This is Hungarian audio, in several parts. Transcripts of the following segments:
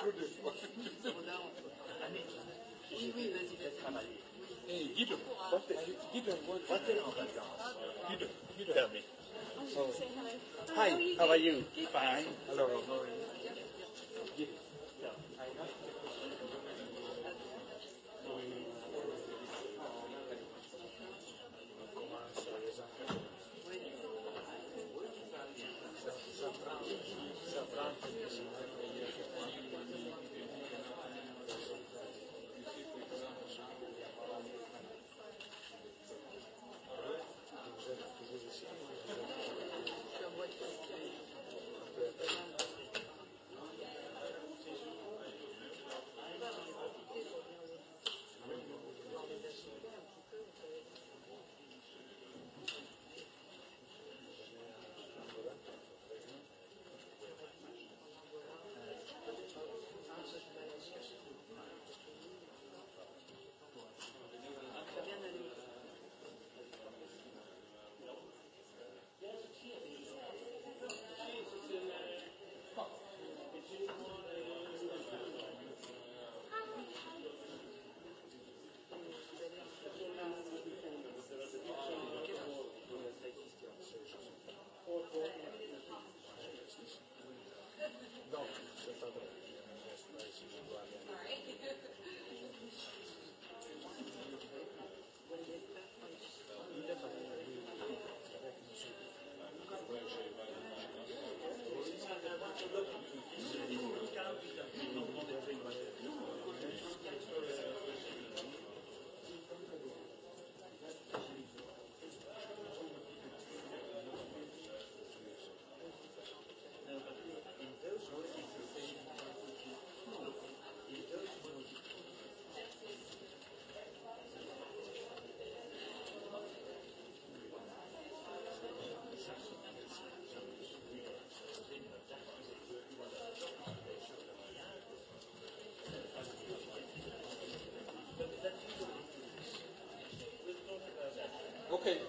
plus Hi, how are you? Fine. Hello, how are you? Okay.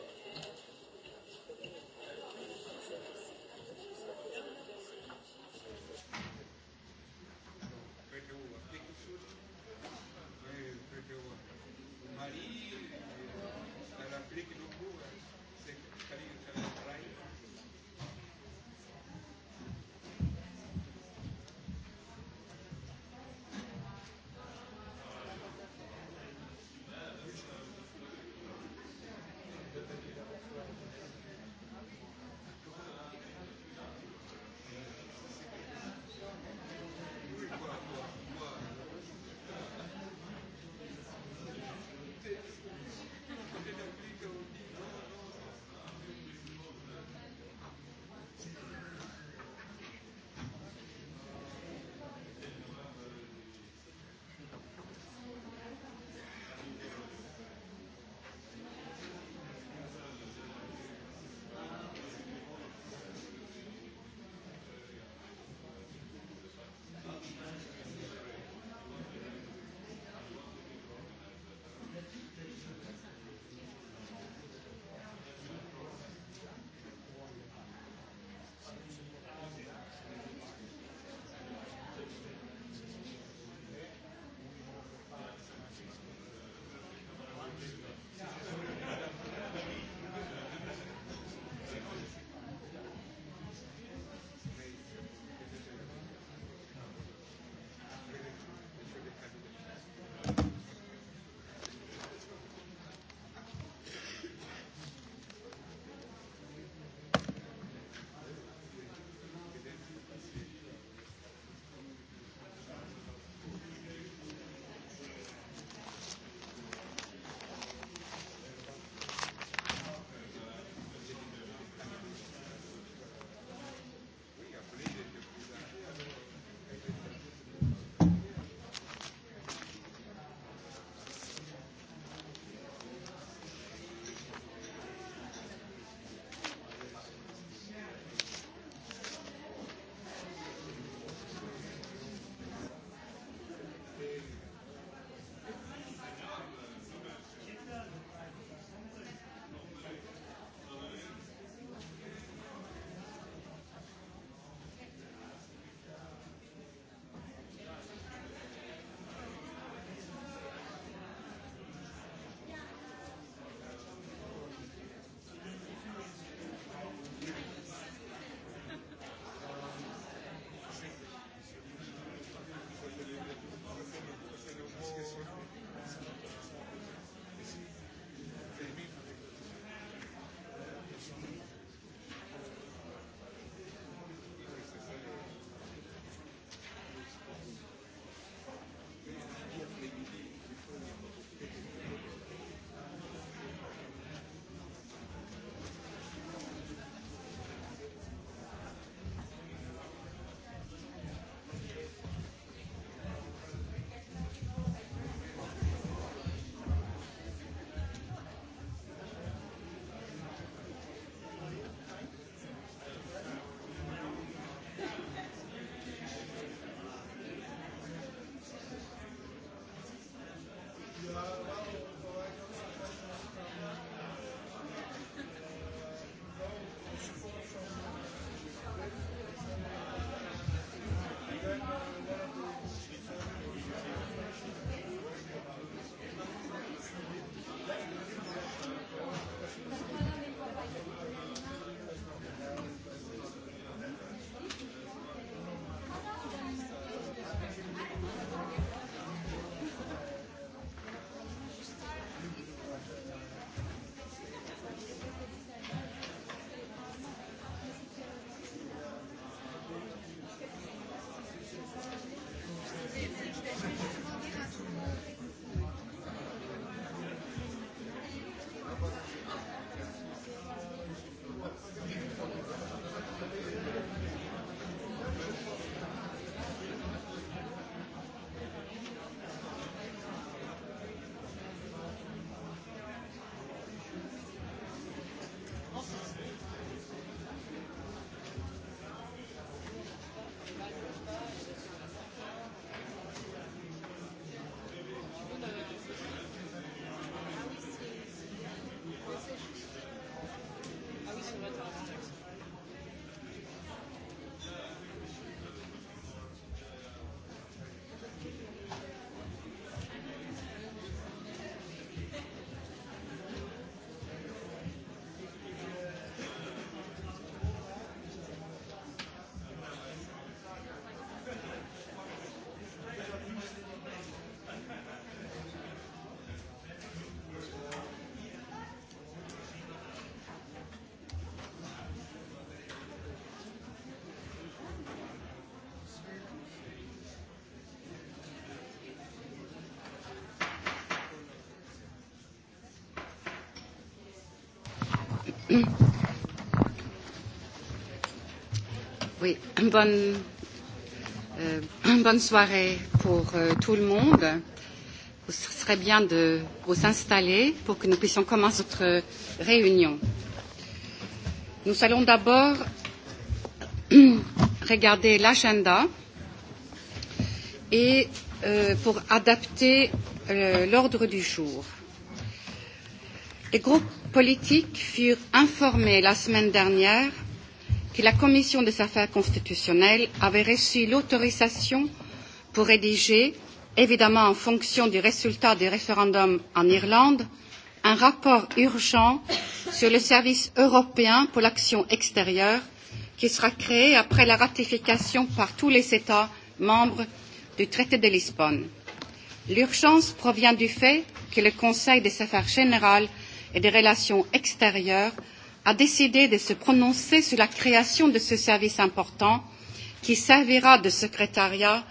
Oui, bonne, euh, bonne soirée pour euh, tout le monde. Ce serait bien de vous installer pour que nous puissions commencer notre réunion. Nous allons d'abord regarder l'agenda et euh, pour adapter euh, l'ordre du jour. Les groupes politiques furent informé la semaine dernière que la Commission des affaires constitutionnelles avait reçu l'autorisation pour rédiger, évidemment en fonction du résultat du référendum en Irlande, un rapport urgent sur le service européen pour l'action extérieure qui sera créé après la ratification par tous les États membres du traité de Lisbonne. L'urgence provient du fait que le Conseil des affaires générales et des relations extérieures a décidé de se prononcer sur la création de ce service important qui servira de secrétariat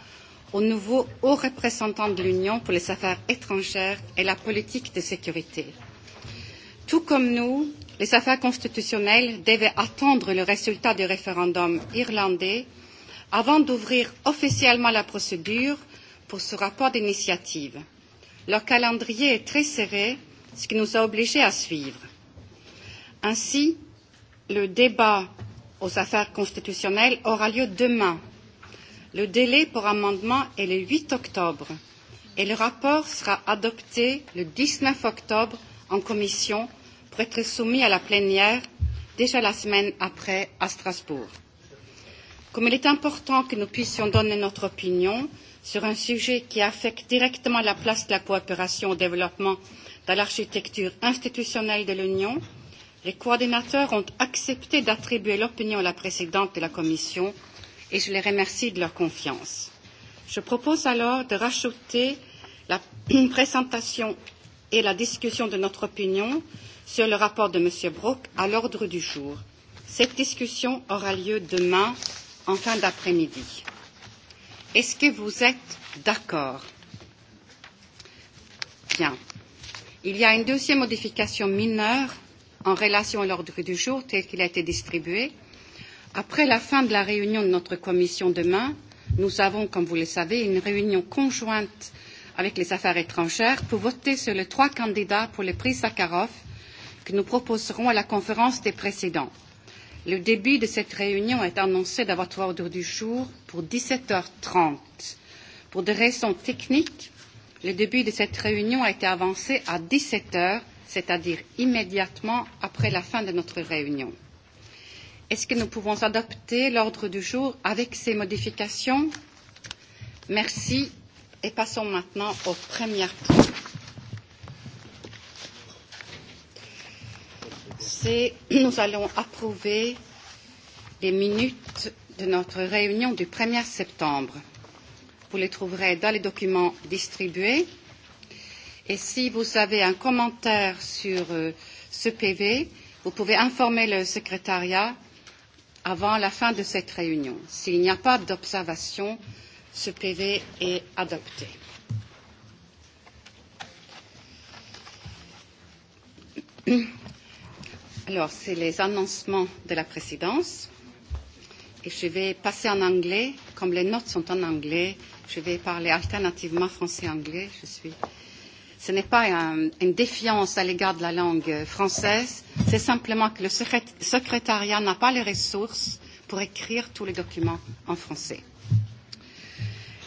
au nouveau haut représentant de l'Union pour les affaires étrangères et la politique de sécurité. Tout comme nous, les affaires constitutionnelles devaient attendre le résultat du référendum irlandais avant d'ouvrir officiellement la procédure pour ce rapport d'initiative. Leur calendrier est très serré ce qui nous a obligés à suivre. Ainsi, le débat aux affaires constitutionnelles aura lieu demain. Le délai pour amendement est le 8 octobre et le rapport sera adopté le 19 octobre en commission pour être soumis à la plénière déjà la semaine après à Strasbourg. Comme il est important que nous puissions donner notre opinion sur un sujet qui affecte directement la place de la coopération au développement dans l'architecture institutionnelle de l'Union, les coordinateurs ont accepté d'attribuer l'opinion à la présidente de la Commission et je les remercie de leur confiance. Je propose alors de rajouter la présentation et la discussion de notre opinion sur le rapport de M. Brok à l'ordre du jour. Cette discussion aura lieu demain en fin d'après-midi. Est-ce que vous êtes d'accord Bien. Il y a une deuxième modification mineure en relation à l'ordre du jour tel qu'il a été distribué. Après la fin de la réunion de notre commission demain, nous avons, comme vous le savez, une réunion conjointe avec les affaires étrangères pour voter sur les trois candidats pour le prix Sakharov que nous proposerons à la conférence des présidents. Le début de cette réunion est annoncé dans votre ordre du jour pour 17h30. Pour des raisons techniques, le début de cette réunion a été avancé à 17 heures, c'est-à-dire immédiatement après la fin de notre réunion. Est-ce que nous pouvons adopter l'ordre du jour avec ces modifications Merci. Et passons maintenant au premier point. C'est nous allons approuver les minutes de notre réunion du 1er septembre. Vous les trouverez dans les documents distribués. Et si vous avez un commentaire sur euh, ce PV, vous pouvez informer le secrétariat avant la fin de cette réunion. S'il n'y a pas d'observation, ce PV est adopté. Alors, c'est les annoncements de la présidence. Et je vais passer en anglais, comme les notes sont en anglais, Je vais parler alternativement français-anglais. Je suis. Ce n'est pas un, une défiance à l'égard de la langue française. C'est simplement que le secrétariat n'a pas les ressources pour écrire tous les documents en français.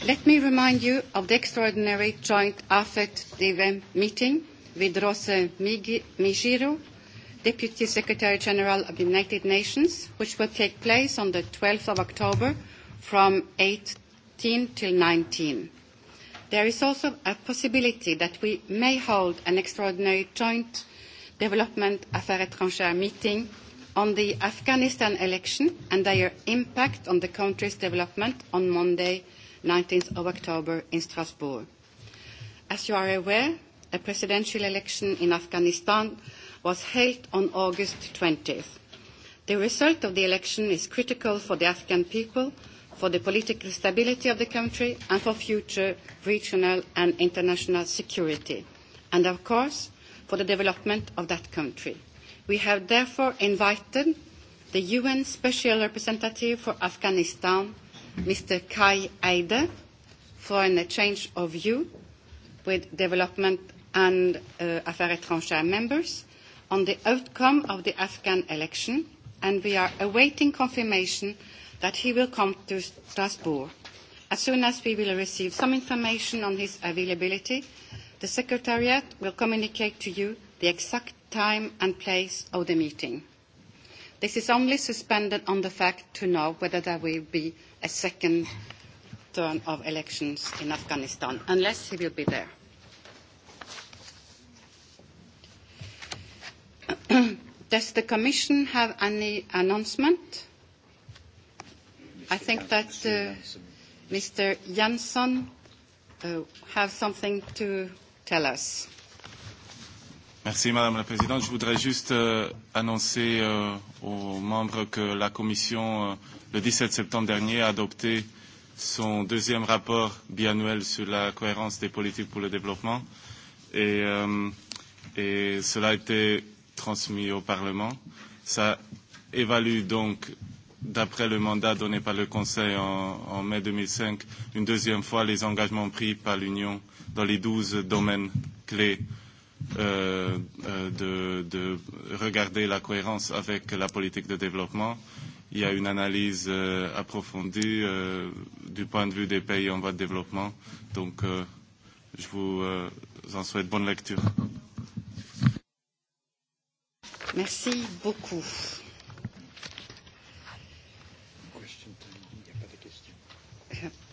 Let me remind you of the extraordinary joint AFET-DEVEM meeting with Rose Mijiro, Deputy Secretary General of the United Nations, which will take place on the 12th of October from 8 15 till 19. There is also a possibility that we may hold an extraordinary joint development affaires étrangères meeting on the Afghanistan election and their impact on the country's development on Monday, 19th of October in Strasbourg. As you are aware, a presidential election in Afghanistan was held on August 20th. The result of the election is critical for the Afghan people for the political stability of the country and for future regional and international security, and of course, for the development of that country. We have therefore invited the UN Special Representative for Afghanistan, Mr. Kai Eide, for an exchange of view with development and uh, Affaires étrangères members on the outcome of the Afghan election, and we are awaiting confirmation that he will come to Strasbourg. As soon as we will receive some information on his availability, the Secretariat will communicate to you the exact time and place of the meeting. This is only suspended on the fact to know whether there will be a second turn of elections in Afghanistan, unless he will be there. Does the Commission have any announcement? I think that uh, Mr. Jansson uh, have something to tell us. Merci Madame la Présidente. Je voudrais juste euh, annoncer euh, aux membres que la Commission, euh, le 17 septembre dernier, a adopté son deuxième rapport biannuel sur la cohérence des politiques pour le développement. Et, euh, cela a été transmis au Parlement. Ça évalue donc d'après le mandat donné par le Conseil en, en mai 2005, une deuxième fois les engagements pris par l'Union dans les douze domaines clés euh, euh, de, de regarder la cohérence avec la politique de développement. Il y a une analyse euh, approfondie euh, du point de vue des pays en voie de développement. Donc, euh, je vous euh, en souhaite bonne lecture. Merci beaucoup.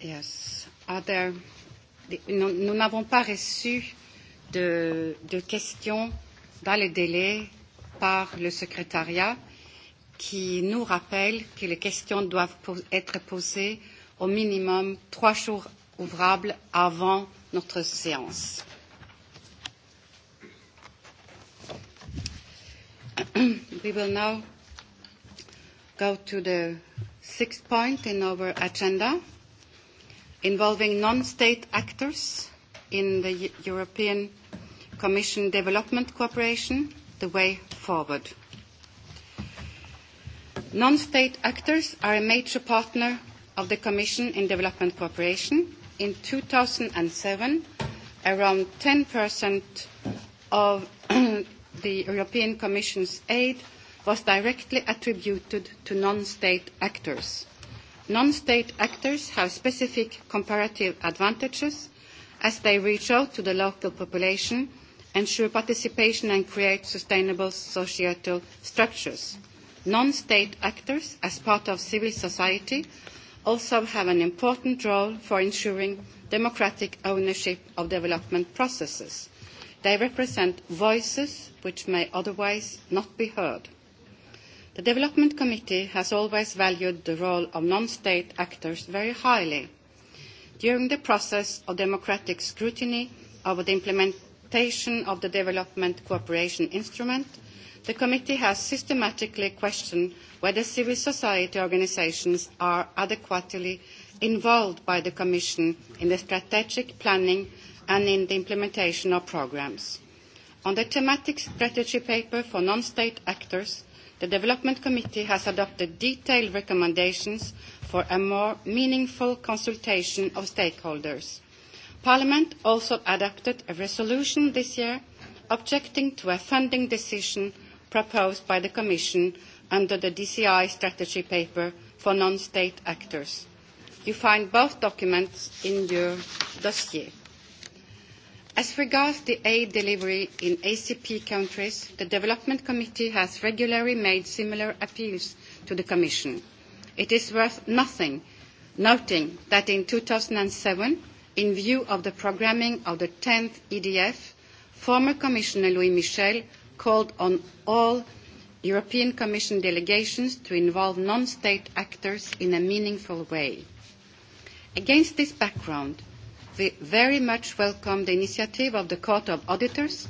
Yes. Are there, nous n'avons pas reçu de, de questions dans les délais par le secrétariat qui nous rappelle que les questions doivent être posées au minimum trois jours ouvrables avant notre séance. We will now go to the sixth point in our agenda involving non-state actors in the European Commission Development Cooperation, the way forward. Non-state actors are a major partner of the Commission in development cooperation. In 2007, around 10% of the European Commission's aid was directly attributed to non-state actors. Non-state actors have specific comparative advantages as they reach out to the local population, ensure participation and create sustainable societal structures. Non-state actors, as part of civil society, also have an important role for ensuring democratic ownership of development processes. They represent voices which may otherwise not be heard. The Development Committee has always valued the role of non-state actors very highly. During the process of democratic scrutiny of the implementation of the Development Cooperation Instrument, the committee has systematically questioned whether civil society organisations are adequately involved by the Commission in the strategic planning and in the implementation of programmes. On the thematic strategy paper for non-state actors, the Development Committee has adopted detailed recommendations for a more meaningful consultation of stakeholders. Parliament also adopted a resolution this year objecting to a funding decision proposed by the Commission under the DCI strategy paper for non-state actors. You find both documents in your dossier. As regards the aid delivery in ACP countries, the Development Committee has regularly made similar appeals to the Commission. It is worth nothing noting that in 2007, in view of the programming of the 10th EDF, former Commissioner Louis Michel called on all European Commission delegations to involve non-state actors in a meaningful way. Against this background, very much welcome the initiative of the Court of Auditors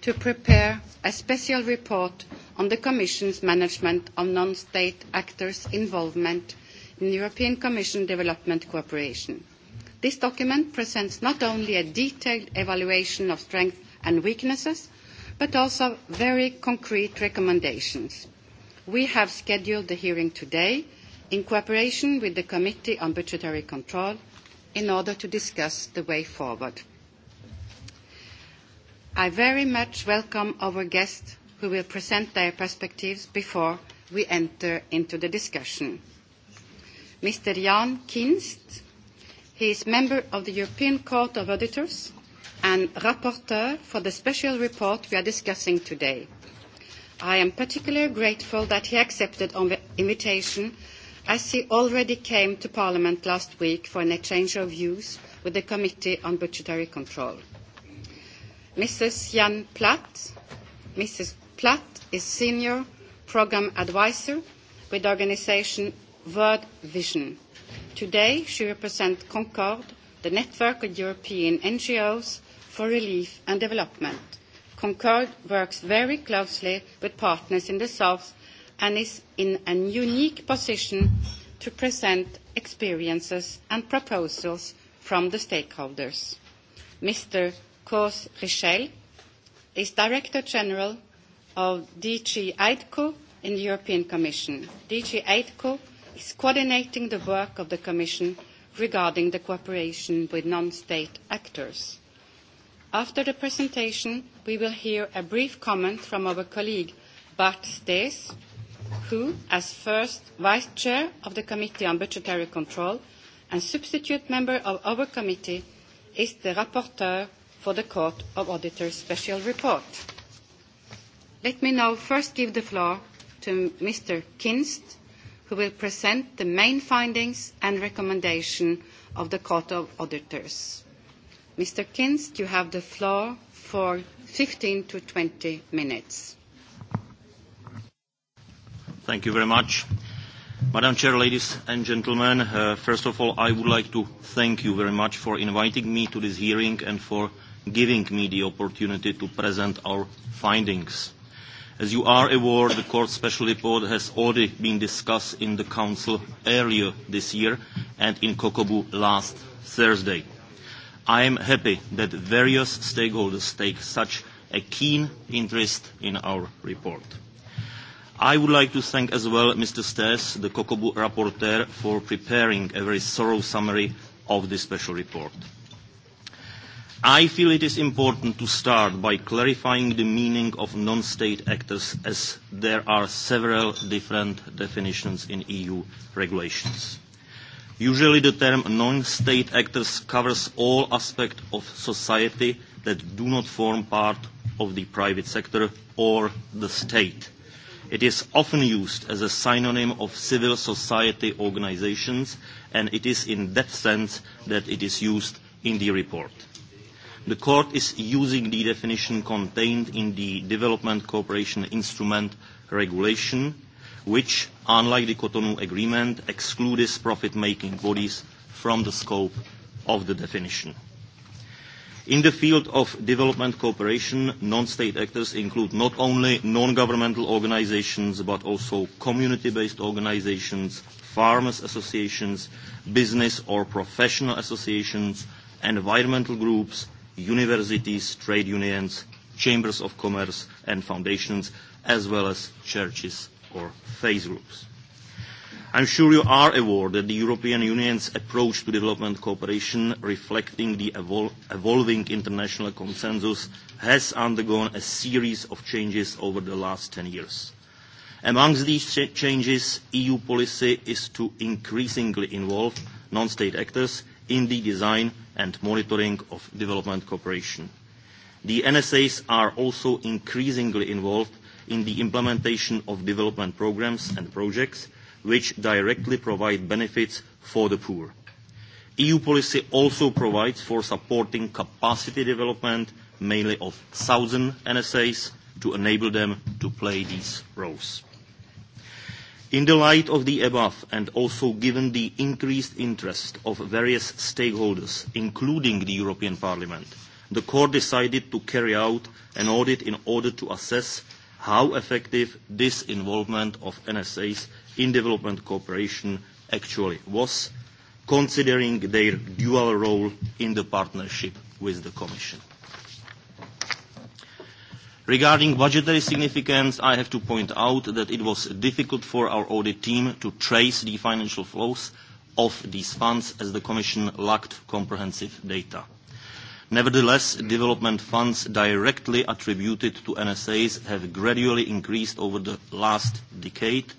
to prepare a special report on the Commission's management of non-state actors' involvement in European Commission development cooperation. This document presents not only a detailed evaluation of strengths and weaknesses, but also very concrete recommendations. We have scheduled the hearing today in cooperation with the Committee on Budgetary Control in order to discuss the way forward. I very much welcome our guests who will present their perspectives before we enter into the discussion. Mr. Jan Kinst, he is member of the European Court of Auditors and rapporteur for the special report we are discussing today. I am particularly grateful that he accepted our invitation As he already came to Parliament last week for an exchange of views with the Committee on Budgetary Control. Mrs. Jan Platt, Mrs. Platt is Senior Programme Advisor with the organisation World Vision. Today, she represents Concord, the network of European NGOs for relief and development. Concord works very closely with partners in the South and is in a unique position to present experiences and proposals from the stakeholders. Mr. Koos Richel is Director General of DG EIDCO in the European Commission. DG EIDCO is coordinating the work of the Commission regarding the cooperation with non-state actors. After the presentation, we will hear a brief comment from our colleague Bart Staes, who, as first Vice Chair of the Committee on Budgetary Control and substitute member of our committee, is the rapporteur for the Court of Auditors Special Report. Let me now first give the floor to Mr. Kinst, who will present the main findings and recommendation of the Court of Auditors. Mr. Kinst, you have the floor for 15 to 20 minutes. Thank you very much. Madam Chair, ladies and gentlemen, uh, first of all, I would like to thank you very much for inviting me to this hearing and for giving me the opportunity to present our findings. As you are aware, the Court's special report has already been discussed in the Council earlier this year and in Kokobu last Thursday. I am happy that various stakeholders take such a keen interest in our report. I would like to thank as well Mr. Stes, the Kokobu rapporteur, for preparing a very thorough summary of this special report. I feel it is important to start by clarifying the meaning of non-state actors as there are several different definitions in EU regulations. Usually the term non-state actors covers all aspects of society that do not form part of the private sector or the state It is often used as a synonym of civil society organizations, and it is in that sense that it is used in the report. The Court is using the definition contained in the Development Cooperation Instrument Regulation, which, unlike the Cotonou Agreement, excludes profit-making bodies from the scope of the definition. In the field of development cooperation, non-state actors include not only non-governmental organizations, but also community-based organizations, farmers associations, business or professional associations, environmental groups, universities, trade unions, chambers of commerce and foundations, as well as churches or faith groups. I'm sure you are aware that the European Union's approach to development cooperation, reflecting the evol evolving international consensus, has undergone a series of changes over the last 10 years. Amongst these ch changes, EU policy is to increasingly involve non-state actors in the design and monitoring of development cooperation. The NSAs are also increasingly involved in the implementation of development programs and projects, which directly provide benefits for the poor. EU policy also provides for supporting capacity development, mainly of southern NSAs, to enable them to play these roles. In the light of the above, and also given the increased interest of various stakeholders, including the European Parliament, the Court decided to carry out an audit in order to assess how effective this involvement of NSAs in development cooperation actually was, considering their dual role in the partnership with the Commission. Regarding budgetary significance, I have to point out that it was difficult for our audit team to trace the financial flows of these funds as the Commission lacked comprehensive data. Nevertheless, development funds directly attributed to NSAs have gradually increased over the last decade,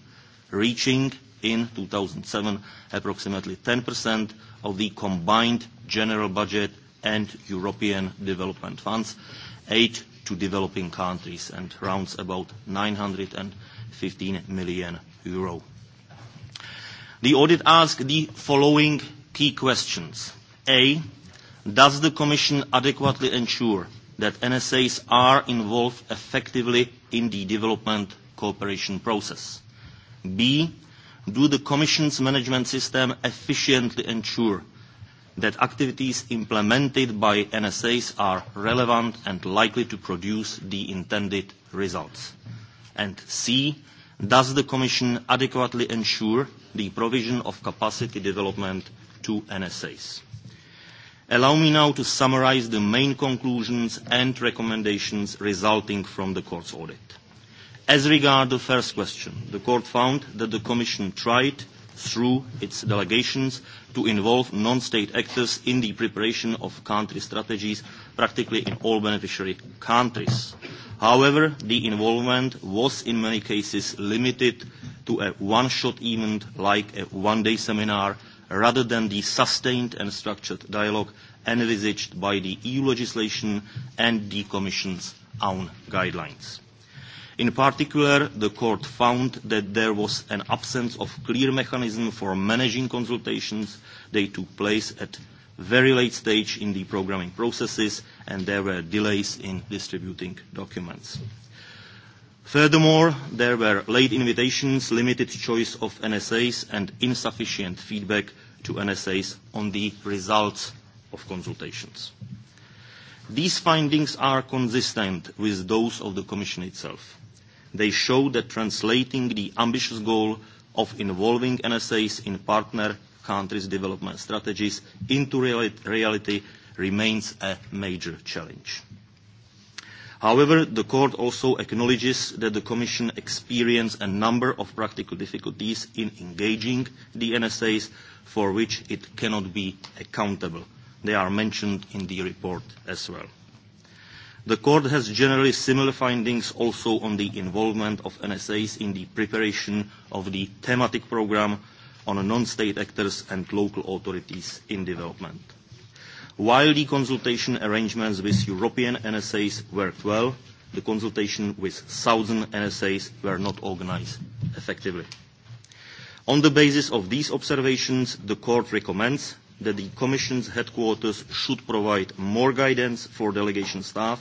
reaching in 2007 approximately 10% of the combined general budget and European development funds, aid to developing countries, and rounds about 915 million euro. The audit asked the following key questions. A, Does the Commission adequately ensure that NSAs are involved effectively in the development cooperation process? B. Do the Commission's management system efficiently ensure that activities implemented by NSAs are relevant and likely to produce the intended results? And C, does the Commission adequately ensure the provision of capacity development to NSAs? Allow me now to summarize the main conclusions and recommendations resulting from the Court's audit. As regards the first question, the Court found that the Commission tried, through its delegations, to involve non-state actors in the preparation of country strategies, practically in all beneficiary countries. However, the involvement was in many cases limited to a one-shot event like a one-day seminar rather than the sustained and structured dialogue envisaged by the EU legislation and the Commission's own guidelines. In particular, the Court found that there was an absence of clear mechanism for managing consultations. They took place at very late stage in the programming processes and there were delays in distributing documents. Furthermore, there were late invitations, limited choice of NSAs, and insufficient feedback to NSAs on the results of consultations. These findings are consistent with those of the Commission itself. They show that translating the ambitious goal of involving NSAs in partner countries' development strategies into reality remains a major challenge. However, the Court also acknowledges that the Commission experienced a number of practical difficulties in engaging the NSAs for which it cannot be accountable. They are mentioned in the report as well. The Court has generally similar findings also on the involvement of NSAs in the preparation of the thematic programme on non-state actors and local authorities in development. While the consultation arrangements with European NSAs worked well, the consultation with southern NSAs were not organized effectively. On the basis of these observations, the Court recommends that the Commission's headquarters should provide more guidance for delegation staff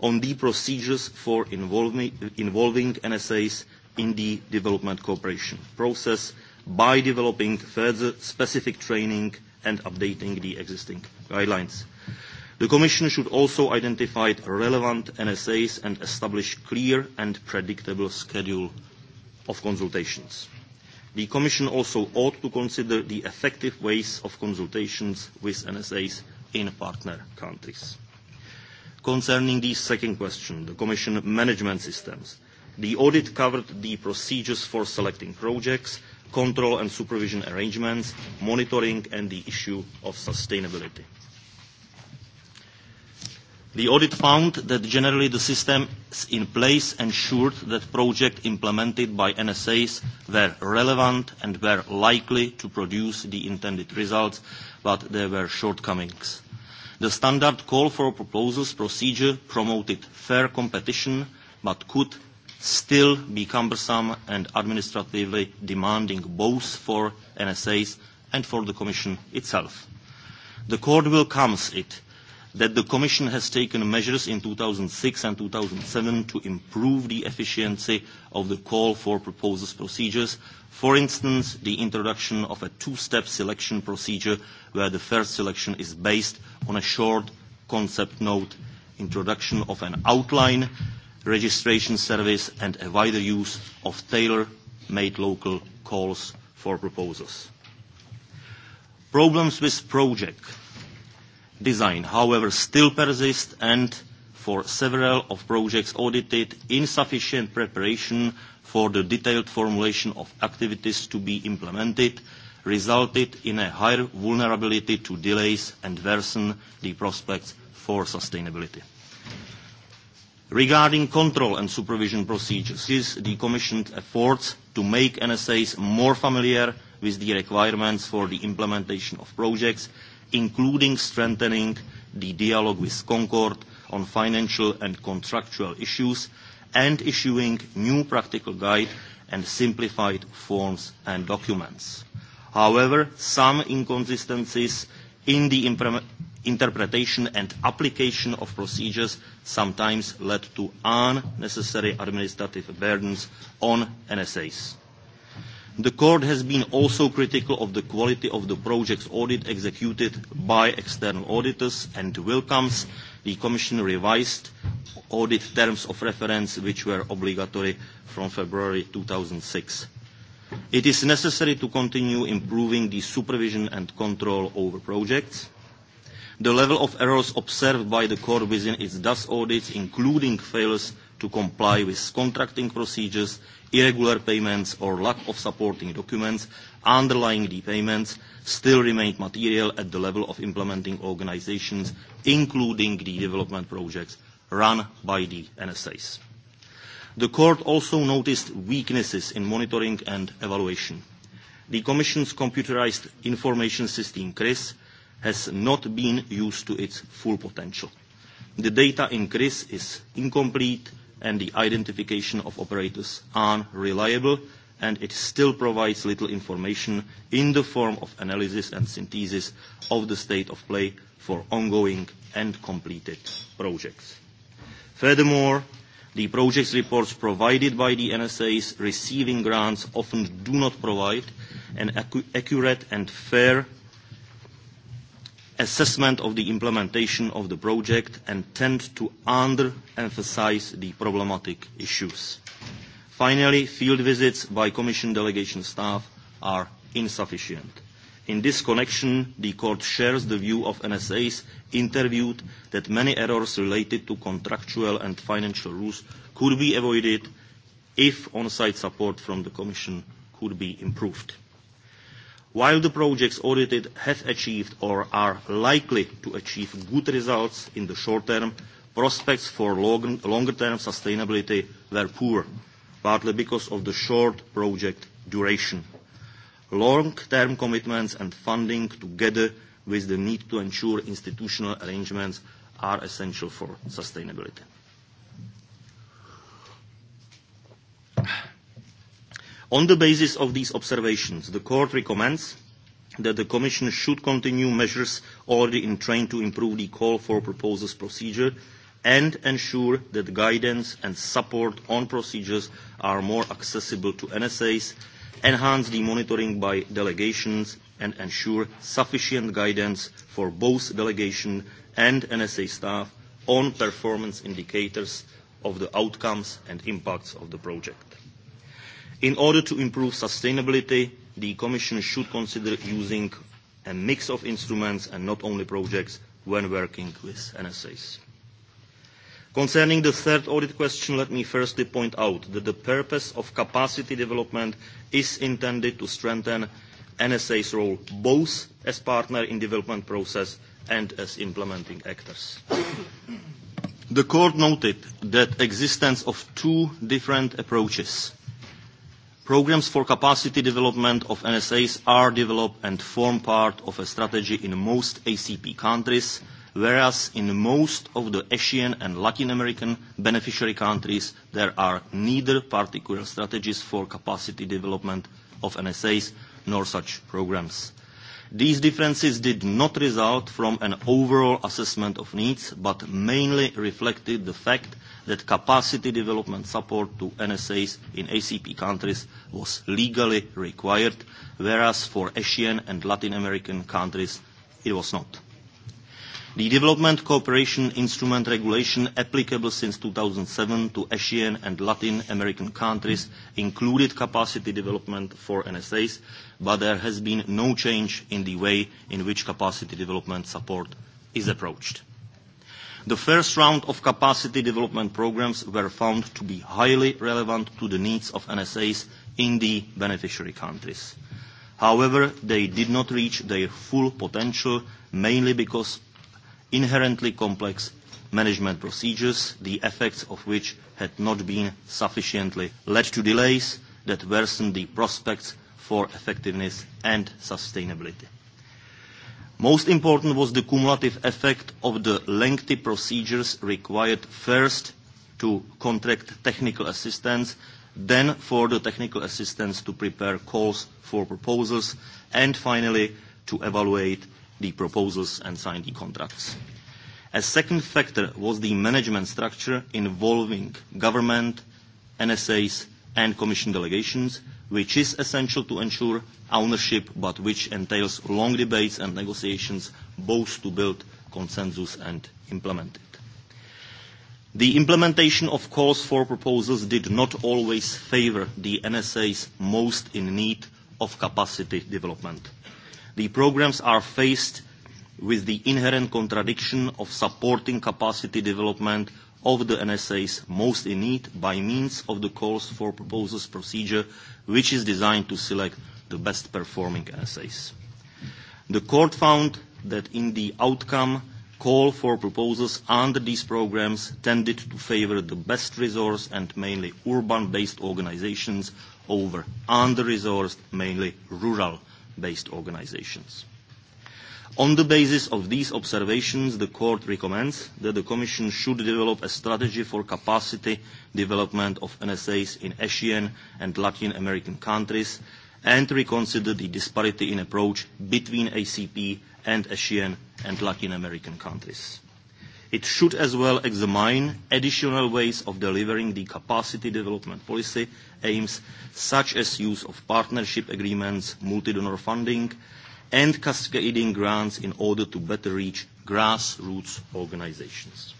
on the procedures for involving, involving NSAs in the development cooperation process by developing further specific training and updating the existing guidelines. The Commission should also identify relevant NSAs and establish clear and predictable schedule of consultations. The Commission also ought to consider the effective ways of consultations with NSAs in partner countries. Concerning the second question, the Commission management systems, the audit covered the procedures for selecting projects control and supervision arrangements, monitoring, and the issue of sustainability. The audit found that generally the systems in place ensured that projects implemented by NSAs were relevant and were likely to produce the intended results, but there were shortcomings. The standard call for proposals procedure promoted fair competition, but could still be cumbersome and administratively demanding both for NSAs and for the Commission itself. The Court welcomes it that the Commission has taken measures in 2006 and 2007 to improve the efficiency of the call for proposals procedures, for instance, the introduction of a two-step selection procedure where the first selection is based on a short concept note, introduction of an outline registration service and a wider use of tailor-made local calls for proposals. Problems with project design, however, still persist and for several of projects audited, insufficient preparation for the detailed formulation of activities to be implemented resulted in a higher vulnerability to delays and worsen the prospects for sustainability. Regarding control and supervision procedures, the decommissioned efforts to make NSAs more familiar with the requirements for the implementation of projects, including strengthening the dialogue with Concord on financial and contractual issues, and issuing new practical guide and simplified forms and documents. However, some inconsistencies in the interpretation and application of procedures sometimes led to unnecessary administrative burdens on NSAs. The court has been also critical of the quality of the project's audit executed by external auditors and welcomes the Commission revised audit terms of reference which were obligatory from February 2006. It is necessary to continue improving the supervision and control over projects The level of errors observed by the court within its DAS audits, including failures to comply with contracting procedures, irregular payments or lack of supporting documents underlying the payments, still remained material at the level of implementing organizations, including the development projects run by the NSAs. The court also noticed weaknesses in monitoring and evaluation. The Commission's computerized information system, CRIS, has not been used to its full potential. The data in CRIS is incomplete and the identification of operators unreliable and it still provides little information in the form of analysis and synthesis of the state of play for ongoing and completed projects. Furthermore, the projects reports provided by the NSAs receiving grants often do not provide an accurate and fair assessment of the implementation of the project and tend to under the problematic issues. Finally, field visits by Commission delegation staff are insufficient. In this connection, the Court shares the view of NSAs interviewed that many errors related to contractual and financial rules could be avoided if on-site support from the Commission could be improved. While the projects audited have achieved or are likely to achieve good results in the short term, prospects for long, longer-term sustainability were poor, partly because of the short project duration. Long-term commitments and funding, together with the need to ensure institutional arrangements, are essential for sustainability. On the basis of these observations, the Court recommends that the Commission should continue measures already in train to improve the call for proposals procedure and ensure that guidance and support on procedures are more accessible to NSAs, enhance the monitoring by delegations, and ensure sufficient guidance for both delegation and NSA staff on performance indicators of the outcomes and impacts of the project. In order to improve sustainability, the Commission should consider using a mix of instruments and not only projects when working with NSAs. Concerning the third audit question, let me firstly point out that the purpose of capacity development is intended to strengthen NSA's role both as partner in development process and as implementing actors. the court noted that existence of two different approaches Programs for capacity development of NSAs are developed and form part of a strategy in most ACP countries, whereas in most of the Asian and Latin American beneficiary countries, there are neither particular strategies for capacity development of NSAs nor such programs. These differences did not result from an overall assessment of needs, but mainly reflected the fact that capacity development support to NSAs in ACP countries was legally required, whereas for Asian and Latin American countries it was not. The Development Cooperation Instrument Regulation applicable since 2007 to Asian and Latin American countries included capacity development for NSAs, but there has been no change in the way in which capacity development support is approached. The first round of capacity development programs were found to be highly relevant to the needs of NSAs in the beneficiary countries. However, they did not reach their full potential, mainly because inherently complex management procedures, the effects of which had not been sufficiently led to delays that worsened the prospects for effectiveness and sustainability. Most important was the cumulative effect of the lengthy procedures required first to contract technical assistance, then for the technical assistance to prepare calls for proposals, and finally to evaluate the proposals and sign the contracts. A second factor was the management structure involving government, NSAs and commission delegations, which is essential to ensure ownership, but which entails long debates and negotiations, both to build consensus and implement it. The implementation of calls for proposals did not always favor the NSAs most in need of capacity development the programs are faced with the inherent contradiction of supporting capacity development of the NSAs most in need by means of the calls for proposals procedure, which is designed to select the best performing NSAs. The court found that in the outcome, call for proposals under these programs tended to favor the best resource and mainly urban-based organizations over under-resourced, mainly rural based organizations. On the basis of these observations, the Court recommends that the Commission should develop a strategy for capacity development of NSAs in Asian and Latin American countries and reconsider the disparity in approach between ACP and Asian and Latin American countries. It should as well examine additional ways of delivering the capacity development policy aims, such as use of partnership agreements, multi-donor funding, and cascading grants in order to better reach grassroots organizations.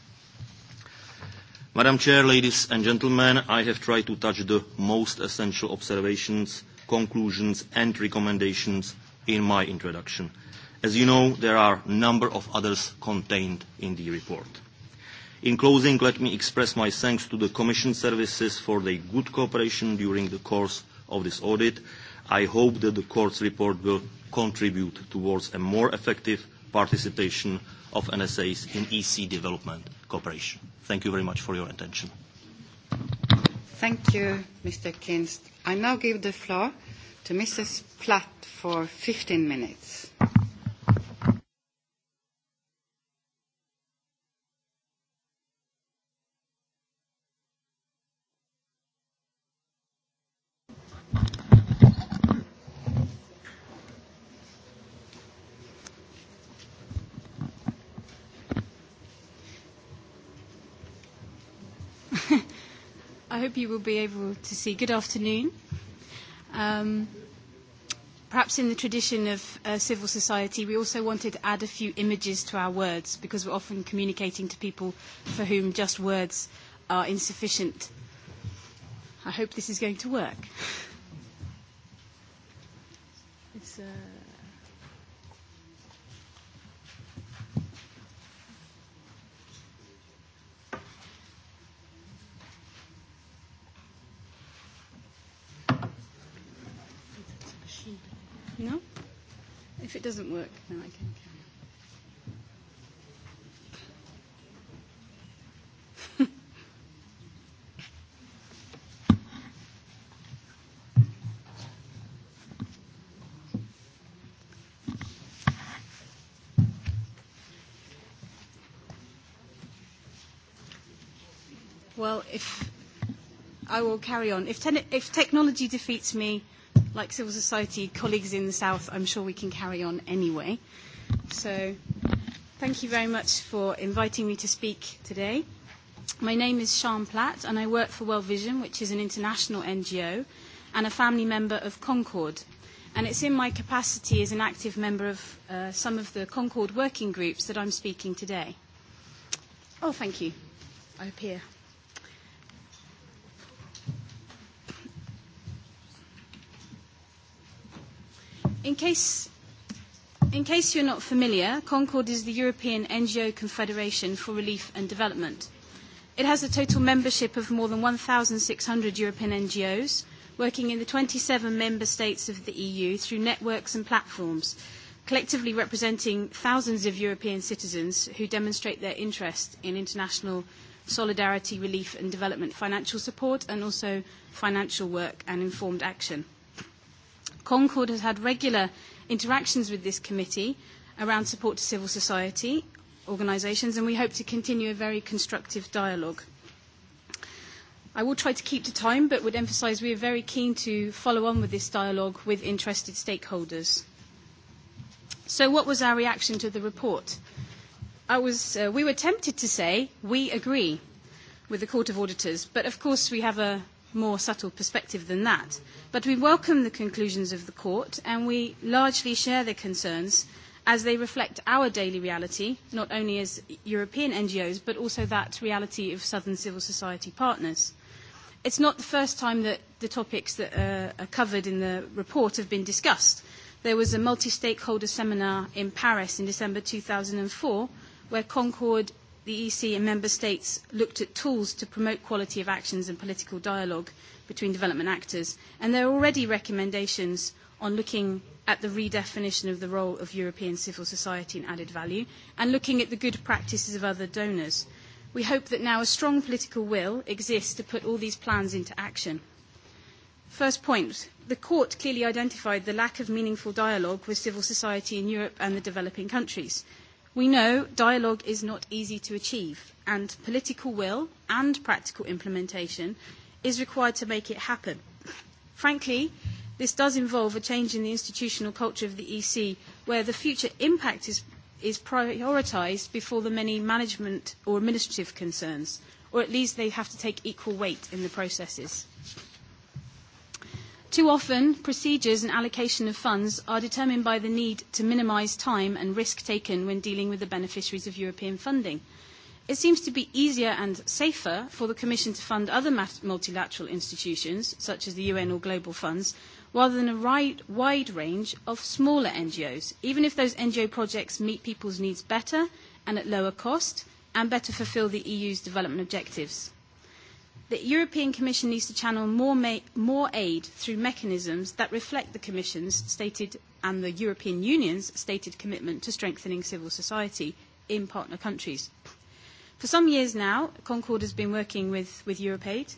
Madam Chair, ladies and gentlemen, I have tried to touch the most essential observations, conclusions, and recommendations in my introduction. As you know, there are a number of others contained in the report. In closing, let me express my thanks to the Commission services for their good cooperation during the course of this audit. I hope that the Court's report will contribute towards a more effective participation of NSAs in EC development cooperation. Thank you very much for your attention. Thank you, Mr. Kinst. I now give the floor to Mrs. Platt for 15 minutes. hope you will be able to see. Good afternoon. Um, perhaps in the tradition of uh, civil society, we also wanted to add a few images to our words because we're often communicating to people for whom just words are insufficient. I hope this is going to work. It's, uh doesn't work, then I can carry on. well, if I will carry on. If, ten- if technology defeats me, like civil society colleagues in the South, I'm sure we can carry on anyway. So thank you very much for inviting me to speak today. My name is Sean Platt, and I work for World Vision, which is an international NGO, and a family member of Concord. And it's in my capacity as an active member of uh, some of the Concord working groups that I'm speaking today. Oh, thank you. I appear. In case, in case you're not familiar, Concord is the European NGO Confederation for Relief and Development. It has a total membership of more than 1,600 European NGOs working in the 27 member states of the EU through networks and platforms, collectively representing thousands of European citizens who demonstrate their interest in international solidarity, relief and development financial support and also financial work and informed action. Concord has had regular interactions with this committee around support to civil society organisations, and we hope to continue a very constructive dialogue. I will try to keep to time, but would emphasise we are very keen to follow on with this dialogue with interested stakeholders. So what was our reaction to the report? I was, uh, we were tempted to say, we agree with the Court of Auditors, but of course we have a more subtle perspective than that. But we welcome the conclusions of the court and we largely share their concerns as they reflect our daily reality, not only as European NGOs, but also that reality of Southern civil society partners. It's not the first time that the topics that uh, are covered in the report have been discussed. There was a multi-stakeholder seminar in Paris in December 2004 where Concord the EC and member states looked at tools to promote quality of actions and political dialogue between development actors. And there are already recommendations on looking at the redefinition of the role of European civil society and added value, and looking at the good practices of other donors. We hope that now a strong political will exists to put all these plans into action. First point, the court clearly identified the lack of meaningful dialogue with civil society in Europe and the developing countries. We know dialogue is not easy to achieve, and political will and practical implementation is required to make it happen. Frankly, this does involve a change in the institutional culture of the EC, where the future impact is, is prioritised before the many management or administrative concerns, or at least they have to take equal weight in the processes. Too often, procedures and allocation of funds are determined by the need to minimise time and risk taken when dealing with the beneficiaries of European funding. It seems to be easier and safer for the Commission to fund other multilateral institutions, such as the UN or global funds, rather than a wide range of smaller NGOs, even if those NGO projects meet people's needs better and at lower cost and better fulfil the EU's development objectives. The European Commission needs to channel more, more aid through mechanisms that reflect the Commission's stated and the European Union's stated commitment to strengthening civil society in partner countries. For some years now, Concord has been working with, with EuropeAid,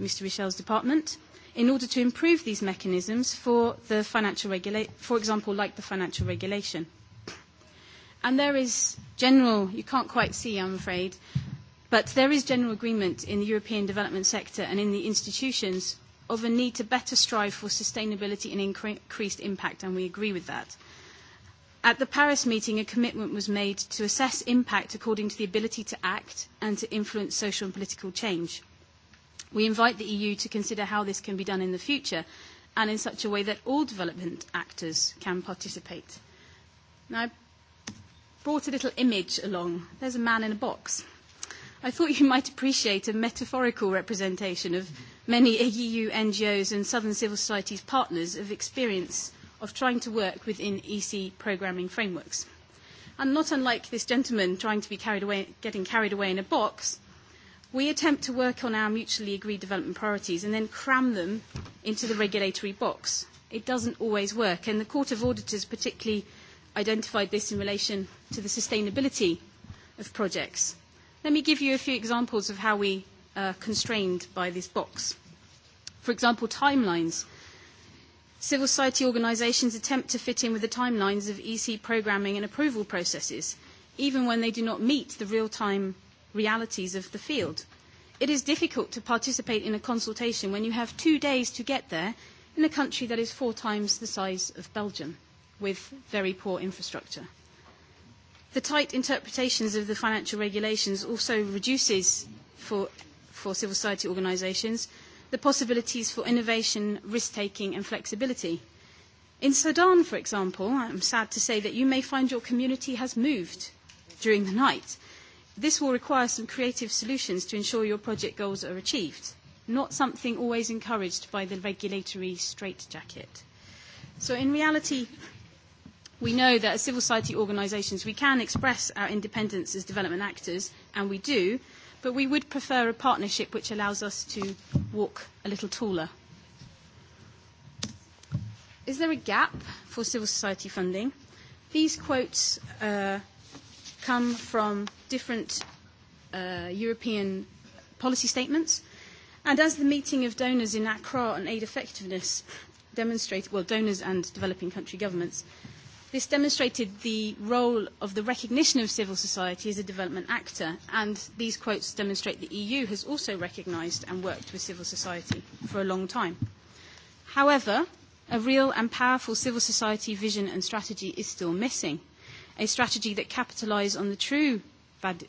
Mr. Michel's department, in order to improve these mechanisms for the financial regula- for example, like the financial regulation. And there is general, you can't quite see, I'm afraid, But there is general agreement in the European development sector and in the institutions of a need to better strive for sustainability and increased impact, and we agree with that. At the Paris meeting, a commitment was made to assess impact according to the ability to act and to influence social and political change. We invite the EU to consider how this can be done in the future and in such a way that all development actors can participate. Now, I brought a little image along. There's a man in a box. I thought you might appreciate a metaphorical representation of many EU NGOs and Southern Civil Society's partners of experience of trying to work within EC programming frameworks. And not unlike this gentleman trying to be carried away, getting carried away in a box, we attempt to work on our mutually agreed development priorities and then cram them into the regulatory box. It doesn't always work, and the Court of Auditors particularly identified this in relation to the sustainability of projects. Let me give you a few examples of how we are uh, constrained by this box. For example, timelines. Civil society organisations attempt to fit in with the timelines of EC programming and approval processes, even when they do not meet the real-time realities of the field. It is difficult to participate in a consultation when you have two days to get there in a country that is four times the size of Belgium, with very poor infrastructure. The tight interpretations of the financial regulations also reduces for, for civil society organisations the possibilities for innovation, risk-taking and flexibility. In Sudan, for example, I'm sad to say that you may find your community has moved during the night. This will require some creative solutions to ensure your project goals are achieved, not something always encouraged by the regulatory straitjacket. So in reality, we know that as civil society organisations we can express our independence as development actors, and we do, but we would prefer a partnership which allows us to walk a little taller. Is there a gap for civil society funding? These quotes uh, come from different uh, European policy statements. And as the meeting of donors in Accra on aid effectiveness demonstrated, well, donors and developing country governments, This demonstrated the role of the recognition of civil society as a development actor, and these quotes demonstrate the EU has also recognised and worked with civil society for a long time. However, a real and powerful civil society vision and strategy is still missing, a strategy that capitalises on the true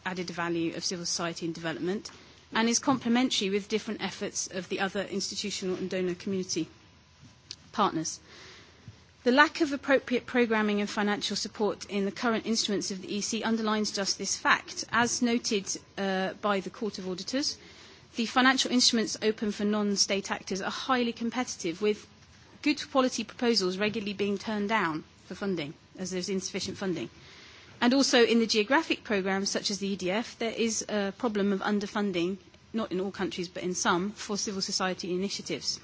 added value of civil society and development and is complementary with different efforts of the other institutional and donor community partners. The lack of appropriate programming and financial support in the current instruments of the EC underlines just this fact. As noted uh, by the Court of Auditors, the financial instruments open for non-state actors are highly competitive, with good quality proposals regularly being turned down for funding, as there's insufficient funding. And also in the geographic programmes, such as the EDF, there is a problem of underfunding, not in all countries, but in some, for civil society initiatives.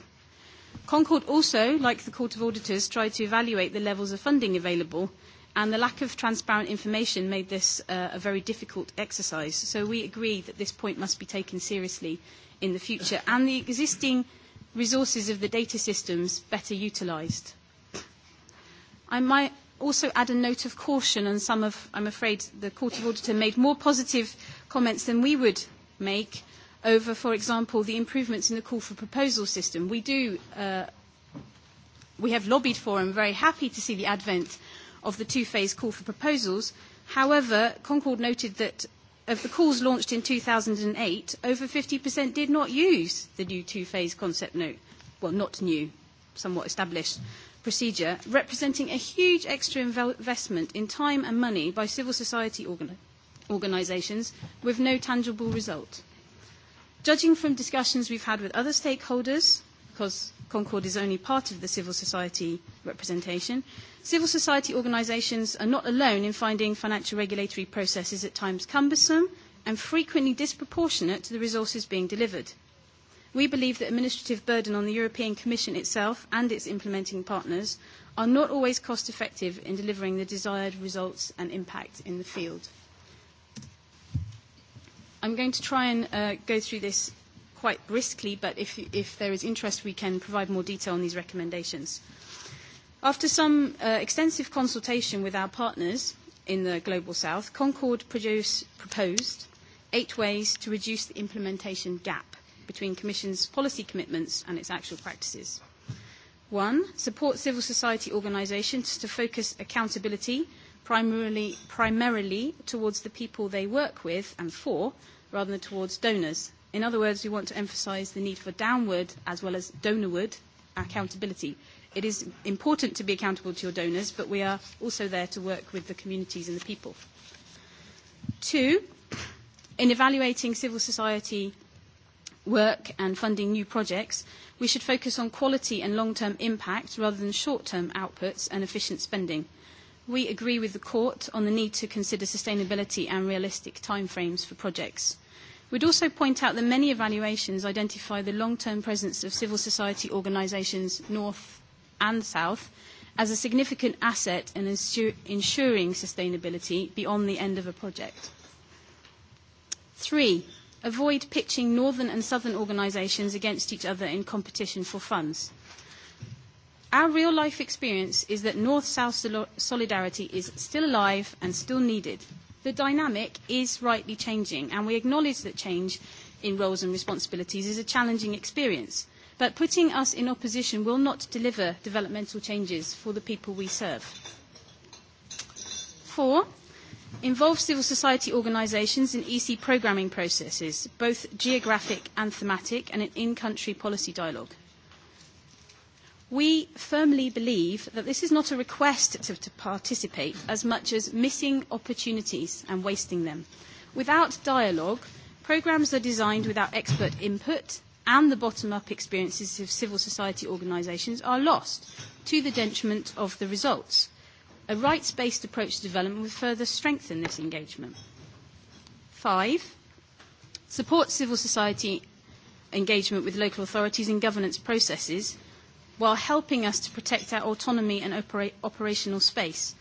Concord also, like the Court of Auditors, tried to evaluate the levels of funding available, and the lack of transparent information made this uh, a very difficult exercise. So we agree that this point must be taken seriously in the future, and the existing resources of the data systems better utilised. I might also add a note of caution, and some of, I'm afraid, the Court of Auditor made more positive comments than we would make over, for example, the improvements in the call for proposal system. We do, uh, we have lobbied for and very happy to see the advent of the two-phase call for proposals. However, Concord noted that of the calls launched in 2008, over 50% did not use the new two-phase concept note. Well, not new, somewhat established procedure, representing a huge extra investment in time and money by civil society organ organisations with no tangible result. Judging from discussions we've had with other stakeholders, because Concord is only part of the civil society representation, civil society organisations are not alone in finding financial regulatory processes at times cumbersome and frequently disproportionate to the resources being delivered. We believe that administrative burden on the European Commission itself and its implementing partners are not always cost effective in delivering the desired results and impact in the field. I'm going to try and uh, go through this quite briskly, but if, if there is interest, we can provide more detail on these recommendations. After some uh, extensive consultation with our partners in the Global South, Concord produce, proposed eight ways to reduce the implementation gap between Commission's policy commitments and its actual practices. One, support civil society organisations to focus accountability primarily, primarily towards the people they work with and for, rather than towards donors. In other words, we want to emphasise the need for downward as well as donorward accountability. It is important to be accountable to your donors, but we are also there to work with the communities and the people. Two, in evaluating civil society work and funding new projects, we should focus on quality and long-term impact rather than short-term outputs and efficient spending. We agree with the court on the need to consider sustainability and realistic timeframes for projects. We'd also point out that many evaluations identify the long-term presence of civil society organisations north and south as a significant asset in ensuring sustainability beyond the end of a project. Three, avoid pitching northern and southern organisations against each other in competition for funds. Our real life experience is that North South solidarity is still alive and still needed, the dynamic is rightly changing, and we acknowledge that change in roles and responsibilities is a challenging experience. But putting us in opposition will not deliver developmental changes for the people we serve. Four, involve civil society organisations in EC programming processes, both geographic and thematic, and in in-country policy dialogue. We firmly believe that this is not a request to, to participate as much as missing opportunities and wasting them. Without dialogue, programs are designed without expert input and the bottom-up experiences of civil society organisations are lost to the detriment of the results. A rights-based approach to development would further strengthen this engagement. Five, support civil society engagement with local authorities and governance processes while helping us to protect our autonomy and opera operational space.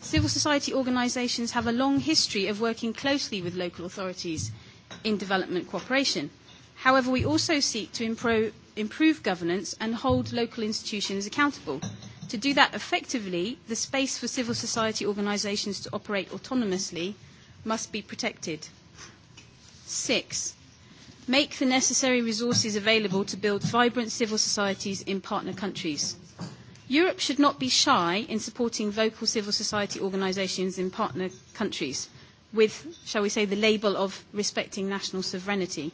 Civil society organisations have a long history of working closely with local authorities in development cooperation. However, we also seek to impro improve governance and hold local institutions accountable. To do that effectively, the space for civil society organisations to operate autonomously must be protected. Six, make the necessary resources available to build vibrant civil societies in partner countries. Europe should not be shy in supporting vocal civil society organisations in partner countries with, shall we say, the label of respecting national sovereignty.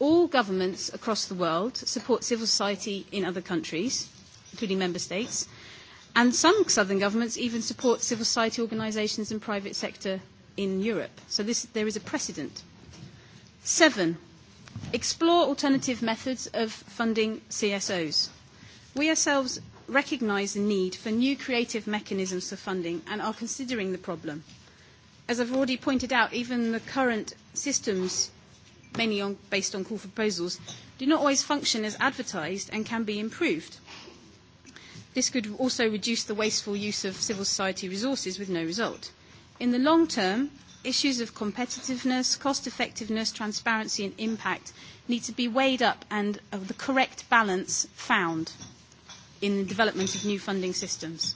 All governments across the world support civil society in other countries, including member states, and some southern governments even support civil society organisations and private sector in Europe. So this, there is a precedent. Seven, explore alternative methods of funding CSOs. We ourselves recognise the need for new creative mechanisms for funding and are considering the problem. As I've already pointed out, even the current systems, mainly on, based on call for proposals, do not always function as advertised and can be improved. This could also reduce the wasteful use of civil society resources with no result. In the long term, issues of competitiveness, cost effectiveness, transparency and impact need to be weighed up and uh, the correct balance found in the development of new funding systems.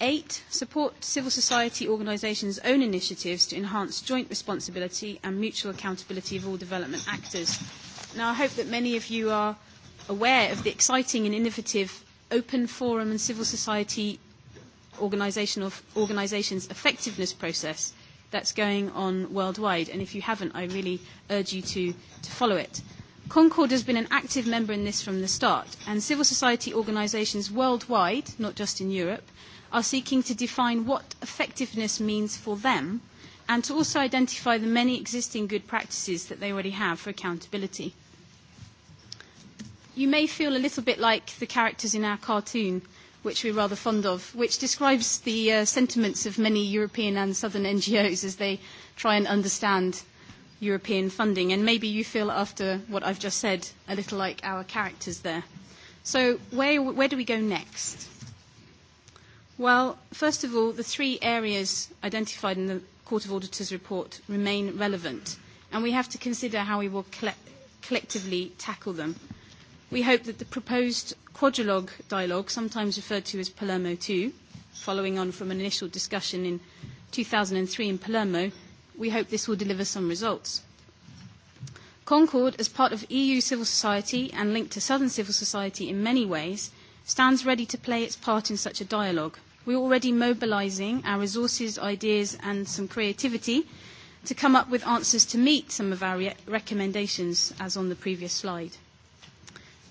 Eight, support civil society organisations' own initiatives to enhance joint responsibility and mutual accountability of all development actors. Now, I hope that many of you are aware of the exciting and innovative Open Forum and Civil Society organisation's effectiveness process that's going on worldwide. And if you haven't, I really urge you to, to follow it. Concord has been an active member in this from the start, and civil society organisations worldwide, not just in Europe, are seeking to define what effectiveness means for them and to also identify the many existing good practices that they already have for accountability. You may feel a little bit like the characters in our cartoon which we're rather fond of, which describes the uh, sentiments of many European and Southern NGOs as they try and understand European funding. And maybe you feel, after what I've just said, a little like our characters there. So, where, where do we go next? Well, first of all, the three areas identified in the Court of Auditors report remain relevant, and we have to consider how we will collect- collectively tackle them. We hope that the proposed quadrilogue dialogue, sometimes referred to as Palermo 2, following on from an initial discussion in 2003 in Palermo, we hope this will deliver some results. Concord, as part of EU civil society and linked to Southern civil society in many ways, stands ready to play its part in such a dialogue. We're already mobilising our resources, ideas and some creativity to come up with answers to meet some of our re recommendations as on the previous slide.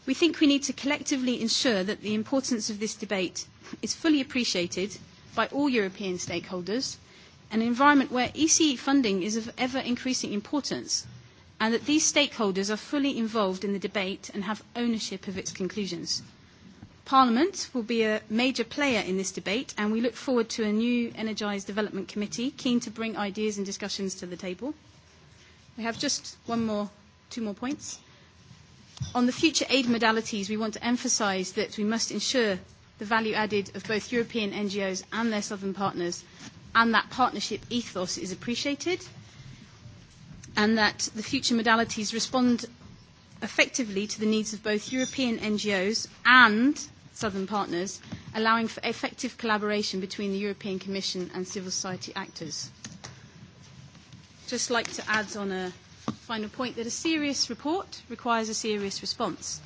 We think we need to collectively ensure that the importance of this debate is fully appreciated by all European stakeholders, an environment where ECE e funding is of ever increasing importance, and that these stakeholders are fully involved in the debate and have ownership of its conclusions. Parliament will be a major player in this debate, and we look forward to a new energised development committee keen to bring ideas and discussions to the table. We have just one more, two more points. On the future aid modalities, we want to emphasise that we must ensure the value added of both European NGOs and their southern partners, and that partnership ethos is appreciated, and that the future modalities respond effectively to the needs of both European NGOs and southern partners, allowing for effective collaboration between the European Commission and civil society actors. Just like to add on a final point, that a serious report requires a serious response.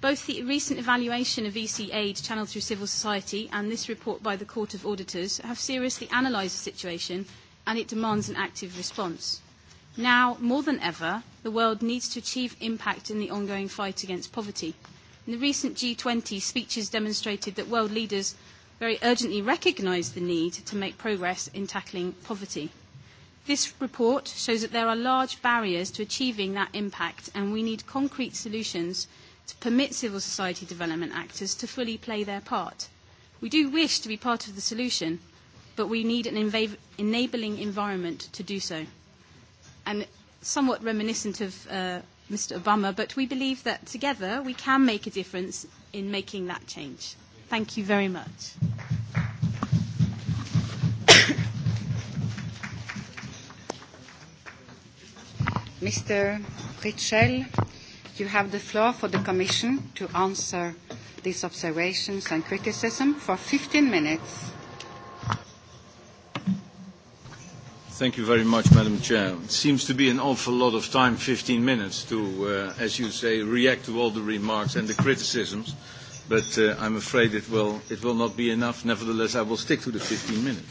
Both the recent evaluation of EC aid channeled through civil society and this report by the Court of Auditors have seriously analysed the situation and it demands an active response. Now, more than ever, the world needs to achieve impact in the ongoing fight against poverty. In the recent G20 speeches demonstrated that world leaders very urgently recognise the need to make progress in tackling poverty. This report shows that there are large barriers to achieving that impact, and we need concrete solutions to permit civil society development actors to fully play their part. We do wish to be part of the solution, but we need an enabling environment to do so. And somewhat reminiscent of uh, Mr. Obama, but we believe that together we can make a difference in making that change. Thank you very much. Mr. Pritchell, you have the floor for the Commission to answer these observations and criticism for 15 minutes. Thank you very much, Madam Chair. It seems to be an awful lot of time, 15 minutes, to, uh, as you say, react to all the remarks and the criticisms. But uh, I'm afraid it will, it will not be enough. Nevertheless, I will stick to the 15 minutes.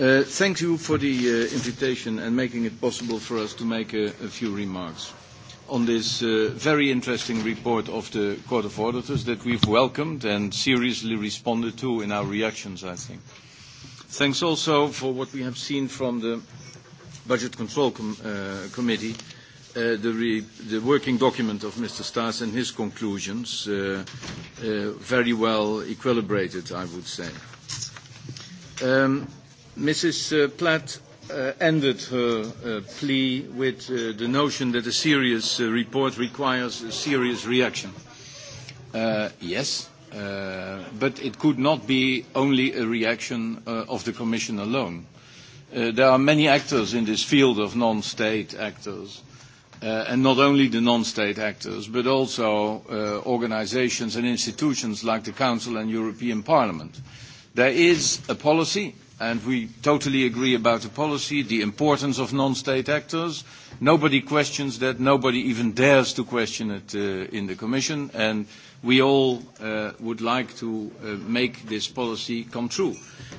Uh, thank you for the uh, invitation and making it possible for us to make a, few remarks on this uh, very interesting report of the Court of Auditors that we've welcomed and seriously responded to in our reactions, I think. Thanks also for what we have seen from the Budget Control Committee, the, working document of Mr. Staes and his conclusions, very well equilibrated, I would say. Um, Mrs. Uh, Platt uh, ended her uh, plea with uh, the notion that a serious uh, report requires a serious reaction. Uh, yes, uh, but it could not be only a reaction uh, of the Commission alone. Uh, there are many actors in this field of non-state actors, uh, and not only the non-state actors, but also uh, organizations and institutions like the Council and European Parliament. There is a policy and we totally agree about the policy, the importance of non-state actors. Nobody questions that. Nobody even dares to question it uh, in the Commission, and we all uh, would like to uh, make this policy come true.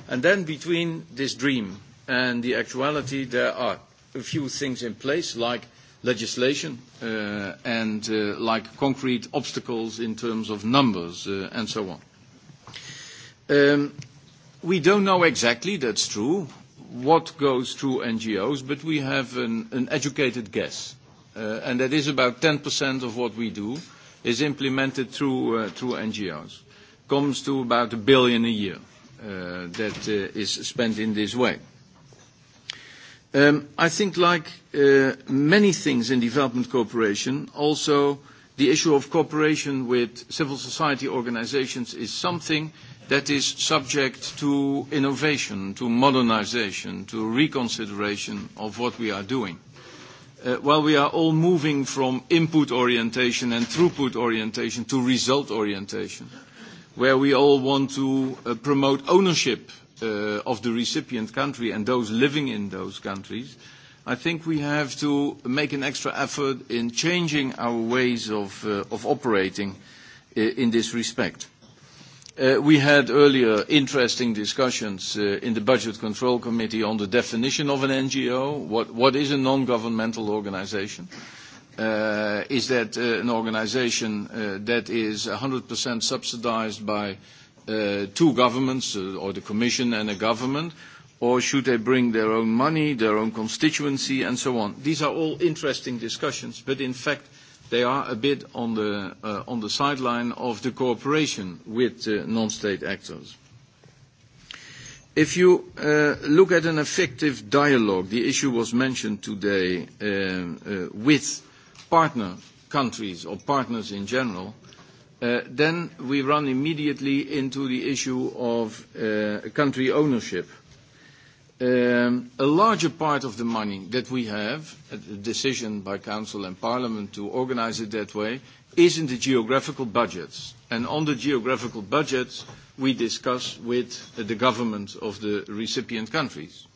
And then between this dream and the actuality, there are a few things in place, like legislation uh, and uh, like concrete obstacles in terms of numbers uh, and so on. Um, We don't know exactly, that's true, what goes through NGOs, but we have an, an educated guess. Uh, and that is about 10% of what we do is implemented through, uh, through NGOs. Comes to about a billion a year uh, that uh, is spent in this way. Um, I think like uh, many things in development cooperation, also the issue of cooperation with civil society organizations is something that is subject to innovation, to modernization, to reconsideration of what we are doing. Uh, while we are all moving from input orientation and throughput orientation to result orientation, where we all want to uh, promote ownership uh, of the recipient country and those living in those countries, I think we have to make an extra effort in changing our ways of, uh, of operating uh, in this respect. Uh, we had earlier interesting discussions uh, in the Budget Control Committee on the definition of an NGO. What, what is a non-governmental organization? Uh, is that uh, an organization uh, that is 100% subsidized by uh, two governments, uh, or the Commission and a government, or should they bring their own money, their own constituency, and so on? These are all interesting discussions, but in fact, uh, they are a bit on the, uh, on the sideline of the cooperation with uh, non-state actors. If you uh, look at an effective dialogue, the issue was mentioned today um, uh, with partner countries or partners in general, uh, then we run immediately into the issue of uh, country ownership Um, a larger part of the money that we have, a decision by Council and Parliament to organise it that way, is in the geographical budgets. And on the geographical budgets, we discuss with uh, the government of the recipient countries.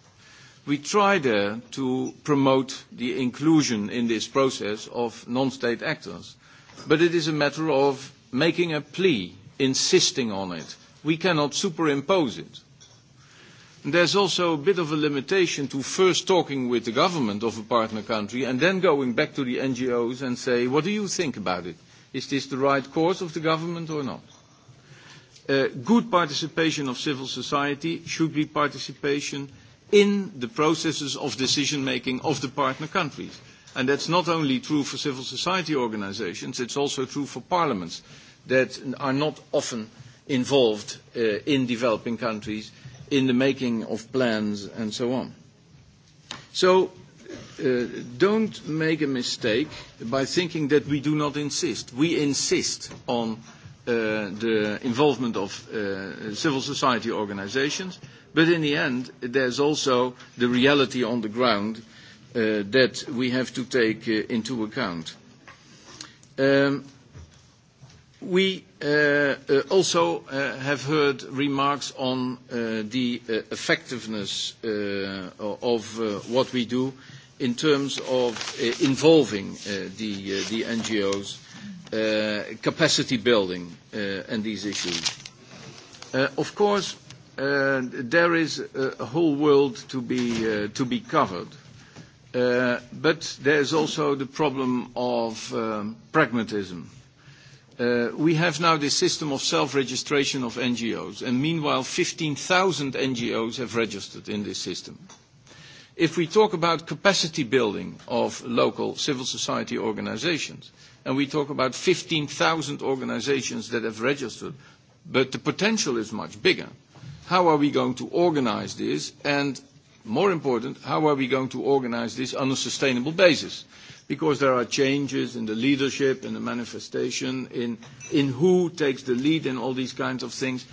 We try there to promote the inclusion in this process of non-state actors. But it is a matter of making a plea, insisting on it. We cannot superimpose it there's also a bit of a limitation to first talking with the government of a partner country and then going back to the NGOs and say, what do you think about it? Is this the right course of the government or not? Uh, good participation of civil society should be participation in the processes of decision making of the partner countries. And that's not only true for civil society organizations, it's also true for parliaments that are not often involved uh, in developing countries in the making of plans and so on. So uh, don't make a mistake by thinking that we do not insist. We insist on uh, the involvement of uh, civil society organizations, but in the end, there's also the reality on the ground uh, that we have to take uh, into account. Um, we Uh, uh, also uh, have heard remarks on the effectiveness of what we do in terms of involving the, NGOs, capacity building, and these issues. Of course, there is a whole world to be, covered. But there's also the problem of um, pragmatism. Uh, we have now this system of self-registration of NGOs, and meanwhile 15,000 NGOs have registered in this system. If we talk about capacity building of local civil society organizations, and we talk about 15,000 organizations that have registered, but the potential is much bigger, how are we going to organize this, and more important, how are we going to organize this on a sustainable basis? because there are changes in the leadership, in the manifestation, in, in who takes the lead in all these kinds of things.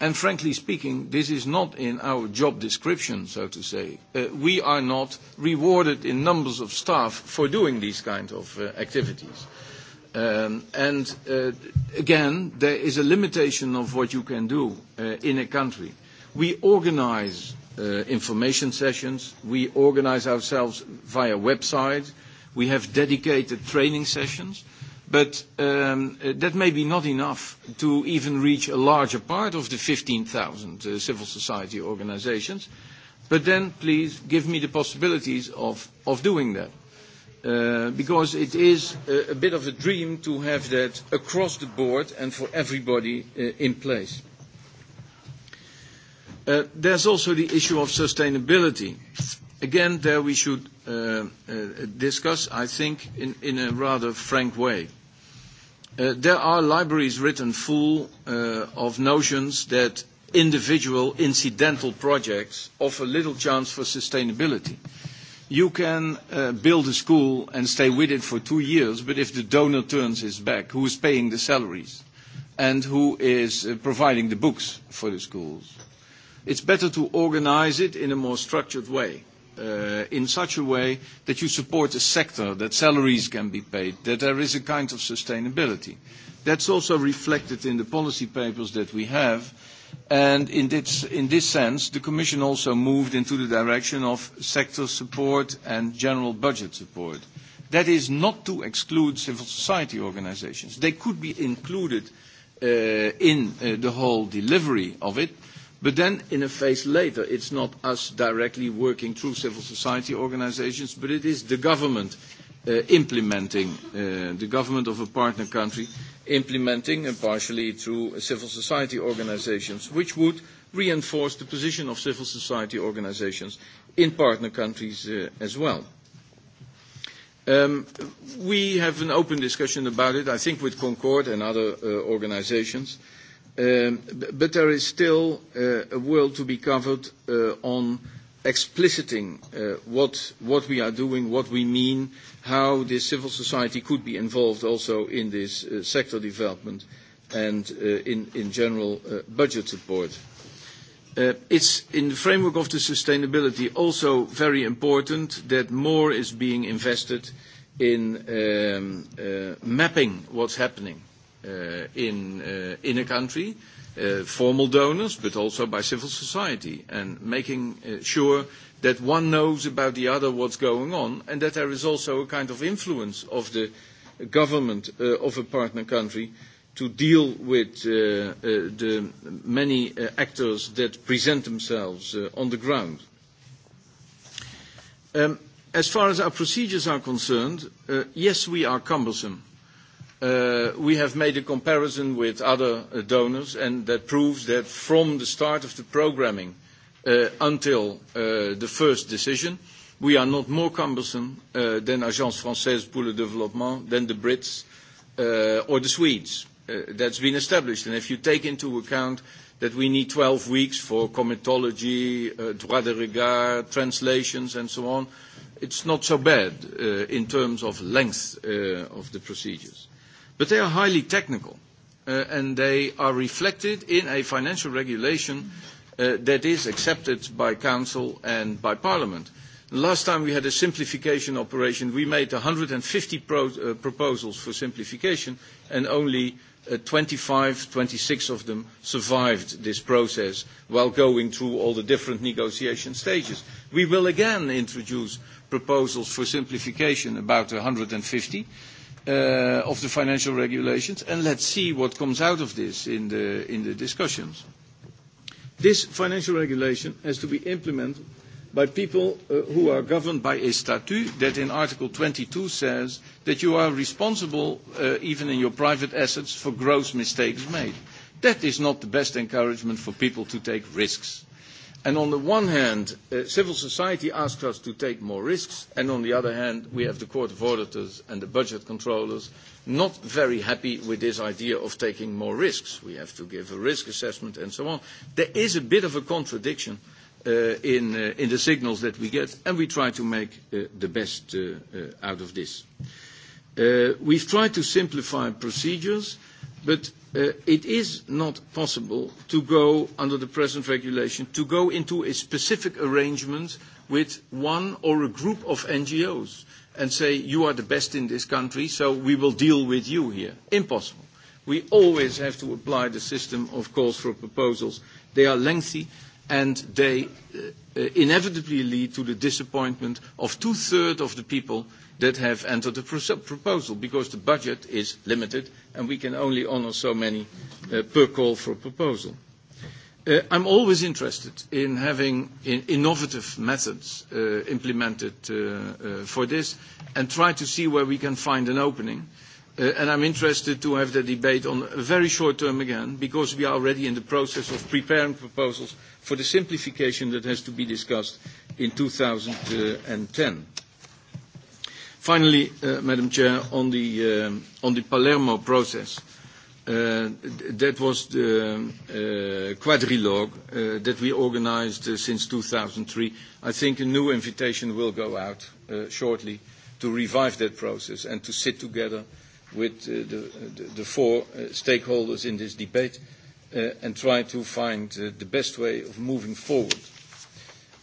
And frankly speaking, this is not in our job description, so to say. Uh, we are not rewarded in numbers of staff for doing these kinds of uh, activities. Um, and uh, again, there is a limitation of what you can do uh, in a country. We organize uh, information sessions. We organize ourselves via websites. We have dedicated training sessions, but um, that may be not enough to even reach a larger part of the 15,000 uh, civil society organizations. But then, please give me the possibilities of, doing that. Uh, because it is a, bit of a dream to have that across the board and for everybody uh, in place. Uh, there's also the issue of sustainability. Again, there we should uh, uh, discuss, I think, in, a rather frank way. Uh, there are libraries written full of notions that individual incidental projects offer little chance for sustainability. You can build a school and stay with it for two years, but if the donor turns his back, who is paying the salaries and who is providing the books for the schools? It's better to organize it in a more structured way. Uh, in such a way that you support a sector, that salaries can be paid, that there is a kind of sustainability. That's also reflected in the policy papers that we have. And in this, in this sense, the Commission also moved into the direction of sector support and general budget support. That is not to exclude civil society organizations. They could be included uh, in uh, the whole delivery of it, But then, in a phase later, it's not us directly working through civil society organizations, but it is the government uh, implementing, uh, the government of a partner country implementing, and partially through civil society organizations, which would reinforce the position of civil society organizations in partner countries uh, as well. Um, we have an open discussion about it, I think with Concord and other uh, organizations. Uh, Um, but there is still uh, a world to be covered uh, on expliciting uh, what, what we are doing, what we mean, how the civil society could be involved also in this uh, sector development and uh, in, in general uh, budget support. Uh, it's in the framework of the sustainability also very important that more is being invested in um, uh, mapping what's happening Uh, in, uh, in a country, uh, formal donors, but also by civil society, and making sure that one knows about the other what's going on, and that there is also a kind of influence of the government of a partner country to deal with uh, uh, the many uh, actors that present themselves on the ground. Um, as far as our procedures are concerned, yes, we are cumbersome. Uh, we have made a comparison with other uh, donors, and that proves that from the start of the programming uh, until uh, the first decision, we are not more cumbersome uh, than Agence Française pour le Développement, than the Brits uh, or the Swedes. That's been established. And if you take into account that we need 12 weeks for comitology, droit de regard, translations, and so on, it's not so bad in terms of length of the procedures. But they are highly technical, uh, and they are reflected in a financial regulation uh, that is accepted by Council and by Parliament. Last time we had a simplification operation, we made 150 pro uh, proposals for simplification, and only Uh, 25, 26 of them survived this process while going through all the different negotiation stages. We will again introduce proposals for simplification, about 150, uh, of the financial regulations, and let's see what comes out of this in the, in the discussions. This financial regulation has to be implemented by people uh, who are governed by a statute that in Article 22 says that you are responsible, uh, even in your private assets, for gross mistakes made. That is not the best encouragement for people to take risks. And on the one hand, uh, civil society asks us to take more risks, and on the other hand, we have the Court of Auditors and the budget controllers not very happy with this idea of taking more risks. We have to give a risk assessment and so on. There is a bit of a contradiction uh, in, uh, in the signals that we get, and we try to make uh, the best uh, uh, out of this. Uh, we've tried to simplify procedures But uh, it is not possible to go, under the present regulation, to go into a specific arrangement with one or a group of NGOs and say, you are the best in this country, so we will deal with you here. Impossible. We always have to apply the system of calls for proposals. They are lengthy and they uh, uh, inevitably lead to the disappointment of two-thirds of the people that have entered the proposal because the budget is limited and we can only honour so many uh, per call for a proposal. Uh, I'm always interested in having in innovative methods uh, implemented uh, uh for this and try to see where we can find an opening Uh, and I'm interested to have the debate on very short term again, because we are already in the process of preparing proposals for the simplification that has to be discussed in 2010. Finally, uh, Madam Chair, on the, um, on the Palermo process, uh, that was the uh, quadrilogue that we organized since 2003. I think a new invitation will go out shortly to revive that process and to sit together with uh, the, the, the four uh, stakeholders in this debate uh, and try to find uh, the best way of moving forward.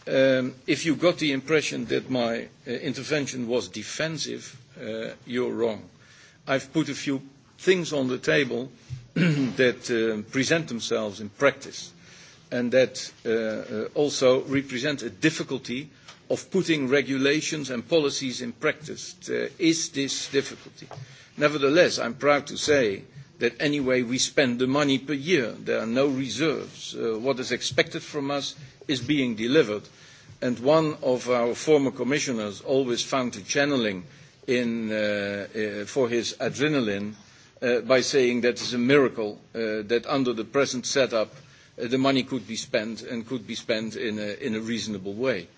Um, if you got the impression that my uh, intervention was defensive, uh, you're wrong. I've put a few things on the table that uh, present themselves in practice and that uh, uh, also represent a difficulty of putting regulations and policies in practice. There uh, is this difficulty. Nevertheless, I'm proud to say that anyway we spend the money per year. There are no reserves. Uh, what is expected from us is being delivered. And one of our former commissioners always found a channeling in, uh, uh, for his adrenaline uh, by saying that it's a miracle uh, that under the present setup uh, the money could be spent and could be spent in a, in a reasonable way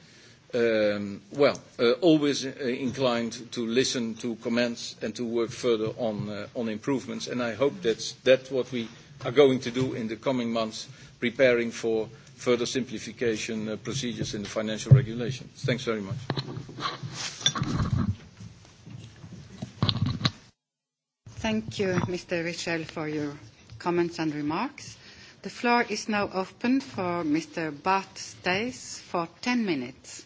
um, well, uh, always uh, inclined to listen to comments and to work further on, uh, on improvements. And I hope that's, that's what we are going to do in the coming months, preparing for further simplification uh, procedures in the financial regulation. Thanks very much. Thank you, Mr. Richel, for your comments and remarks. The floor is now open for Mr. Bart Staes for 10 minutes.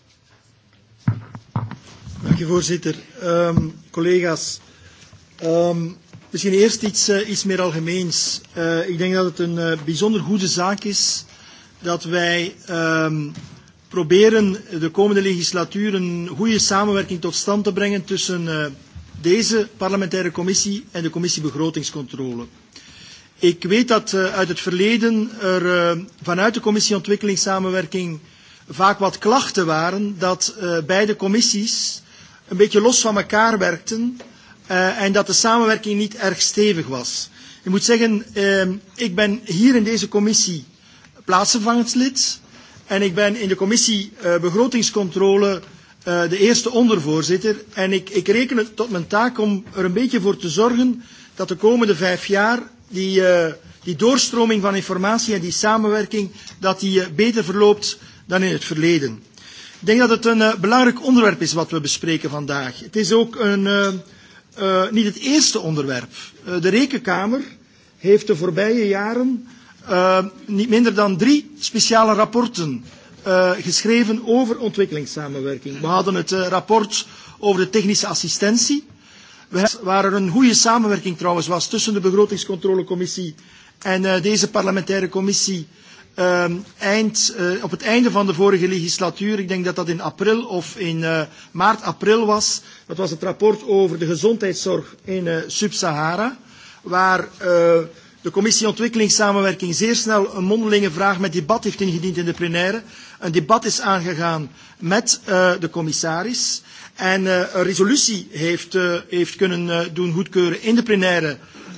Dank u voorzitter. Um, collega's, um, misschien eerst iets, uh, iets meer algemeens. Uh, ik denk dat het een uh, bijzonder goede zaak is dat wij um, proberen de komende legislatuur een goede samenwerking tot stand te brengen tussen uh, deze parlementaire commissie en de commissie begrotingscontrole. Ik weet dat uh, uit het verleden er uh, vanuit de commissie ontwikkelingssamenwerking vaak wat klachten waren dat uh, beide commissies een beetje los van elkaar werkten uh, en dat de samenwerking niet erg stevig was. Ik moet zeggen, uh, ik ben hier in deze commissie plaatsvervangend lid en ik ben in de commissie uh, begrotingscontrole uh, de eerste ondervoorzitter en ik, ik reken het tot mijn taak om er een beetje voor te zorgen dat de komende vijf jaar die, uh, die doorstroming van informatie en die samenwerking dat die, uh, beter verloopt dan in het verleden. Ik denk dat het een uh, belangrijk onderwerp is wat we bespreken vandaag. Het is ook een, uh, uh, niet het eerste onderwerp. Uh, de Rekenkamer heeft de voorbije jaren uh, niet minder dan drie speciale rapporten uh, geschreven over ontwikkelingssamenwerking. We hadden het uh, rapport over de technische assistentie, we, waar er een goede samenwerking trouwens was tussen de begrotingscontrolecommissie en uh, deze parlementaire commissie um, eind, uh, op het einde van de vorige legislatuur, ik denk dat dat in april of in uh, maart, april was, dat was het rapport over de gezondheidszorg in uh, Sub-Sahara, waar uh, de commissie ontwikkelingssamenwerking zeer snel een mondelinge vraag met debat heeft ingediend in de plenaire. Een debat is aangegaan met uh, de commissaris en uh, een resolutie heeft, uh, heeft kunnen uh, doen goedkeuren in de plenaire uh,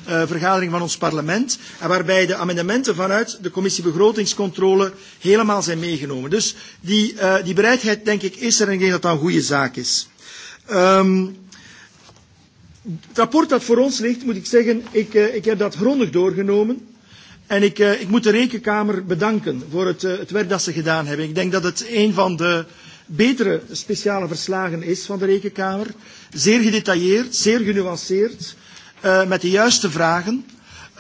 uh, vergadering van ons parlement. En waarbij de amendementen vanuit de commissie begrotingscontrole helemaal zijn meegenomen. Dus die, uh, die bereidheid denk ik is er en ik denk dat dat een goede zaak is. Um, het rapport dat voor ons ligt, moet ik zeggen, ik, uh, ik heb dat grondig doorgenomen. En ik, uh, ik moet de Rekenkamer bedanken voor het, uh, het werk dat ze gedaan hebben. Ik denk dat het een van de betere speciale verslagen is van de Rekenkamer. Zeer gedetailleerd, zeer genuanceerd. Uh, Eh, met de juiste vragen.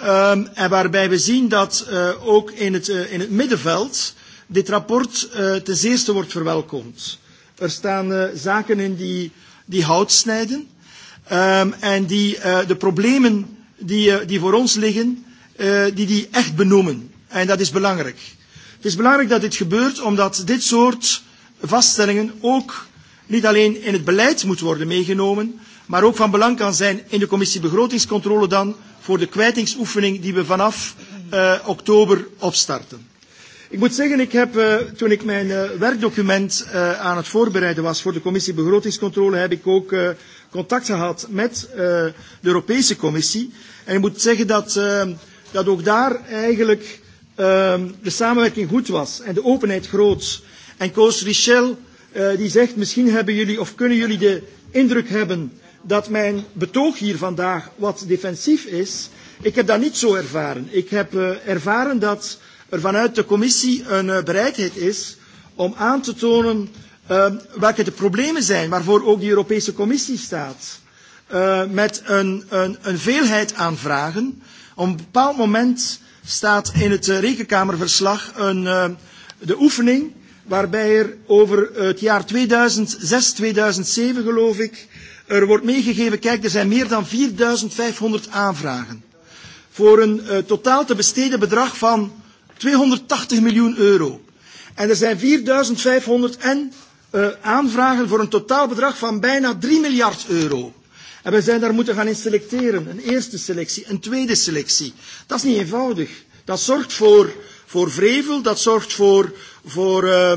Um, en waarbij we zien dat uh, ook in het, uh, in het middenveld dit rapport uh, ten zeerste wordt verwelkomd. Er staan uh, zaken in die, die hout snijden um, en die uh, de problemen die, uh, die voor ons liggen, uh, die die echt benoemen. En dat is belangrijk. Het is belangrijk dat dit gebeurt omdat dit soort vaststellingen ook niet alleen in het beleid moet worden meegenomen, maar ook van belang kan zijn in de commissie begrotingscontrole dan voor de kwijtingsoefening die we vanaf uh, oktober opstarten. Ik moet zeggen, ik heb, uh, toen ik mijn uh, werkdocument uh, aan het voorbereiden was voor de commissie begrotingscontrole, heb ik ook uh, contact gehad met uh, de Europese Commissie. En ik moet zeggen dat, uh, dat ook daar eigenlijk uh, de samenwerking goed was en de openheid groot. En Koos Richel uh, die zegt, misschien hebben jullie of kunnen jullie de indruk hebben dat mijn betoog hier vandaag wat defensief is. Ik heb dat niet zo ervaren. Ik heb uh, ervaren dat er vanuit de commissie een uh, bereidheid is om aan te tonen uh, welke de problemen zijn waarvoor ook de Europese Commissie staat. Uh, met een, een, een veelheid aan vragen. Op een bepaald moment staat in het uh, rekenkamerverslag een, uh, de oefening waarbij er over het jaar 2006, 2007 geloof ik, er wordt meegegeven, kijk, er zijn meer dan 4500 aanvragen. Voor een uh, totaal te besteden bedrag van 280 miljoen euro. En er zijn 4500 en uh, aanvragen voor een totaal bedrag van bijna 3 miljard euro. En we zijn daar moeten gaan in selecteren. Een eerste selectie, een tweede selectie. Dat is niet eenvoudig. Dat zorgt voor, voor vrevel, dat zorgt voor voor, uh,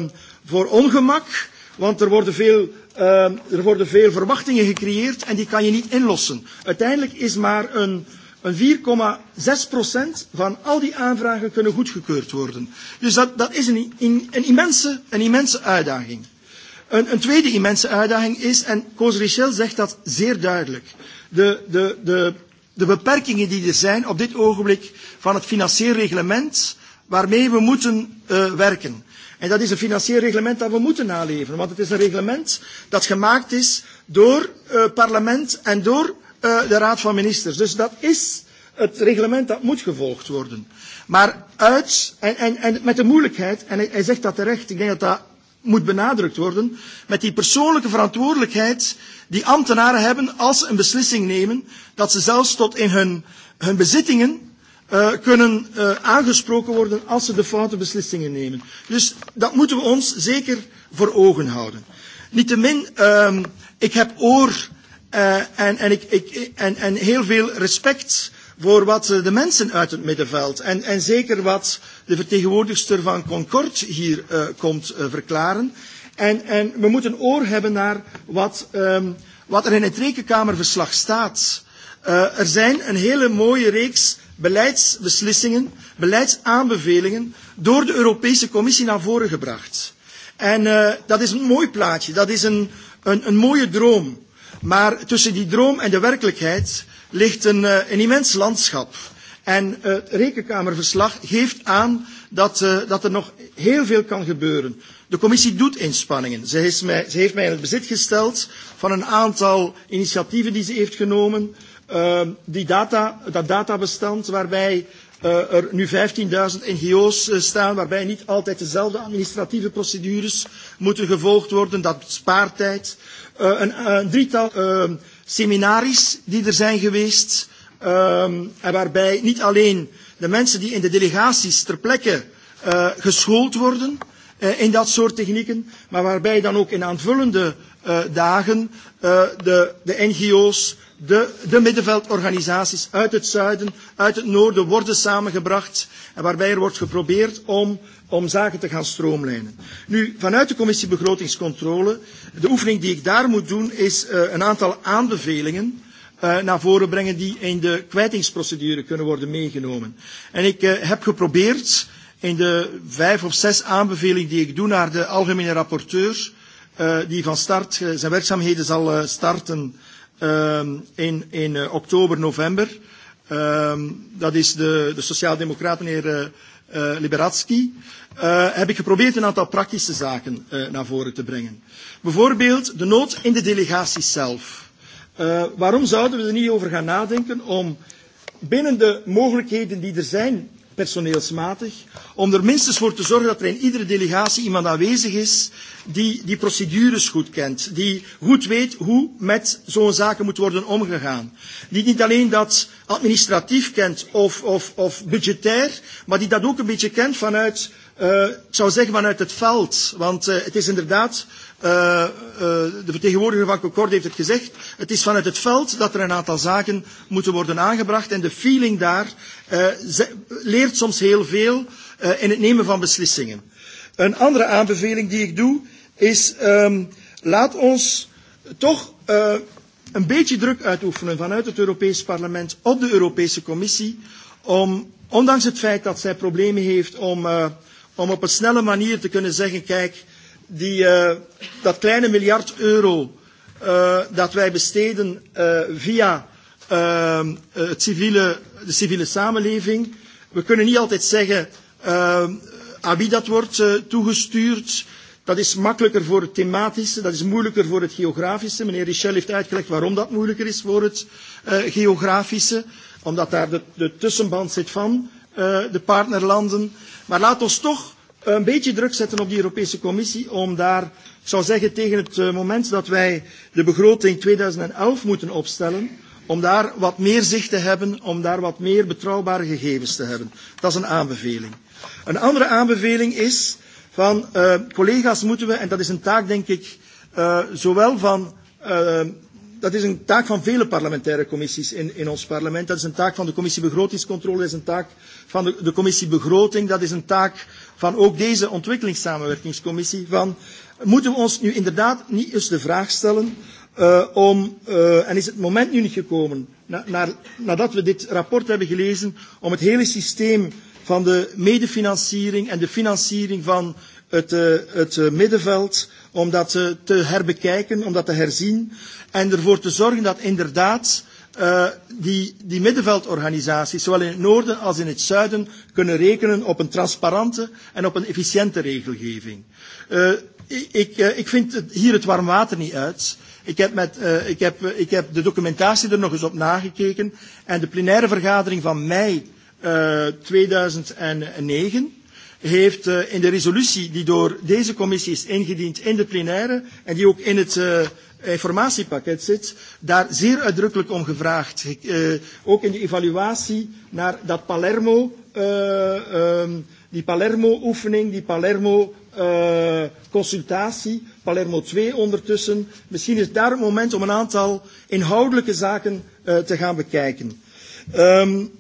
voor ongemak, want er worden veel uh, er worden veel verwachtingen gecreëerd en die kan je niet inlossen. Uiteindelijk is maar een, een 4,6% van al die aanvragen kunnen goedgekeurd worden. Dus dat, dat is een, een, een, immense, een immense uitdaging. Een, een tweede immense uitdaging is, en Koos Richel zegt dat zeer duidelijk, de, de, de, de beperkingen die er zijn op dit ogenblik van het financieel reglement waarmee we moeten uh, werken. En dat is een financieel reglement dat we moeten naleven. Want het is een reglement dat gemaakt is door uh, parlement en door uh, de Raad van Ministers. Dus dat is het reglement dat moet gevolgd worden. Maar uit, en, en, en met de moeilijkheid, en hij, hij zegt dat terecht, ik denk dat dat moet benadrukt worden, met die persoonlijke verantwoordelijkheid die ambtenaren hebben als ze een beslissing nemen, dat ze zelfs tot in hun, hun bezittingen Eh, kunnen uh, aangesproken worden als ze de foute beslissingen nemen. Dus dat moeten we ons zeker voor ogen houden. Niettemin, um, ik heb oor uh, en, en, ik, ik, en, en heel veel respect voor wat de mensen uit het middenveld en, en zeker wat de vertegenwoordigster van Concord hier uh, komt uh, verklaren. En, en we moeten oor hebben naar wat, um, wat er in het Rekenkamerverslag staat. Uh, er zijn een hele mooie reeks beleidsbeslissingen, beleidsaanbevelingen door de Europese Commissie naar voren gebracht. En uh, dat is een mooi plaatje, dat is een, een, een mooie droom. Maar tussen die droom en de werkelijkheid ligt een, uh, een immens landschap. En uh, het rekenkamerverslag geeft aan dat, uh, dat er nog heel veel kan gebeuren. De commissie doet inspanningen. Ze, is mij, ze heeft mij in het bezit gesteld van een aantal initiatieven die ze heeft genomen uh, die data, dat databestand waarbij uh, er nu 15.000 NGO's uh, staan, waarbij niet altijd dezelfde administratieve procedures moeten gevolgd worden. Dat spaart tijd. Uh, eh, een, eh, een drietal uh, seminaries die er zijn geweest, uh, en waarbij niet alleen de mensen die in de delegaties ter plekke uh, geschoold worden uh, in dat soort technieken, maar waarbij dan ook in aanvullende uh, dagen uh, de, de NGO's de, de middenveldorganisaties uit het zuiden, uit het noorden worden samengebracht en waarbij er wordt geprobeerd om, om zaken te gaan stroomlijnen. Nu, vanuit de commissie begrotingscontrole, de oefening die ik daar moet doen is uh, een aantal aanbevelingen uh, naar voren brengen die in de kwijtingsprocedure kunnen worden meegenomen. En ik uh, heb geprobeerd in de vijf of zes aanbevelingen die ik doe naar de algemene rapporteur, uh, die van start uh, zijn werkzaamheden zal uh, starten um, in, in uh, oktober, november. Um, dat is de, de sociaaldemocraat, meneer uh, eh, uh, eh, Liberatsky. Uh, heb ik geprobeerd een aantal praktische zaken uh, naar voren te brengen. Bijvoorbeeld de nood in de delegatie zelf. Uh, waarom zouden we er niet over gaan nadenken om binnen de mogelijkheden die er zijn personeelsmatig, om er minstens voor te zorgen dat er in iedere delegatie iemand aanwezig is die die procedures goed kent, die goed weet hoe met zo'n zaken moet worden omgegaan. Die niet alleen dat administratief kent of, of, of budgetair, maar die dat ook een beetje kent vanuit, uh, ik zou zeggen vanuit het veld. Want uh, het is inderdaad Eh, eh, de vertegenwoordiger van Concorde heeft het gezegd. Het is vanuit het veld dat er een aantal zaken moeten worden aangebracht. En de feeling daar uh, leert soms heel veel uh, in het nemen van beslissingen. Een andere aanbeveling die ik doe is, um, laat ons toch uh, een beetje druk uitoefenen vanuit het Europees Parlement op de Europese Commissie om, ondanks het feit dat zij problemen heeft om, uh, om op een snelle manier te kunnen zeggen, kijk, die, uh, dat kleine miljard euro uh, dat wij besteden uh, via uh, het civiele, de civiele samenleving. We kunnen niet altijd zeggen uh, aan wie dat wordt uh, toegestuurd. Dat is makkelijker voor het thematische, dat is moeilijker voor het geografische. Meneer Richel heeft uitgelegd waarom dat moeilijker is voor het uh, geografische, omdat daar de, de tussenband zit van uh, de partnerlanden. Maar laat ons toch een beetje druk zetten op die Europese Commissie om daar, ik zou zeggen tegen het eh, moment dat wij de begroting 2011 moeten opstellen, om daar wat meer zicht te hebben, om daar wat meer betrouwbare gegevens te hebben. Dat is een aanbeveling. Een andere aanbeveling is van uh, collega's moeten we, en dat is een taak denk ik, uh, zowel van, uh, dat is een taak van vele parlementaire commissies in, in ons parlement, dat is een taak van de commissie begrotingscontrole, dat is een taak van de, de commissie begroting, dat is een taak van ook deze ontwikkelingssamenwerkingscommissie van moeten we ons nu inderdaad niet eens de vraag stellen uh, om, uh, en is het moment nu niet gekomen, na, na, nadat we dit rapport hebben gelezen, om het hele systeem van de medefinanciering en de financiering van het, uh, het uh, middenveld, om dat uh, te herbekijken, om dat te herzien en ervoor te zorgen dat inderdaad uh, uh, die, die middenveldorganisaties, zowel in het noorden als in het zuiden, kunnen rekenen op een transparante en op een efficiënte regelgeving. Uh, ik, uh, ik vind het, hier het warm water niet uit. Ik heb, met, uh, ik, heb, uh, ik heb de documentatie er nog eens op nagekeken en de plenaire vergadering van mei uh, 2009 heeft uh, in de resolutie die door deze commissie is ingediend in de plenaire en die ook in het, uh, informatiepakket zit, daar zeer uitdrukkelijk om gevraagd. Ik, uh, ook in de evaluatie naar dat Palermo, uh, um, die Palermo-oefening, die Palermo-consultatie, uh, Palermo 2 eh, ondertussen. Misschien is daar het moment om een aantal inhoudelijke zaken uh, te gaan bekijken. Um,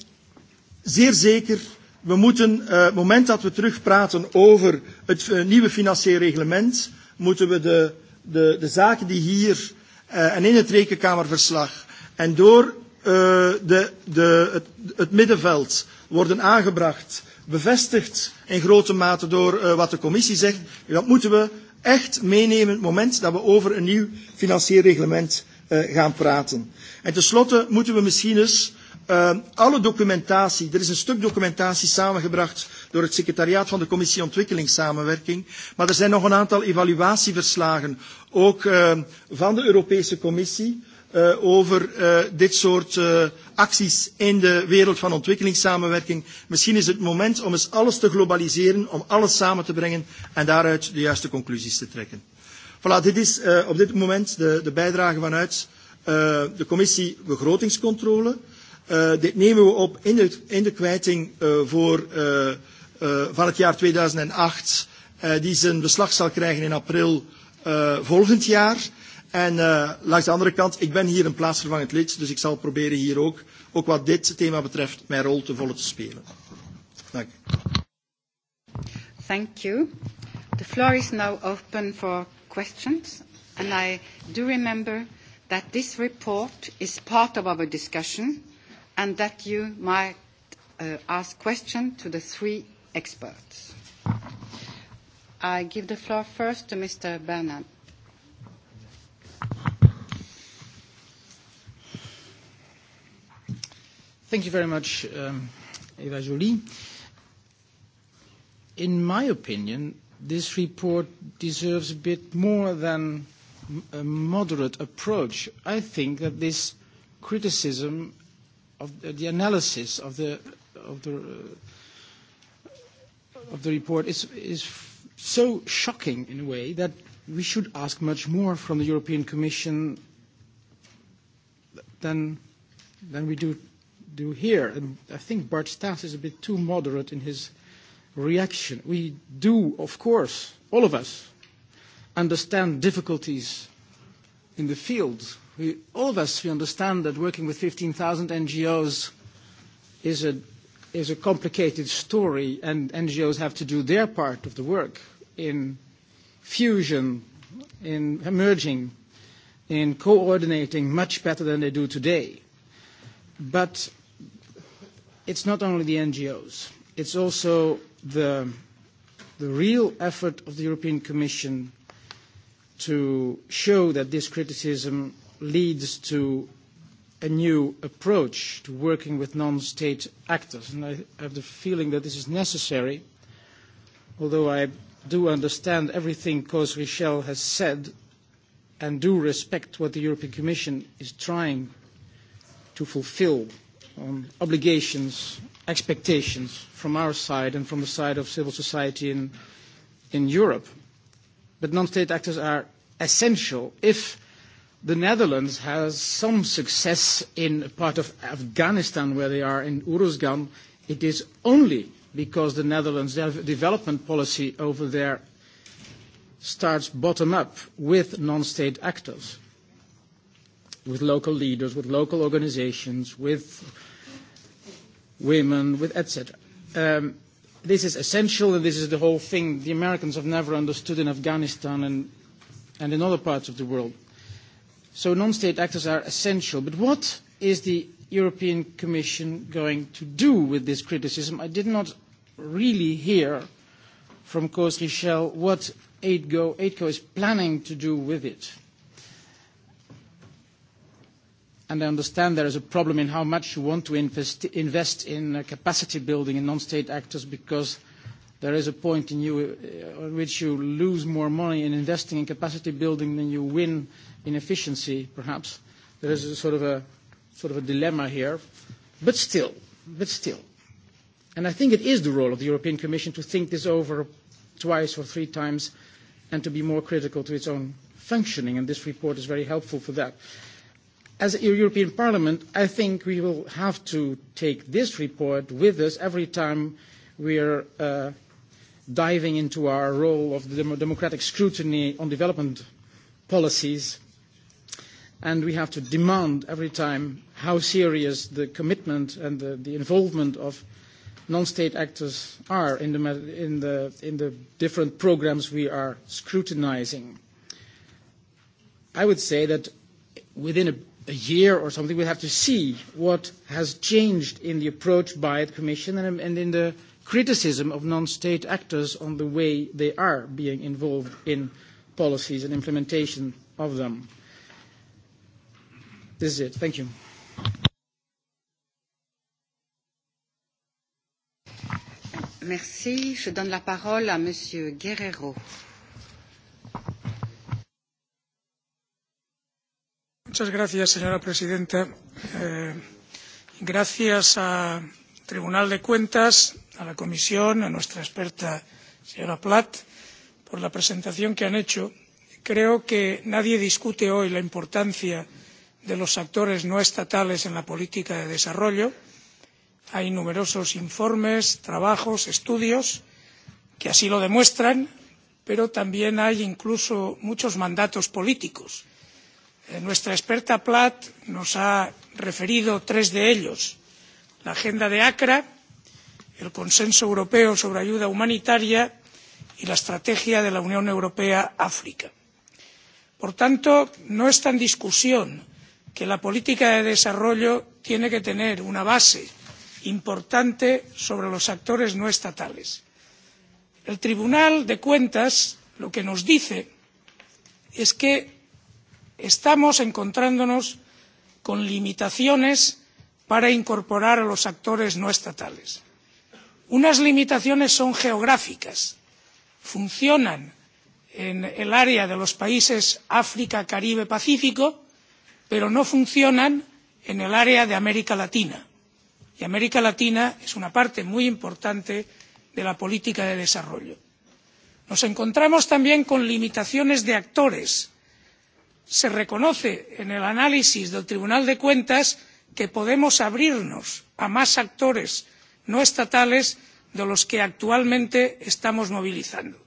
zeer zeker we moeten, uh, het moment dat we terugpraten over het uh, nieuwe financieel reglement, moeten we de de, de zaken die hier uh, en in het rekenkamerverslag en door uh, de, de, het, het middenveld worden aangebracht, bevestigd in grote mate door uh, wat de commissie zegt, dat moeten we echt meenemen het moment dat we over een nieuw financieel reglement uh, gaan praten. En tenslotte moeten we misschien eens Uh, alle documentatie, er is een stuk documentatie samengebracht door het secretariaat van de Commissie Ontwikkelingssamenwerking, maar er zijn nog een aantal evaluatieverslagen, ook uh, van de Europese Commissie, uh, over uh, dit soort uh, acties in de wereld van ontwikkelingssamenwerking. Misschien is het moment om eens alles te globaliseren, om alles samen te brengen en daaruit de juiste conclusies te trekken. Voilà, dit is uh, op dit moment de, de bijdrage vanuit uh, de commissie begrotingscontrole. Uh, dit nemen we op in de, in de kwijting uh, voor, uh, uh, van het jaar 2008, uh, die zijn beslag zal krijgen in april uh, volgend jaar. En uh, langs de andere kant, ik ben hier een plaatsvervangend lid, dus ik zal proberen hier ook, ook wat dit thema betreft, mijn rol te volle te spelen. Dank u. Thank you. The floor is now open for questions, and I do remember that this report is part of our discussion and that you might uh, ask questions to the three experts. I give the floor first to Mr. Bernard. Thank you very much, um, Eva Jolie. In my opinion, this report deserves a bit more than a moderate approach. I think that this criticism of the, the analysis of the of the uh, of the report is is so shocking in a way that we should ask much more from the European Commission than than we do do here. And I think Bart Stas is a bit too moderate in his reaction. We do, of course, all of us, understand difficulties in the field we, all of us, we understand that working with 15,000 NGOs is a, is a complicated story, and NGOs have to do their part of the work in fusion, in emerging, in coordinating much better than they do today. But it's not only the NGOs, it's also the, the real effort of the European Commission to show that this criticism leads to a new approach to working with non-state actors. And I have the feeling that this is necessary, although I do understand everything Cos Richel has said and do respect what the European Commission is trying to fulfill on obligations, expectations from our side and from the side of civil society in, in Europe. But non-state actors are essential if the Netherlands has some success in part of Afghanistan where they are in Uruzgan. It is only because the Netherlands development policy over there starts bottom up with non-state actors, with local leaders, with local organizations, with women, with etc. Um, this is essential, and this is the whole thing the Americans have never understood in Afghanistan and, and in other parts of the world. So non-state actors are essential. But what is the European Commission going to do with this criticism? I did not really hear from Coase Richel what AIDCO, AIDCO is planning to do with it. And I understand there is a problem in how much you want to invest, invest in uh, capacity building in non-state actors because there is a point in you, uh, which you lose more money in investing in capacity building than you win uh, inefficiency, perhaps. There is a sort of a sort of a dilemma here, but still, but still. And I think it is the role of the European Commission to think this over twice or three times and to be more critical to its own functioning, and this report is very helpful for that. As a European Parliament, I think we will have to take this report with us every time we are uh, diving into our role of the democratic scrutiny on development policies and we have to demand every time how serious the commitment and the, the involvement of non-state actors are in the, in, the, in the different programs we are scrutinizing. I would say that within a, a year or something, we have to see what has changed in the approach by the Commission and, and in the criticism of non-state actors on the way they are being involved in policies and implementation of them. This is it. Thank you. Merci. Je donne la parole à Monsieur Guerrero. Muchas gracias, señora presidenta. Eh, gracias al Tribunal de Cuentas, a la Comisión, a nuestra experta, señora Plath, por la presentación que han hecho. Creo que nadie discute hoy la importancia de de los actores no estatales en la política de desarrollo hay numerosos informes trabajos estudios que así lo demuestran pero también hay incluso muchos mandatos políticos. Eh, nuestra experta plath nos ha referido tres de ellos la agenda de acra el consenso europeo sobre ayuda humanitaria y la estrategia de la unión europea áfrica. por tanto no está en discusión que la política de desarrollo tiene que tener una base importante sobre los actores no estatales. el tribunal de cuentas lo que nos dice es que estamos encontrándonos con limitaciones para incorporar a los actores no estatales. unas limitaciones son geográficas funcionan en el área de los países áfrica caribe pacífico pero no funcionan en el área de américa latina y américa latina es una parte muy importante de la política de desarrollo. nos encontramos también con limitaciones de actores. se reconoce en el análisis del tribunal de cuentas que podemos abrirnos a más actores no estatales de los que actualmente estamos movilizando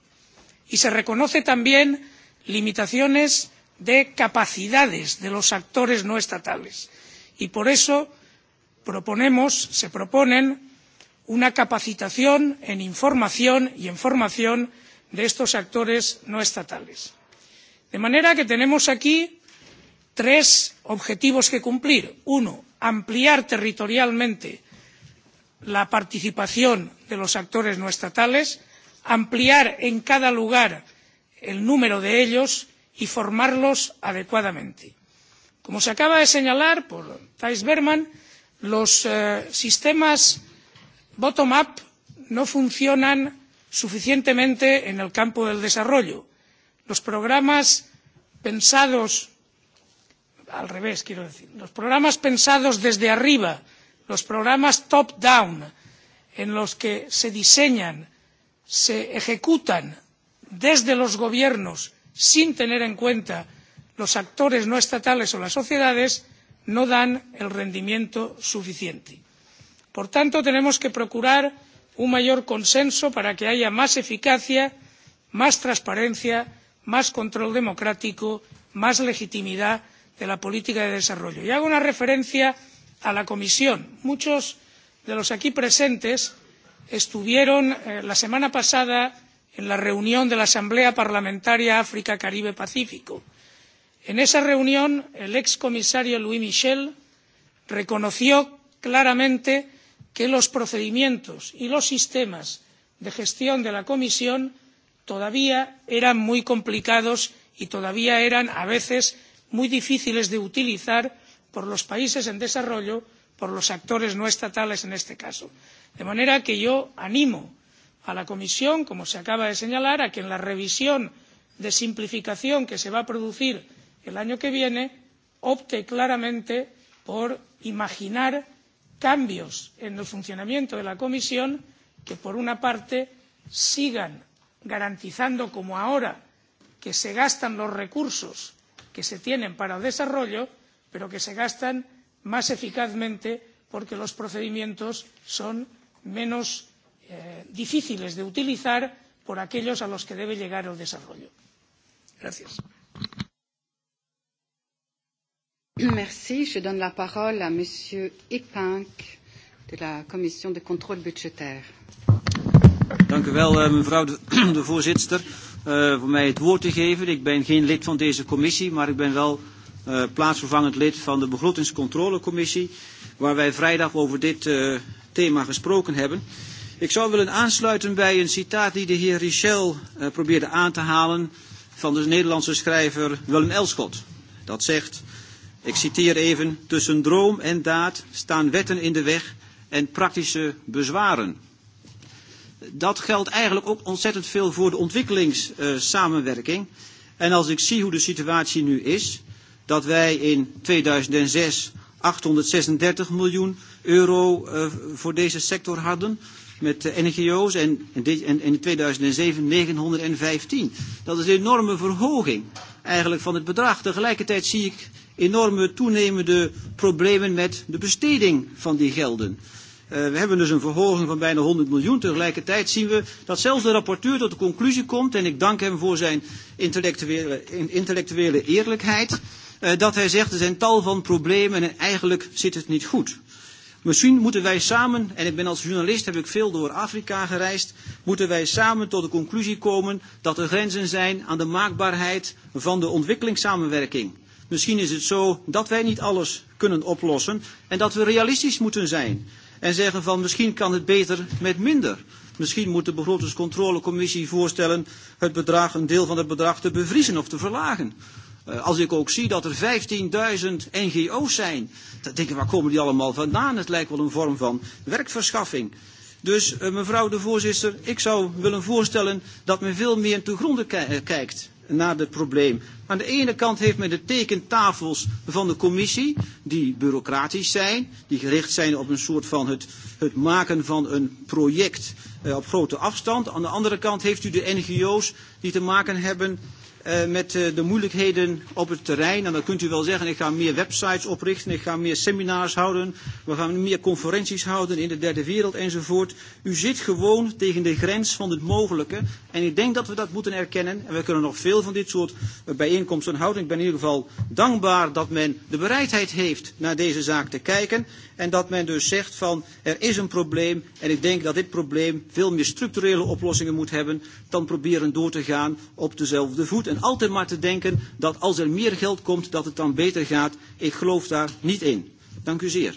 y se reconocen también limitaciones de capacidades de los actores no estatales y por eso proponemos se propone una capacitación en información y en formación de estos actores no estatales. de manera que tenemos aquí tres objetivos que cumplir uno ampliar territorialmente la participación de los actores no estatales ampliar en cada lugar el número de ellos y formarlos adecuadamente. como se acaba de señalar por thijs berman los eh, sistemas bottom up no funcionan suficientemente en el campo del desarrollo. los programas pensados al revés quiero decir los programas pensados desde arriba los programas top down en los que se diseñan se ejecutan desde los gobiernos sin tener en cuenta los actores no estatales o las sociedades no dan el rendimiento suficiente. por tanto tenemos que procurar un mayor consenso para que haya más eficacia más transparencia más control democrático más legitimidad de la política de desarrollo. y hago una referencia a la comisión muchos de los aquí presentes estuvieron eh, la semana pasada en la reunión de la asamblea parlamentaria áfrica caribe pacífico. en esa reunión el ex comisario louis michel reconoció claramente que los procedimientos y los sistemas de gestión de la comisión todavía eran muy complicados y todavía eran a veces muy difíciles de utilizar por los países en desarrollo por los actores no estatales en este caso. de manera que yo animo a la comisión como se acaba de señalar a que en la revisión de simplificación que se va a producir el año que viene opte claramente por imaginar cambios en el funcionamiento de la comisión que por una parte sigan garantizando como ahora que se gastan los recursos que se tienen para el desarrollo pero que se gastan más eficazmente porque los procedimientos son menos Eh, difíciles de utilizar por aquellos a los que debe llegar el desarrollo. gracias. Eh, voorzitter, uh, mij het woord te geven. Ik ben geen lid van deze commissie, maar ik ben wel plaatsvervangend lid van de begrotingscontrolecommissie, waar wij vrijdag over dit uh, thema gesproken hebben. Ik zou willen aansluiten bij een citaat die de heer Richel uh, probeerde aan te halen van de Nederlandse schrijver Willem Elschot. Dat zegt, ik citeer even, tussen droom en daad staan wetten in de weg en praktische bezwaren. Dat geldt eigenlijk ook ontzettend veel voor de ontwikkelingssamenwerking. Eh, en als ik zie hoe de situatie nu is, dat wij in 2006 836 miljoen euro eh, voor deze sector hadden, met eh, NGO's en, in 2007 915. Dat is een enorme verhoging eigenlijk van het bedrag. Tegelijkertijd zie ik enorme toenemende problemen met de besteding van die gelden. Eh, we hebben dus een verhoging van bijna 100 miljoen. Tegelijkertijd zien we dat zelfs de rapporteur tot de conclusie komt, en ik dank hem voor zijn intellectuele, intellectuele eerlijkheid, eh, dat hij zegt er zijn tal van problemen en eigenlijk zit het niet goed. Misschien moeten wij samen, en ik ben als journalist, heb ik veel door Afrika gereisd, moeten wij samen tot de conclusie komen dat er grenzen zijn aan de maakbaarheid van de ontwikkelingssamenwerking. Misschien is het zo dat wij niet alles kunnen oplossen en dat we realistisch moeten zijn en zeggen van misschien kan het beter met minder. Misschien moet de begrotingscontrolecommissie voorstellen het bedrag, een deel van het bedrag te bevriezen of te verlagen. Eh, als ik ook zie dat er 15.000 NGO's zijn, dan denk ik, waar komen die allemaal vandaan? Het lijkt wel een vorm van werkverschaffing. Dus eh, mevrouw de voorzitter, ik zou willen voorstellen dat men veel meer te gronden eh, kijkt naar het probleem. Aan de ene kant heeft men de tekentafels van de commissie, die bureaucratisch zijn, die gericht zijn op een soort van het, het maken van een project eh, op grote afstand. Aan de andere kant heeft u de NGO's die te maken hebben uh, met uh, de moeilijkheden op het terrein. En dan kunt u wel zeggen, ik ga meer websites oprichten, ik ga meer seminars houden, we gaan meer conferenties houden in de derde wereld enzovoort. U zit gewoon tegen de grens van het mogelijke. En ik denk dat we dat moeten erkennen. En we kunnen nog veel van dit soort eh, bijeenkomsten houden. Ik ben in ieder geval dankbaar dat men de bereidheid heeft naar deze zaak te kijken. En dat men dus zegt van, er is een probleem en ik denk dat dit probleem veel meer structurele oplossingen moet hebben dan proberen door te gaan op dezelfde voet en altijd maar te denken dat als er meer geld komt, dat het dan beter gaat. Ik geloof daar niet in. Dank u zeer.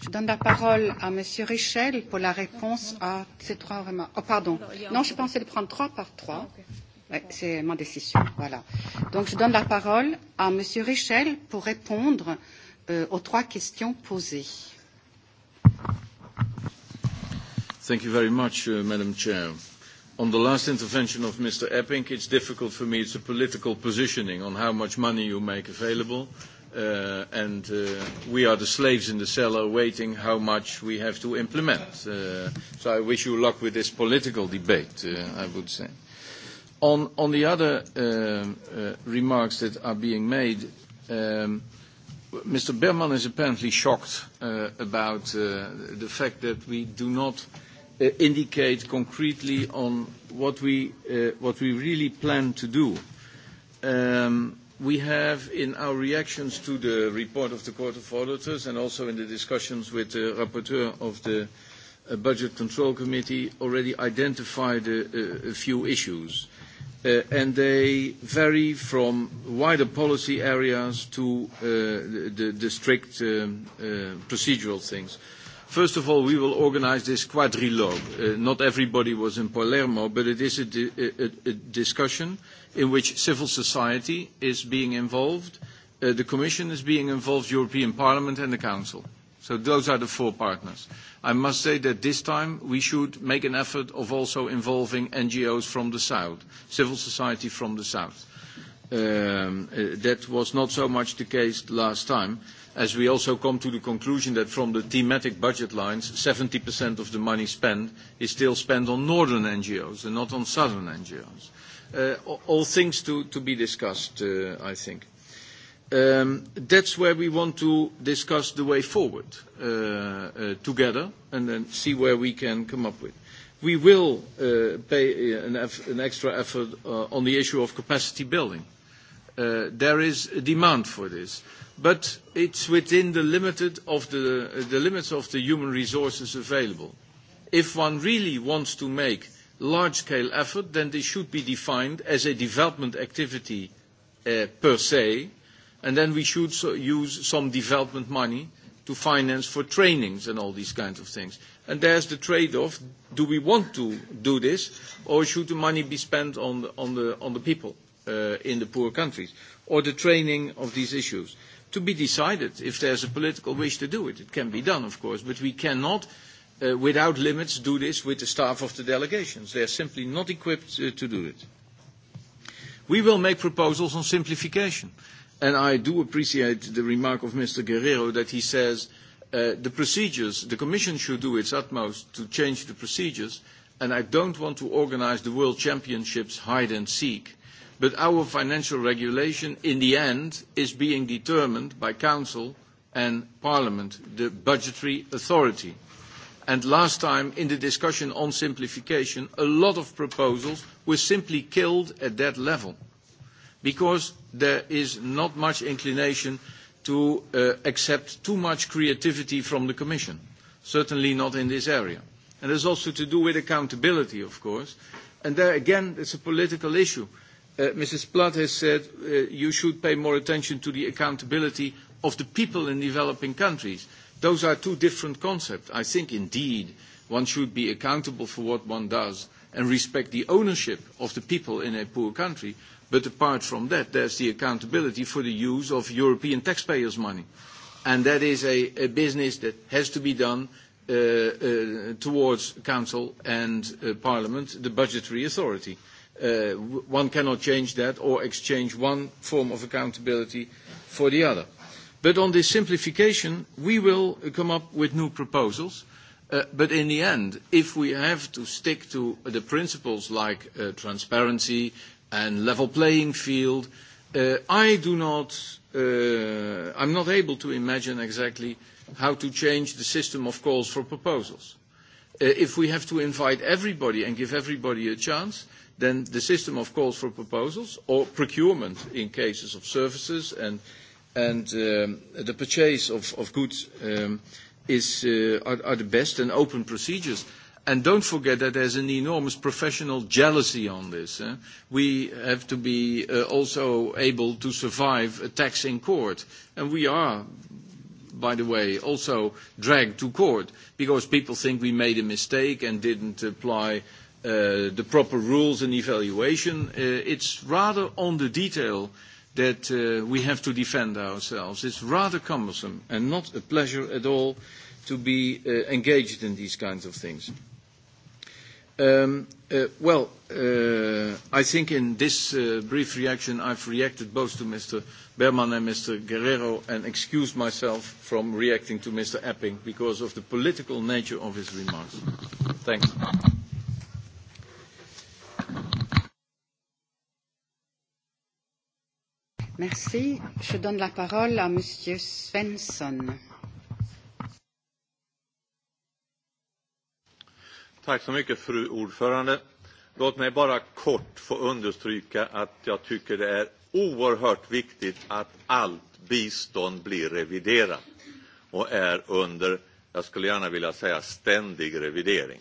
Je donne la parole à Monsieur Richel pour la réponse à ces trois remarques. Oh, pardon. Non, je pensais de prendre trois par trois. Ah, ouais, c'est ma décision. Voilà. Donc, je donne la parole à Monsieur Richel pour répondre euh, aux trois questions posées. Thank you very much, uh, Madam Chair. On the last intervention of Mr. Epping, it's difficult for me. It's a political positioning on how much money you make available. Uh, and uh, we are the slaves in the cellar waiting how much we have to implement. Uh, so I wish you luck with this political debate, uh, I would say. On, on the other um, uh, remarks that are being made, um, Mr. Berman is apparently shocked uh, about uh, the fact that we do not uh, indicate concretely on what we, really plan to do. Um, we have in our reactions to the report of the Court of Auditors and also in the discussions with the rapporteur of the Budget Control Committee already identified a few issues. Uh, and they vary from wider policy areas to uh, the, the strict um, uh, procedural things. First of all, we will organize this quadrilogue. Uh, not everybody was in Palermo, but it is a, a, a discussion in which civil society is being involved, uh, the Commission is being involved, European Parliament, and the Council. So those are the four partners. I must say that this time we should make an effort of also involving NGOs from the South, civil society from the South. Um, uh, that was not so much the case last time, as we also come to the conclusion that from the thematic budget lines, 70% of the money spent is still spent on northern NGOs and not on southern NGOs. Uh, all things to, to be discussed, uh, I think. Um, that's where we want to discuss the way forward uh, uh, together and then see where we can come up with. We will uh, pay uh, an, an extra effort uh, on the issue of capacity building. Uh, there is a demand for this, but it's within the, limited of the, the limits of the human resources available. If one really wants to make large-scale effort, then they should be defined as a development activity per se, And then we should so use some development money to finance for trainings and all these kinds of things. And there's the trade-off. Do we want to do this, or should the money be spent on the, on the, on the people uh, in the poor countries, or the training of these issues? To be decided if there's a political wish to do it. It can be done, of course, but we cannot, uh, without limits, do this with the staff of the delegations. They're simply not equipped uh, to do it. We will make proposals on simplification. And I do appreciate the remark of Mr. Guerrero that he says uh, the procedures, the Commission should do its utmost to change the procedures, and I don't want to organize the World Championships hide and seek. But our financial regulation, in the end, is being determined by Council and Parliament, the budgetary authority. And last time, in the discussion on simplification, a lot of proposals were simply killed at that level because there is not much inclination to uh, accept too much creativity from the Commission, certainly not in this area. And it's also to do with accountability, of course. And there again, it's a political issue. Uh, Mrs. Platt has said uh, you should pay more attention to the accountability of the people in developing countries. Those are two different concepts. I think indeed one should be accountable for what one does and respect the ownership of the people in a poor country, But apart from that, there's the accountability for the use of European taxpayers' money. And that is a, business that has to be done uh, uh, towards Council and uh, Parliament, the budgetary authority. Uh, one cannot change that or exchange one form of accountability for the other. But on this simplification, we will come up with new proposals. Uh, but in the end, if we have to stick to the principles like transparency, and level playing field. Uh, I do not, uh, I'm not able to imagine exactly how to change the system of calls for proposals. Uh, if we have to invite everybody and give everybody a chance, then the system of calls for proposals or procurement in cases of services and, and um, the purchase of, of goods um, is, uh, are, are the best and open procedures. Uh, And don't forget that there's an enormous professional jealousy on this. Eh? We have to be uh, also able to survive attacks in court. And we are, by the way, also dragged to court because people think we made a mistake and didn't apply Uh, the proper rules and evaluation. Uh, it's rather on the detail that uh, we have to defend ourselves. It's rather cumbersome and not a pleasure at all to be uh, engaged in these kinds of things. Um, uh, well, uh, I think in this uh, brief reaction, I've reacted both to Mr. Berman and Mr. Guerrero and excused myself from reacting to Mr. Epping because of the political nature of his remarks. Thanks. Merci. Je donne la parole à Monsieur Svensson. Tack så mycket, fru ordförande. Låt mig bara kort få understryka att jag tycker det är oerhört viktigt att allt bistånd blir reviderat och är under, jag skulle gärna vilja säga, ständig revidering.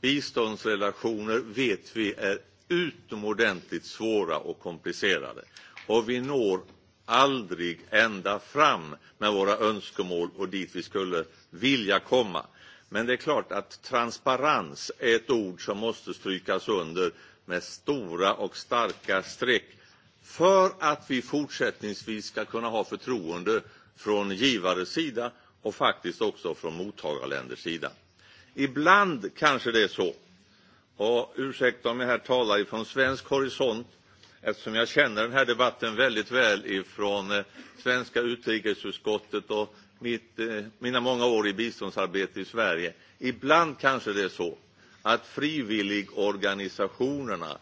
Biståndsrelationer vet vi är utomordentligt svåra och komplicerade och vi når aldrig ända fram med våra önskemål och dit vi skulle vilja komma. Men det är klart att transparens är ett ord som måste strykas under med stora och starka streck för att vi fortsättningsvis ska kunna ha förtroende från givares sida och faktiskt också från mottagarländers sida. Ibland kanske det är så, och ursäkta om jag här talar från svensk horisont, eftersom jag känner den här debatten väldigt väl ifrån eh, svenska utrikesutskottet och mitt, eh, mina många år i biståndsarbete i Sverige. Ibland kanske det är så att frivilligorganisationerna,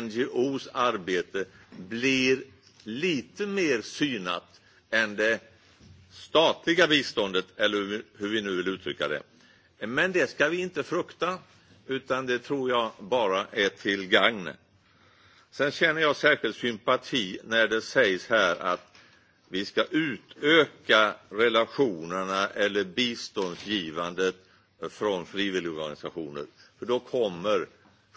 NGOs arbete, blir lite mer synat än det statliga biståndet, eller hur vi nu vill uttrycka det. Men det ska vi inte frukta, utan det tror jag bara är till gagn. Sen känner jag särskilt sympati när det sägs här att Vi ska utöka relationerna eller biståndsgivandet från frivilligorganisationer. För då kommer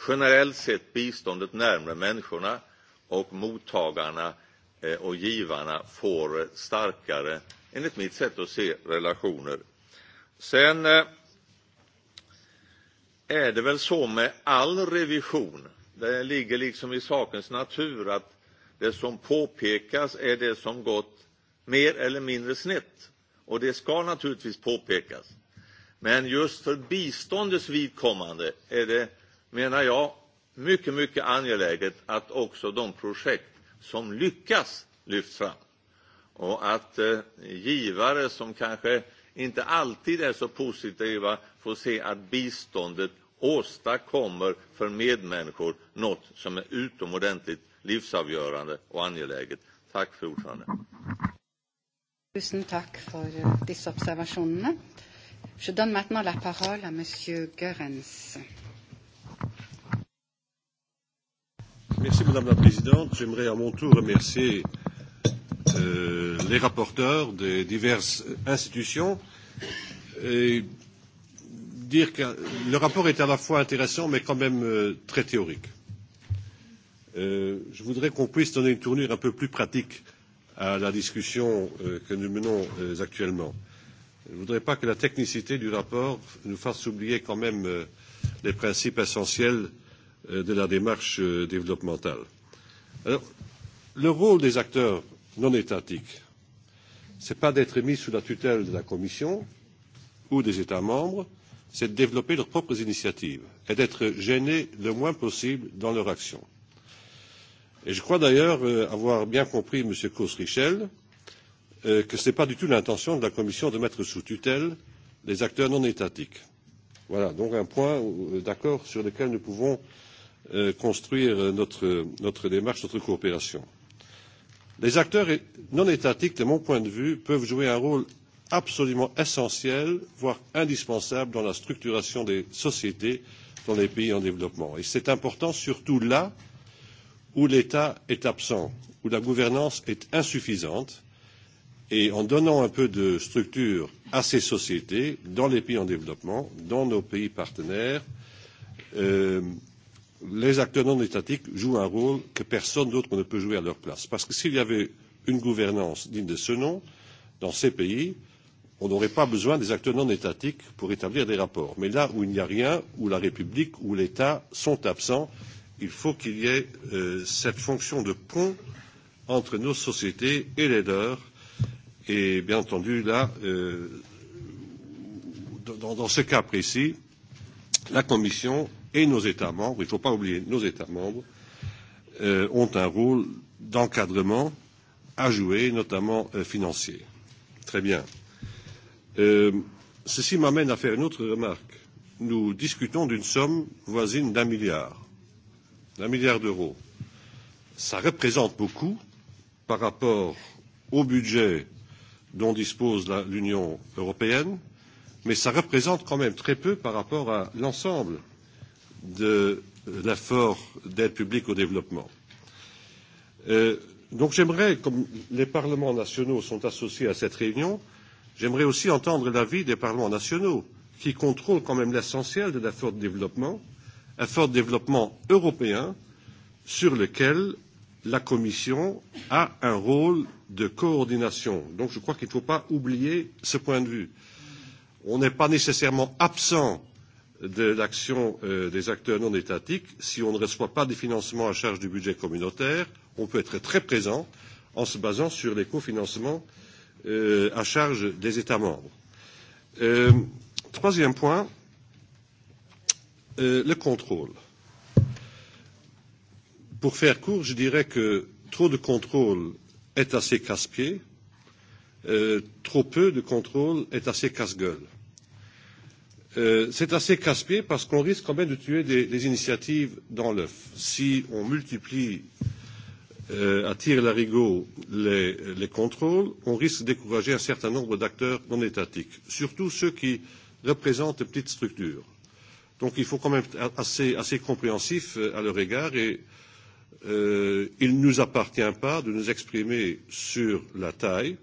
generellt sett biståndet närmare människorna och mottagarna eh, och givarna får starkare, enligt mitt sätt att se, relationer. Sen eh, är det väl så med all revision. Det ligger liksom i sakens natur att det som påpekas är det som gått mer eller mindre snett. Och det ska naturligtvis påpekas. Men just för biståndets vidkommande är det, menar jag, mycket, mycket angeläget att också de projekt som lyckas lyfts fram. Och att eh, givare som kanske inte alltid är så positiva får se att biståndet åstadkommer för medmänniskor något som är utomordentligt livsavgörande och angeläget. Tack för ordförande. Tusen tack för eh, dessa observationer. Je donne maintenant la parole à Monsieur Görens. Merci Madame la Présidente. J'aimerais à mon tour remercier euh, les rapporteurs des diverses institutions et dire que le rapport est à la fois intéressant mais quand même euh, très théorique Euh, je voudrais qu'on puisse donner une tournure un peu plus pratique à la discussion euh, que nous menons euh, actuellement. Je ne voudrais pas que la technicité du rapport nous fasse oublier quand même euh, les principes essentiels euh, de la démarche euh, développementale. Alors, le rôle des acteurs non étatiques, ce n'est pas d'être mis sous la tutelle de la Commission ou des États membres, c'est de développer leurs propres initiatives et d'être gênés le moins possible dans leur action. Et je crois d'ailleurs euh, avoir bien compris, Monsieur Kosrichel, euh, que ce n'est pas du tout l'intention de la Commission de mettre sous tutelle les acteurs non étatiques. Voilà donc un point euh, d'accord sur lequel nous pouvons euh, construire euh, notre, notre démarche, notre coopération. Les acteurs non étatiques, de mon point de vue, peuvent jouer un rôle absolument essentiel, voire indispensable, dans la structuration des sociétés dans les pays en développement. Et c'est important surtout là où l'État est absent, où la gouvernance est insuffisante, et en donnant un peu de structure à ces sociétés dans les pays en développement, dans nos pays partenaires, euh, les acteurs non étatiques jouent un rôle que personne d'autre ne peut jouer à leur place. Parce que s'il y avait une gouvernance digne de ce nom dans ces pays, on n'aurait pas besoin des acteurs non étatiques pour établir des rapports. Mais là où il n'y a rien, où la République, où l'État sont absents, il faut qu'il y ait euh, cette fonction de pont entre nos sociétés et les leurs. Et bien entendu, là, euh, dans, dans ce cas précis, la Commission et nos États membres, il ne faut pas oublier nos États membres, euh, ont un rôle d'encadrement à jouer, notamment euh, financier. Très bien. Euh, ceci m'amène à faire une autre remarque. Nous discutons d'une somme voisine d'un milliard d'un milliard d'euros, ça représente beaucoup par rapport au budget dont dispose l'Union européenne, mais ça représente quand même très peu par rapport à l'ensemble de l'effort d'aide publique au développement. Euh, donc j'aimerais, comme les parlements nationaux sont associés à cette réunion, j'aimerais aussi entendre l'avis des parlements nationaux qui contrôlent quand même l'essentiel de l'effort de développement euh, un fort développement européen sur lequel la Commission a un rôle de coordination. Donc je crois qu'il ne faut pas oublier ce point de vue. On n'est pas nécessairement absent de l'action euh, des acteurs non étatiques. Si on ne reçoit pas des financements à charge du budget communautaire, on peut être très présent en se basant sur les cofinancements euh, à charge des États membres. Euh, troisième point, Euh, le contrôle. Pour faire court, je dirais que trop de contrôle est assez casse-pied, euh, trop peu de contrôle est assez casse-gueule. Euh, c'est assez casse-pied parce qu'on risque quand même de tuer des, des initiatives dans l'œuf. Si on multiplie euh, à tir larigot les, les contrôles, on risque de décourager un certain nombre d'acteurs non étatiques, surtout ceux qui représentent de petites structures Donc il faut quand même être assez, assez compréhensif euh, à leur égard et euh, il ne nous appartient pas de nous exprimer sur la taille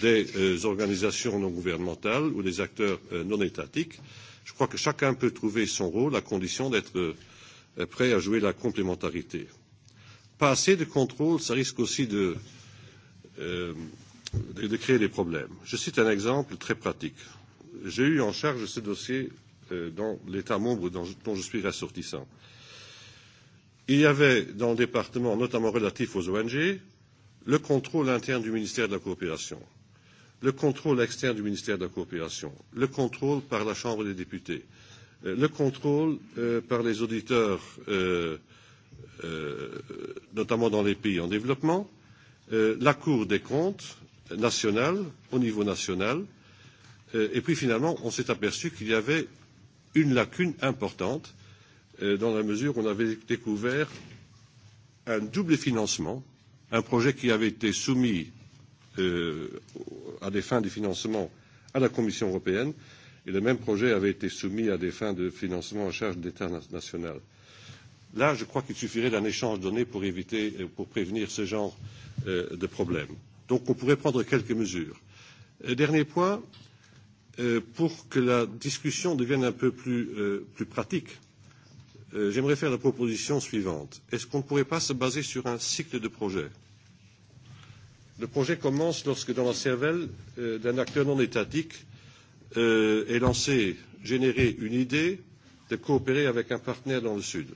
des euh, organisations non gouvernementales ou des acteurs euh, non étatiques. Je crois que chacun peut trouver son rôle à condition d'être euh, prêt à jouer la complémentarité. Pas assez de contrôle, ça risque aussi de, euh, de, de créer des problèmes. Je cite un exemple très pratique. J'ai eu en charge ce dossier Euh, dans l'État membre dont, je suis ressortissant. Il y avait dans le département, notamment relatif aux ONG, le contrôle interne du ministère de la Coopération, le contrôle externe du ministère de la Coopération, le contrôle par la Chambre des députés, euh, le contrôle euh, par les auditeurs, euh, euh, notamment dans les pays en développement, euh, la Cour des comptes nationale, au niveau national, euh, et puis finalement, on s'est aperçu qu'il y avait une lacune importante euh, dans la mesure où on avait découvert un double financement, un projet qui avait été soumis euh, à des fins de financement à la Commission européenne et le même projet avait été soumis à des fins de financement en charge d'État national. Là, je crois qu'il suffirait d'un échange de données pour éviter, euh, pour prévenir ce genre euh, de problème. Donc, on pourrait prendre quelques mesures. Euh, dernier point, Euh, pour que la discussion devienne un peu plus, euh, plus pratique, euh, j'aimerais faire la proposition suivante. Est-ce qu'on ne pourrait pas se baser sur un cycle de projet Le projet commence lorsque dans la cervelle euh, d'un acteur non étatique euh, est lancé, généré une idée de coopérer avec un partenaire dans le Sud.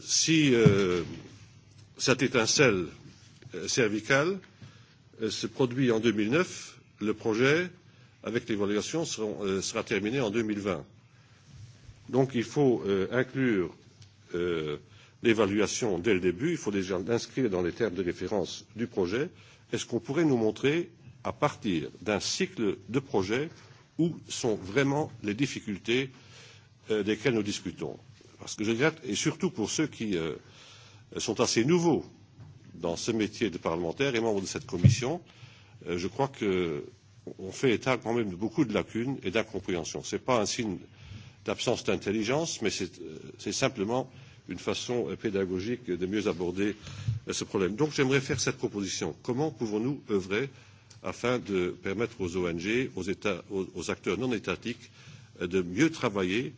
Si euh, cette étincelle euh, cervicale euh, se produit en 2009, le projet avec l'évaluation seront, euh, sera terminé en 2020. Donc il faut euh, inclure euh, l'évaluation dès le début, il faut déjà l'inscrire dans les termes de référence du projet. Est-ce qu'on pourrait nous montrer, à partir d'un cycle de projet, où sont vraiment les difficultés euh, desquelles nous discutons Parce que je regrette, et surtout pour ceux qui euh, sont assez nouveaux dans ce métier de parlementaire et membres de cette commission, euh, Euh, je crois qu'on fait état quand même de beaucoup de lacunes et d'incompréhensions. Ce n'est pas un signe d'absence d'intelligence, mais c'est euh, simplement une façon euh, pédagogique de mieux aborder ce problème. Donc j'aimerais faire cette proposition. Comment pouvons-nous œuvrer afin de permettre aux ONG, aux, états, aux, aux acteurs non étatiques de mieux travailler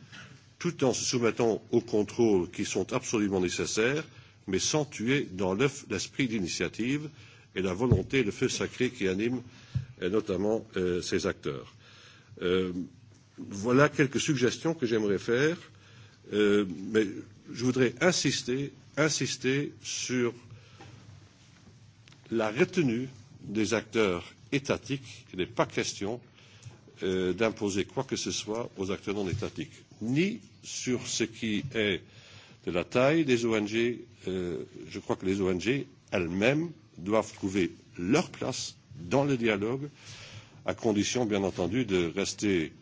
tout en se soumettant aux contrôles qui sont absolument nécessaires, mais sans tuer dans l'œuf l'esprit d'initiative euh, et la volonté de feu sacré qui anime et euh, notamment euh, ces acteurs. Euh, voilà quelques suggestions que j'aimerais faire, euh, mais je voudrais insister, insister sur la retenue des acteurs étatiques. Il n'est pas question euh, d'imposer quoi que ce soit aux acteurs non étatiques, ni sur ce qui est de la taille des ONG. Euh, je crois que les ONG elles-mêmes doivent trouver leur place dans le dialogue, à condition, bien entendu, de rester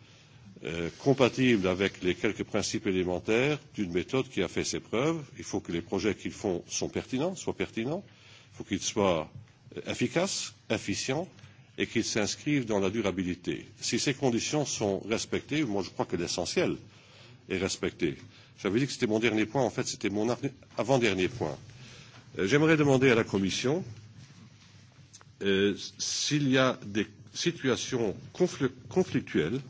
euh, compatible avec les quelques principes élémentaires d'une méthode qui a fait ses preuves. Il faut que les projets qu'ils font sont pertinents, soient pertinents, il faut qu'ils soient euh, efficaces, efficients et qu'ils s'inscrivent dans la durabilité. Si ces conditions sont respectées, moi je crois que l'essentiel est respecté. J'avais dit que c'était mon dernier point, en fait c'était mon avant-dernier point. Euh, j'aimerais demander à la Commission euh, Euh, s'il y a des situations conflictuelles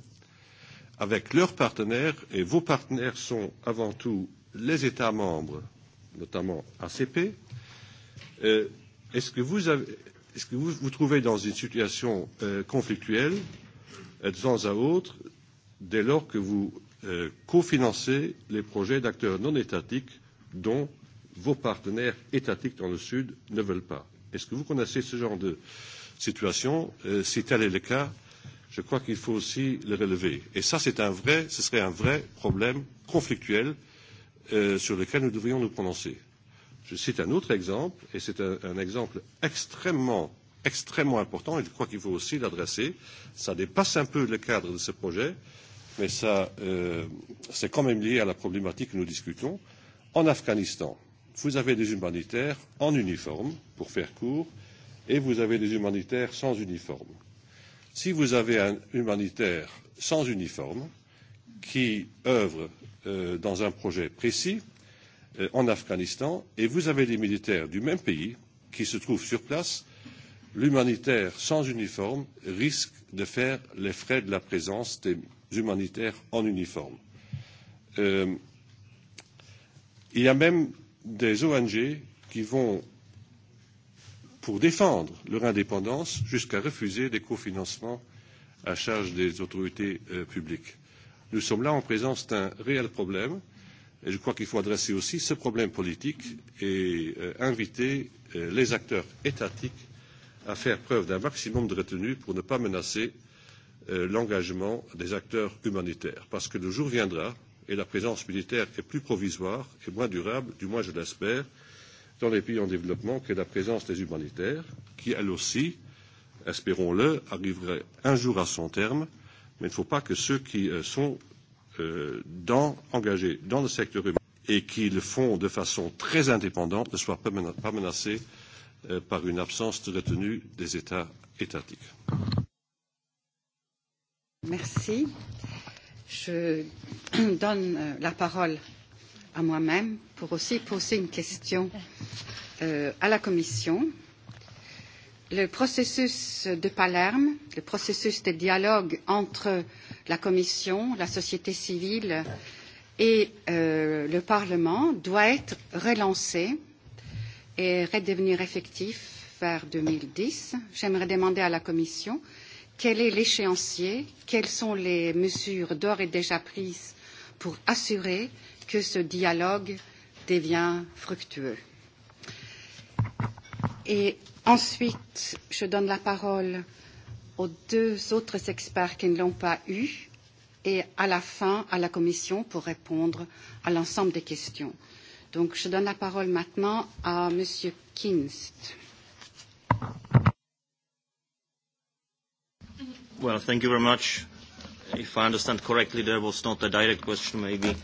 avec leurs partenaires, et vos partenaires sont avant tout les États membres, notamment ACP, euh, est-ce que, vous, avez, est -ce que vous vous trouvez dans une situation euh, conflictuelle euh, de temps à autre dès lors que vous euh, cofinancez les projets d'acteurs non étatiques dont vos partenaires étatiques dans le Sud ne veulent pas Est-ce que vous connaissez ce genre de situation euh, Si tel est le cas, je crois qu'il faut aussi le relever. Et ça, c'est un vrai, ce serait un vrai problème conflictuel euh, sur lequel nous devrions nous prononcer. Je cite un autre exemple, et c'est un, un exemple extrêmement, extrêmement important, et je crois qu'il faut aussi l'adresser. Ça dépasse un peu le cadre de ce projet, mais ça, euh, c'est quand même lié à la problématique que nous discutons. En Afghanistan, vous avez des humanitaires en uniforme, pour faire court, et vous avez des humanitaires sans uniforme. Si vous avez un humanitaire sans uniforme qui œuvre euh, dans un projet précis euh, en Afghanistan et vous avez des militaires du même pays qui se trouvent sur place, l'humanitaire sans uniforme risque de faire les frais de la présence des humanitaires en uniforme. Euh, il y a même des ONG qui vont, pour défendre leur indépendance, jusqu'à refuser des cofinancements à charge des autorités euh, publiques. Nous sommes là en présence d'un réel problème et je crois qu'il faut adresser aussi ce problème politique et euh, inviter euh, les acteurs étatiques à faire preuve d'un maximum de retenue pour ne pas menacer euh, l'engagement des acteurs humanitaires parce que le jour viendra et la présence militaire est plus provisoire et moins durable, du moins je l'espère, dans les pays en développement que la présence des humanitaires, qui elle aussi, espérons-le, arriverait un jour à son terme, mais il ne faut pas que ceux qui euh, sont euh, dans, engagés dans le secteur humain et qui le font de façon très indépendante ne soient pas menacés euh, par une absence de retenue des États étatiques. Merci je donne euh, la parole à moi-même pour aussi poser une question euh, à la Commission. Le processus de Palerme, le processus de dialogue entre la Commission, la société civile et euh, le Parlement doit être relancé et redevenir effectif vers 2010. J'aimerais demander à la Commission euh, Quel est l'échéancier Quelles sont les mesures d'ores et déjà prises pour assurer que ce dialogue devient fructueux Et ensuite, je donne la parole aux deux autres experts qui ne l'ont pas eu et à la fin à la Commission pour répondre à l'ensemble des questions. Donc je donne la parole maintenant à Monsieur Kinst. Well, thank you very much. If I understand correctly, there was not a direct question maybe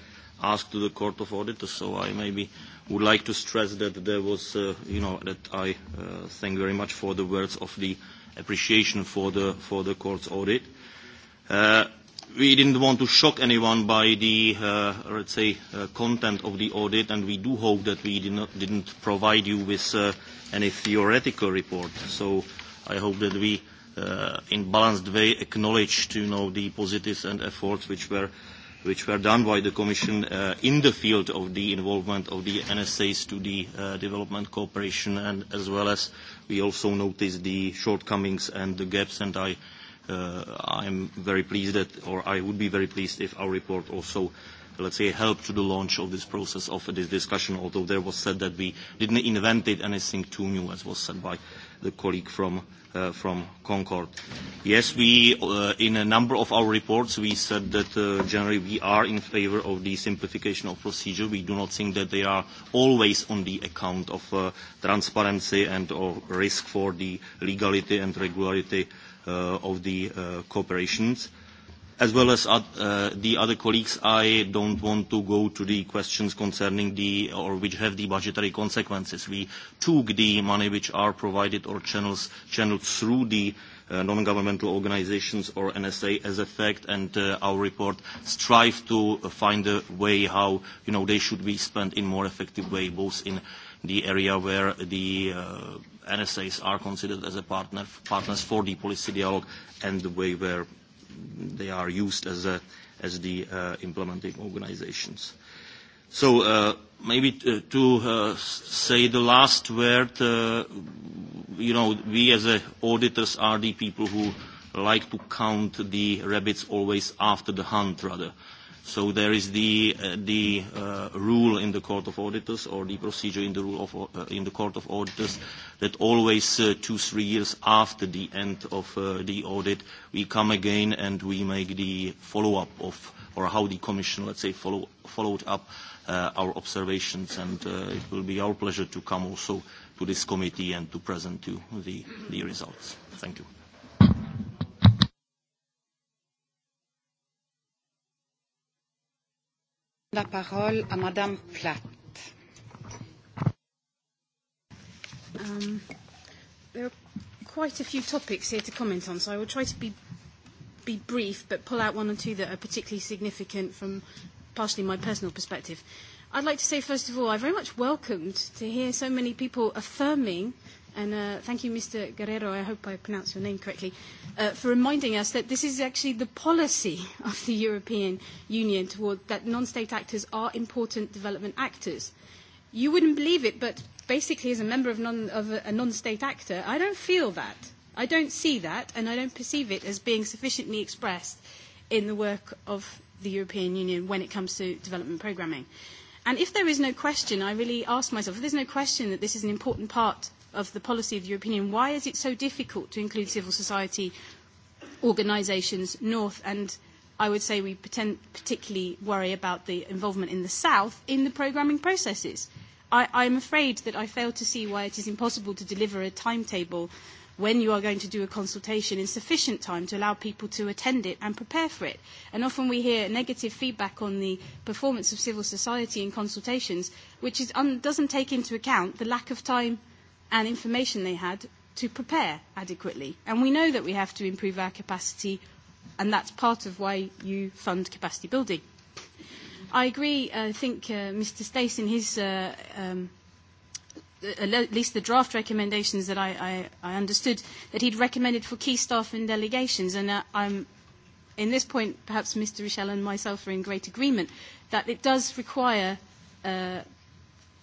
asked to the Court of Auditors, so I maybe would like to stress that there was, uh, you know, that I uh, thank very much for the words of the appreciation for the, for the Court's audit. Uh, we didn't want to shock anyone by the, uh, let's say, uh, content of the audit, and we do hope that we did not, didn't provide you with uh, any theoretical report. So I hope that we uh, in balanced way acknowledged you know, the positives and efforts which were, which were done by the Commission uh, in the field of the involvement of the NSAs to the uh, development cooperation, and as well as we also noticed the shortcomings and the gaps, and I, uh, I'm very pleased that, or I would be very pleased if our report also let's say, helped to the launch of this process of this discussion, although there was said that we didn't invent it anything too new, as was said by the colleague from Uh, from Concord. Yes, we, uh, in a number of our reports, we said that uh, generally we are in favour of the simplification of procedure. We do not think that they are always on the account of uh, transparency and of risk for the legality and regularity uh, of the uh, cooperations. Uh, as well as uh, the other colleagues, I don't want to go to the questions concerning the, or which have the budgetary consequences. We took the money which are provided or channels, channeled through the uh, non-governmental organizations or NSA as a fact, and uh, our report strive to find a way how, you know, they should be spent in more effective way, both in the area where the uh, NSAs are considered as a partner, partners for the policy dialogue and the way where they are used as, a, uh, as the uh, implementing organizations. So uh, maybe t uh, to uh, say the last word, uh, you know, we as a uh, auditors are the people who like to count the rabbits always after the hunt rather So there is the, uh, the uh, rule in the Court of Auditors or the procedure in the, rule of, uh, in the Court of Auditors that always uh, two, three years after the end of uh, the audit, we come again and we make the follow-up of or how the Commission, let's say, follow, followed up uh, our observations. And uh, it will be our pleasure to come also to this committee and to present to the, the results. Thank you. La parole à Madame Platt. Um, there are quite a few topics here to comment on, so I will try to be, be brief, but pull out one or two that are particularly significant from partially my personal perspective. I'd like to say, first of all, I very much welcomed to hear so many people affirming And uh, thank you, Mr. Guerrero, I hope I pronounced your name correctly, uh, for reminding us that this is actually the policy of the European Union toward that non-state actors are important development actors. You wouldn't believe it, but basically as a member of, non, of a, a non-state actor, I don't feel that. I don't see that, and I don't perceive it as being sufficiently expressed in the work of the European Union when it comes to development programming. And if there is no question, I really ask myself, if there's no question that this is an important part of the policy of the European Union, why is it so difficult to include civil society organisations north and I would say we particularly worry about the involvement in the south in the programming processes? I am afraid that I fail to see why it is impossible to deliver a timetable when you are going to do a consultation in sufficient time to allow people to attend it and prepare for it. And often we hear negative feedback on the performance of civil society in consultations, which is un- doesn't take into account the lack of time and information they had to prepare adequately. And we know that we have to improve our capacity, and that's part of why you fund capacity building. I agree, uh, I think uh, Mr. Stace in his, uh, um, at least the draft recommendations that I, I, I understood, that he'd recommended for key staff and delegations, and uh, I'm, in this point, perhaps Mr. Richel and myself are in great agreement, that it does require uh,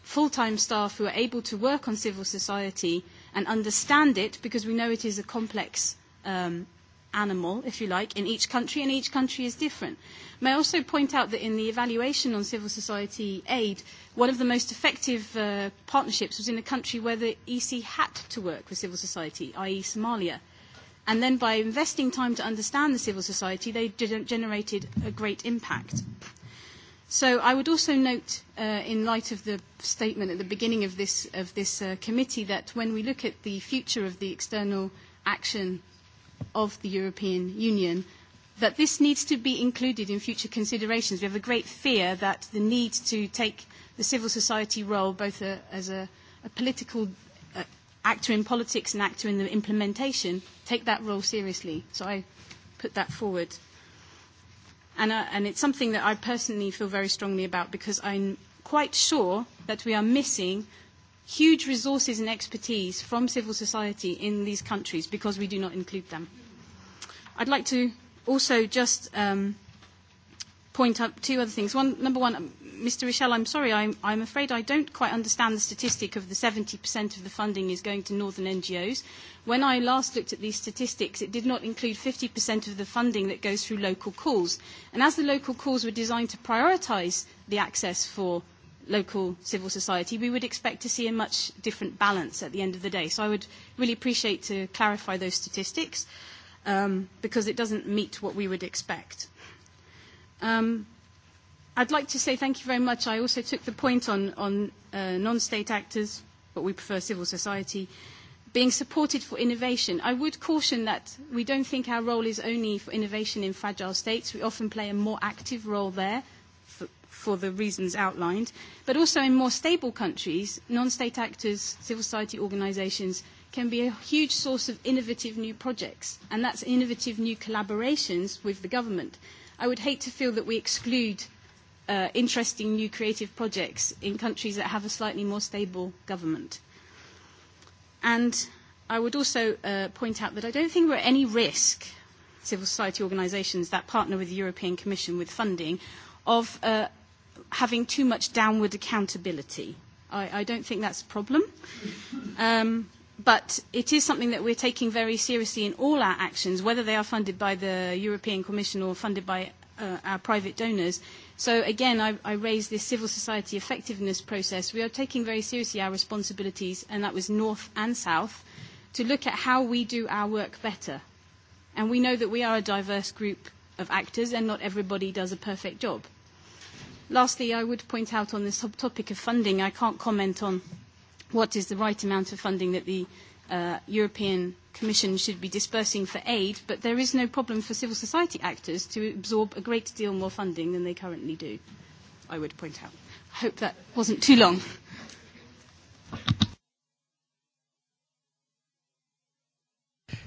full-time staff who are able to work on civil society and understand it because we know it is a complex um, animal, if you like, in each country, and each country is different. May I also point out that in the evaluation on civil society aid, one of the most effective uh, partnerships was in a country where the EC had to work with civil society, i.e. Somalia. And then by investing time to understand the civil society, they generated a great impact. So I would also note, uh, in light of the statement at the beginning of this, of this uh, committee, that when we look at the future of the external action of the European Union, that this needs to be included in future considerations. We have a great fear that the need to take the civil society role, both a, uh, as a, a political uh, actor in politics and actor in the implementation, take that role seriously. So I put that forward. And, uh, and it's something that I personally feel very strongly about because I'm quite sure that we are missing huge resources and expertise from civil society in these countries because we do not include them. I'd like to also just um, point out two other things. One, number one, um, Mr. Richel, I'm sorry, I'm, I'm afraid I don't quite understand the statistic of the 70% of the funding is going to northern NGOs. When I last looked at these statistics, it did not include 50% of the funding that goes through local calls. And as the local calls were designed to prioritise the access for local civil society, we would expect to see a much different balance at the end of the day. So I would really appreciate to clarify those statistics um, because it doesn't meet what we would expect. Um, I'd like to say thank you very much. I also took the point on, on uh, non-state actors, but we prefer civil society, being supported for innovation. I would caution that we don't think our role is only for innovation in fragile states. We often play a more active role there for, for the reasons outlined. But also in more stable countries, non-state actors, civil society organizations can be a huge source of innovative new projects, and that's innovative new collaborations with the government. I would hate to feel that we exclude uh, interesting new creative projects in countries that have a slightly more stable government. And I would also uh, point out that I don't think we're at any risk, civil society organisations that partner with the European Commission with funding, of uh, having too much downward accountability. I, I don't think that's a problem. Um, but it is something that we're taking very seriously in all our actions, whether they are funded by the European Commission or funded by uh, our private donors So again, I, I raised this civil society effectiveness process. We are taking very seriously our responsibilities, and that was North and South, to look at how we do our work better. And we know that we are a diverse group of actors, and not everybody does a perfect job. Lastly, I would point out on the subtopic of funding, I can't comment on what is the right amount of funding that the uh, European Commission should be dispersing for aid, but there is no problem for civil society actors to absorb a great deal more funding than they currently do, I would point out. I hope that wasn't too long.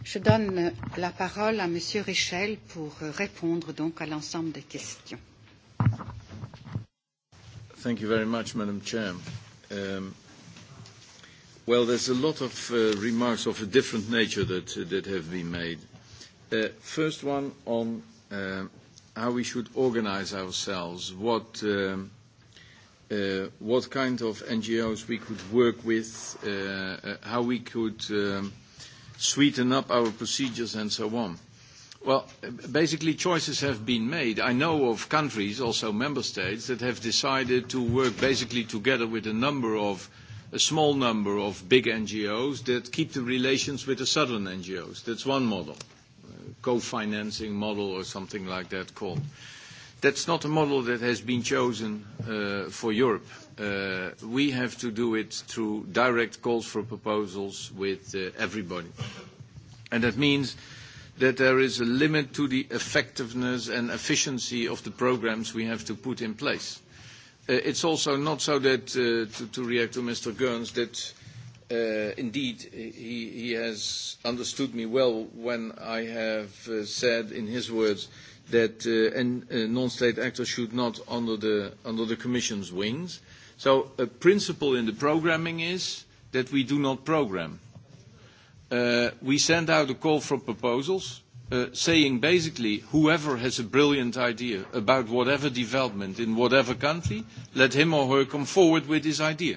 Je donne la parole à Monsieur Richel pour répondre donc à l'ensemble des questions. Thank you very much, Madam Chair. Um, Well, there's a lot of uh, remarks of a different nature that, uh, that have been made. Uh, first one on uh, how we should organize ourselves, what, um, uh, what kind of NGOs we could work with, uh, uh, how we could um, sweeten up our procedures and so on. Well, basically choices have been made. I know of countries, also member states, that have decided to work basically together with a number of a small number of big NGOs that keep the relations with the southern NGOs. That's one model, uh, co-financing model or something like that called. That's not a model that has been chosen uh, for Europe. Uh, we have to do it through direct calls for proposals with uh, everybody. And that means that there is a limit to the effectiveness and efficiency of the programs we have to put in place. Uh, it's also not so that, uh, to, react to Mr. Goerens, that uh, indeed, he, has understood me well when I have said, in his words, that a non-state actor should not under the Commission's wings. So a principle in the programming is that we do not program. we send out a call for proposals. Uh, saying basically whoever has a brilliant idea about whatever development in whatever country, let him or her come forward with his idea.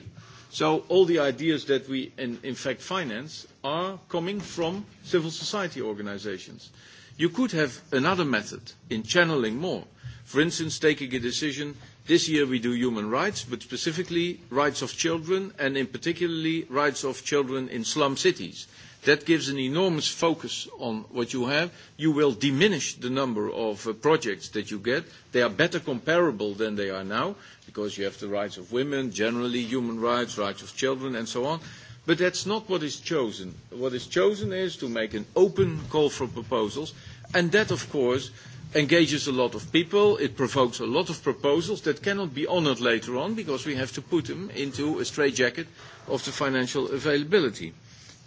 So all the ideas that we in, in fact finance are coming from civil society organizations. You could have another method in channeling more. For instance, taking a decision, this year we do human rights, but specifically rights of children and in particularly rights of children in slum cities That gives an enormous focus on what you have. You will diminish the number of uh, projects that you get. They are better comparable than they are now because you have the rights of women, generally human rights, rights of children, and so on. But that's not what is chosen. What is chosen is to make an open call for proposals, and that, of course, engages a lot of people. It provokes a lot of proposals that cannot be honored later on because we have to put them into a straitjacket of the financial availability.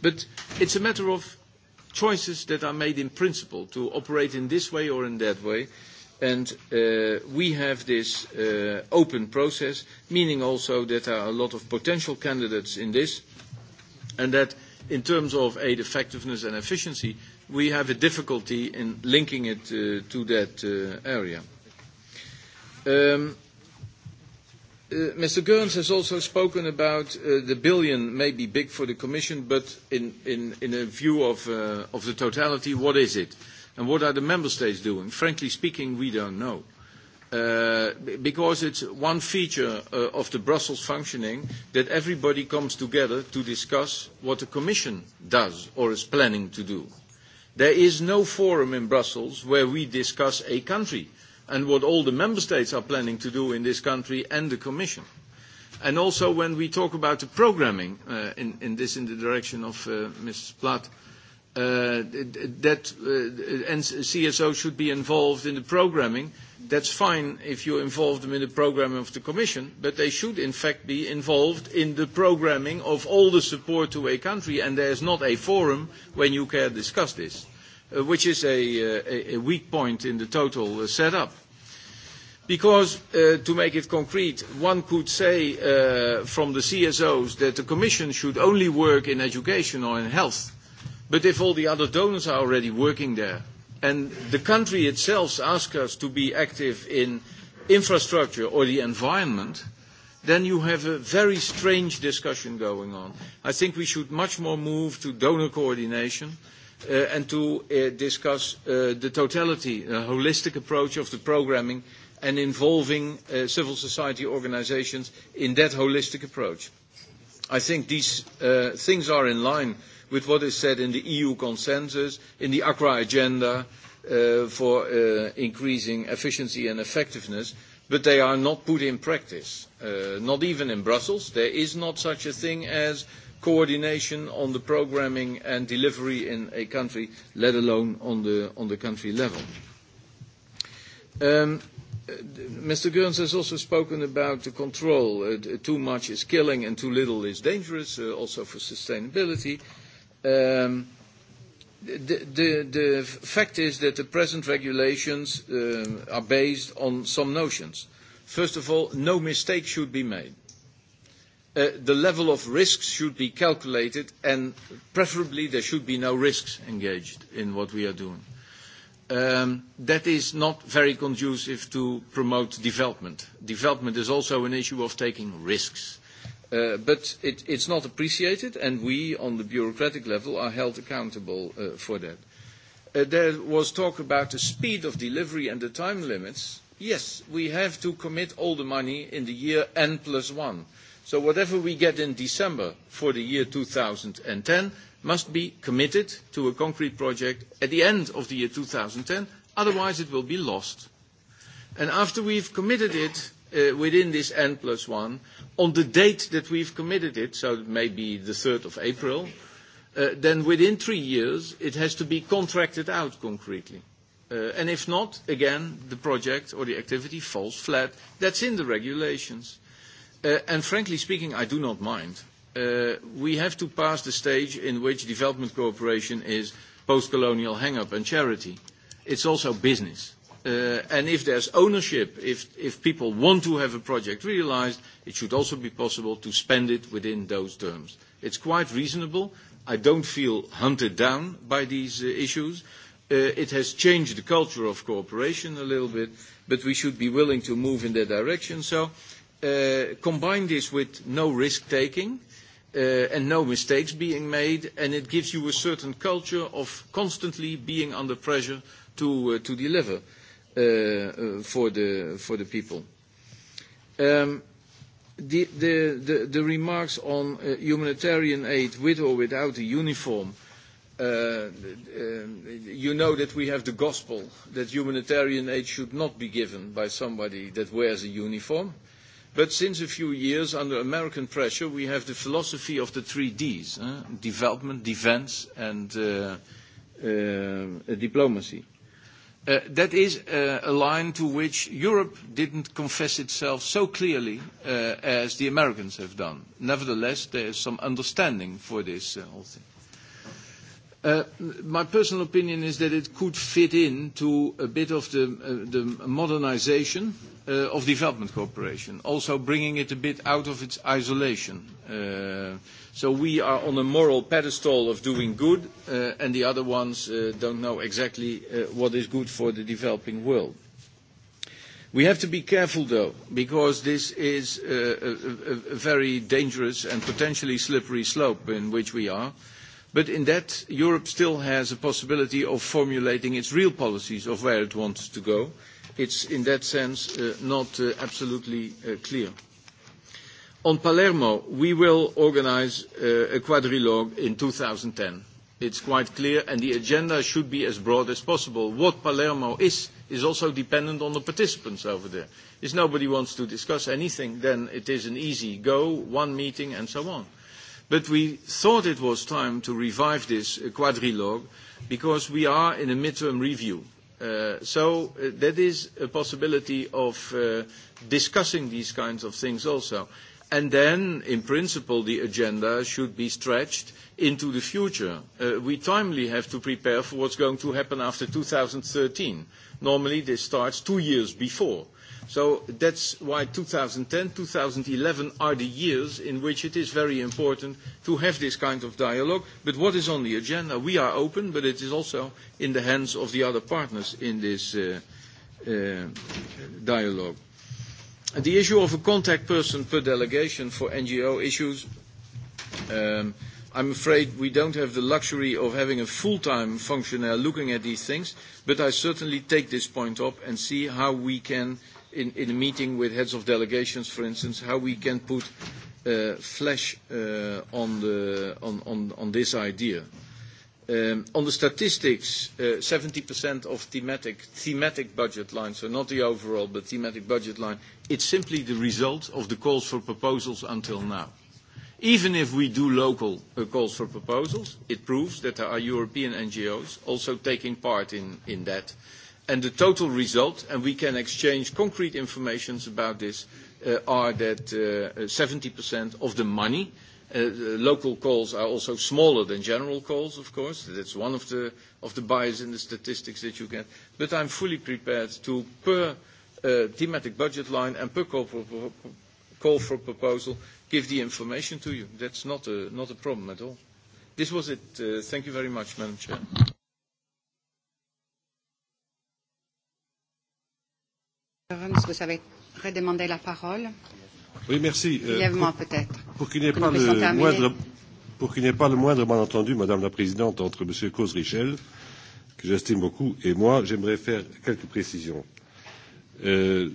But it's a matter of choices that are made in principle to operate in this way or in that way. And uh, we have this uh, open process, meaning also that there are a lot of potential candidates in this, and that in terms of aid effectiveness and efficiency, we have a difficulty in linking it uh, to that uh, area. Um, Uh, Mr. Goerens has also spoken about uh, the billion may be big for the Commission, but in, in, in a view of, uh, of the totality, what is it? And what are the Member States doing? Frankly speaking, we don't know. Uh, because it's one feature uh, of the Brussels functioning that everybody comes together to discuss what the Commission does or is planning to do. There is no forum in Brussels where we discuss a country and what all the member states are planning to do in this country and the Commission. And also when we talk about the programming, uh, in, in this in the direction of uh, Mrs. Platt, uh, that uh, and CSO should be involved in the programming. That's fine if you involve them in the programming of the Commission, but they should in fact be involved in the programming of all the support to a country, and there is not a forum when you can discuss this, uh, which is a, uh, a, a weak point in the total uh, setup. Because, uh, to make it concrete, one could say uh, from the CSOs that the Commission should only work in education or in health. But if all the other donors are already working there, and the country itself asks us to be active in infrastructure or the environment, then you have a very strange discussion going on. I think we should much more move to donor coordination uh, and to uh, discuss uh, the totality, a holistic approach of the programming and involving uh, civil society organizations in that holistic approach. I think these uh, things are in line with what is said in the EU consensus, in the Accra agenda uh, for uh, increasing efficiency and effectiveness, but they are not put in practice, uh, not even in Brussels. There is not such a thing as coordination on the programming and delivery in a country, let alone on the, on the country level. Um, Mr. Gerns has also spoken about the control. Uh, too much is killing and too little is dangerous, uh, also for sustainability. Um, the, the, the fact is that the present regulations uh, are based on some notions. First of all, no mistake should be made. Uh, the level of risks should be calculated and preferably there should be no risks engaged in what we are doing. Uh, Um, that is not very conducive to promote development. Development is also an issue of taking risks. Uh, but it, it's not appreciated, and we, on the bureaucratic level, are held accountable uh, for that. Uh, there was talk about the speed of delivery and the time limits. Yes, we have to commit all the money in the year N plus one. So whatever we get in December for the year 2010 must be committed to a concrete project at the end of the year 2010, otherwise it will be lost. And after we've committed it uh, within this N plus one, on the date that we've committed it, so maybe the 3rd of April, uh, then within three years it has to be contracted out concretely. Uh, and if not, again, the project or the activity falls flat. That's in the regulations. and frankly speaking, I do not mind. Uh, we have to pass the stage in which development cooperation is post-colonial hang-up and charity. It's also business. Uh, and if there's ownership, if, if people want to have a project realized, it should also be possible to spend it within those terms. It's quite reasonable. I don't feel hunted down by these uh, issues. Uh, it has changed the culture of cooperation a little bit, but we should be willing to move in that direction. So uh, combine this with no risk taking. Uh, uh, and no mistakes being made, and it gives you a certain culture of constantly being under pressure to, uh, to deliver uh, uh, for, the, for the people. Um, the, the, the, the remarks on uh, humanitarian aid with or without a uniform, uh, uh, you know that we have the gospel that humanitarian aid should not be given by somebody that wears a uniform. Uh, But since a few years, under American pressure, we have the philosophy of the three Ds, eh? development, defense, and uh, uh, diplomacy. Uh, that is uh, a line to which Europe didn't confess itself so clearly uh, as the Americans have done. Nevertheless, there is some understanding for this uh, whole thing. Uh, my personal opinion is that it could fit in to a bit of the, modernisation uh, modernization uh, of development cooperation, also bringing it a bit out of its isolation. so we are on a moral pedestal of doing good, and the other ones don't know exactly what is good for the developing world. We have to be careful, though, because this is a, very dangerous and potentially slippery slope in which we are. But in that, Europe still has a possibility of formulating its real policies of where it wants to go. it is in that sense uh, not uh, absolutely uh, clear. On Palermo, we will organize uh, a quadrilogue in 2010. is quite clear, and the agenda should be as broad as possible. What Palermo is, is also dependent on the participants over there. If nobody wants to discuss anything, then it is an easy go, one meeting, and so on But we thought it was time to revive this uh, quadrilogue because we are in a midterm review. Uh, so uh, that is a possibility of uh, discussing these kinds of things also. And then, in principle, the agenda should be stretched into the future. Uh, we timely have to prepare for what's going to happen after 2013. Normally, this starts two years before. Uh, So that's why 2010, 2011 are the years in which it is very important to have this kind of dialogue. But what is on the agenda? We are open, but it is also in the hands of the other partners in this uh, uh, dialogue. The issue of a contact person per delegation for NGO issues, um, I'm afraid we don't have the luxury of having a full-time functionary looking at these things, but I certainly take this point up and see how we can in, in a meeting with heads of delegations, for instance, how we can put uh, flesh uh, on, the, on, on, on this idea. Um, on the statistics, uh, of thematic, thematic budget lines, so not the overall, but thematic budget line, it's simply the result of the calls for proposals until now. Even if we do local uh, calls for proposals, it proves that there are European NGOs also taking part in, in that. Uh, And the total result, and we can exchange concrete information about this, uh, are that 70% uh, of the money uh, local calls are also smaller than general calls, of course. That's one of the, of bias in the statistics that you get. But I'm fully prepared to, per thematic budget line and per call for, proposal, give the information to you. That's not a, not a problem at all. This was it. thank you very much, Madam Chair. Vous avez redemandé la parole. Oui, merci. Euh, Brièvement, euh, peut-être. Pour qu'il n'y ait, pas le moindre, pour qu'il n'y ait pas le moindre malentendu, Madame la Présidente, entre M. Cause-Richel, que j'estime beaucoup, et moi, j'aimerais faire quelques précisions. Euh,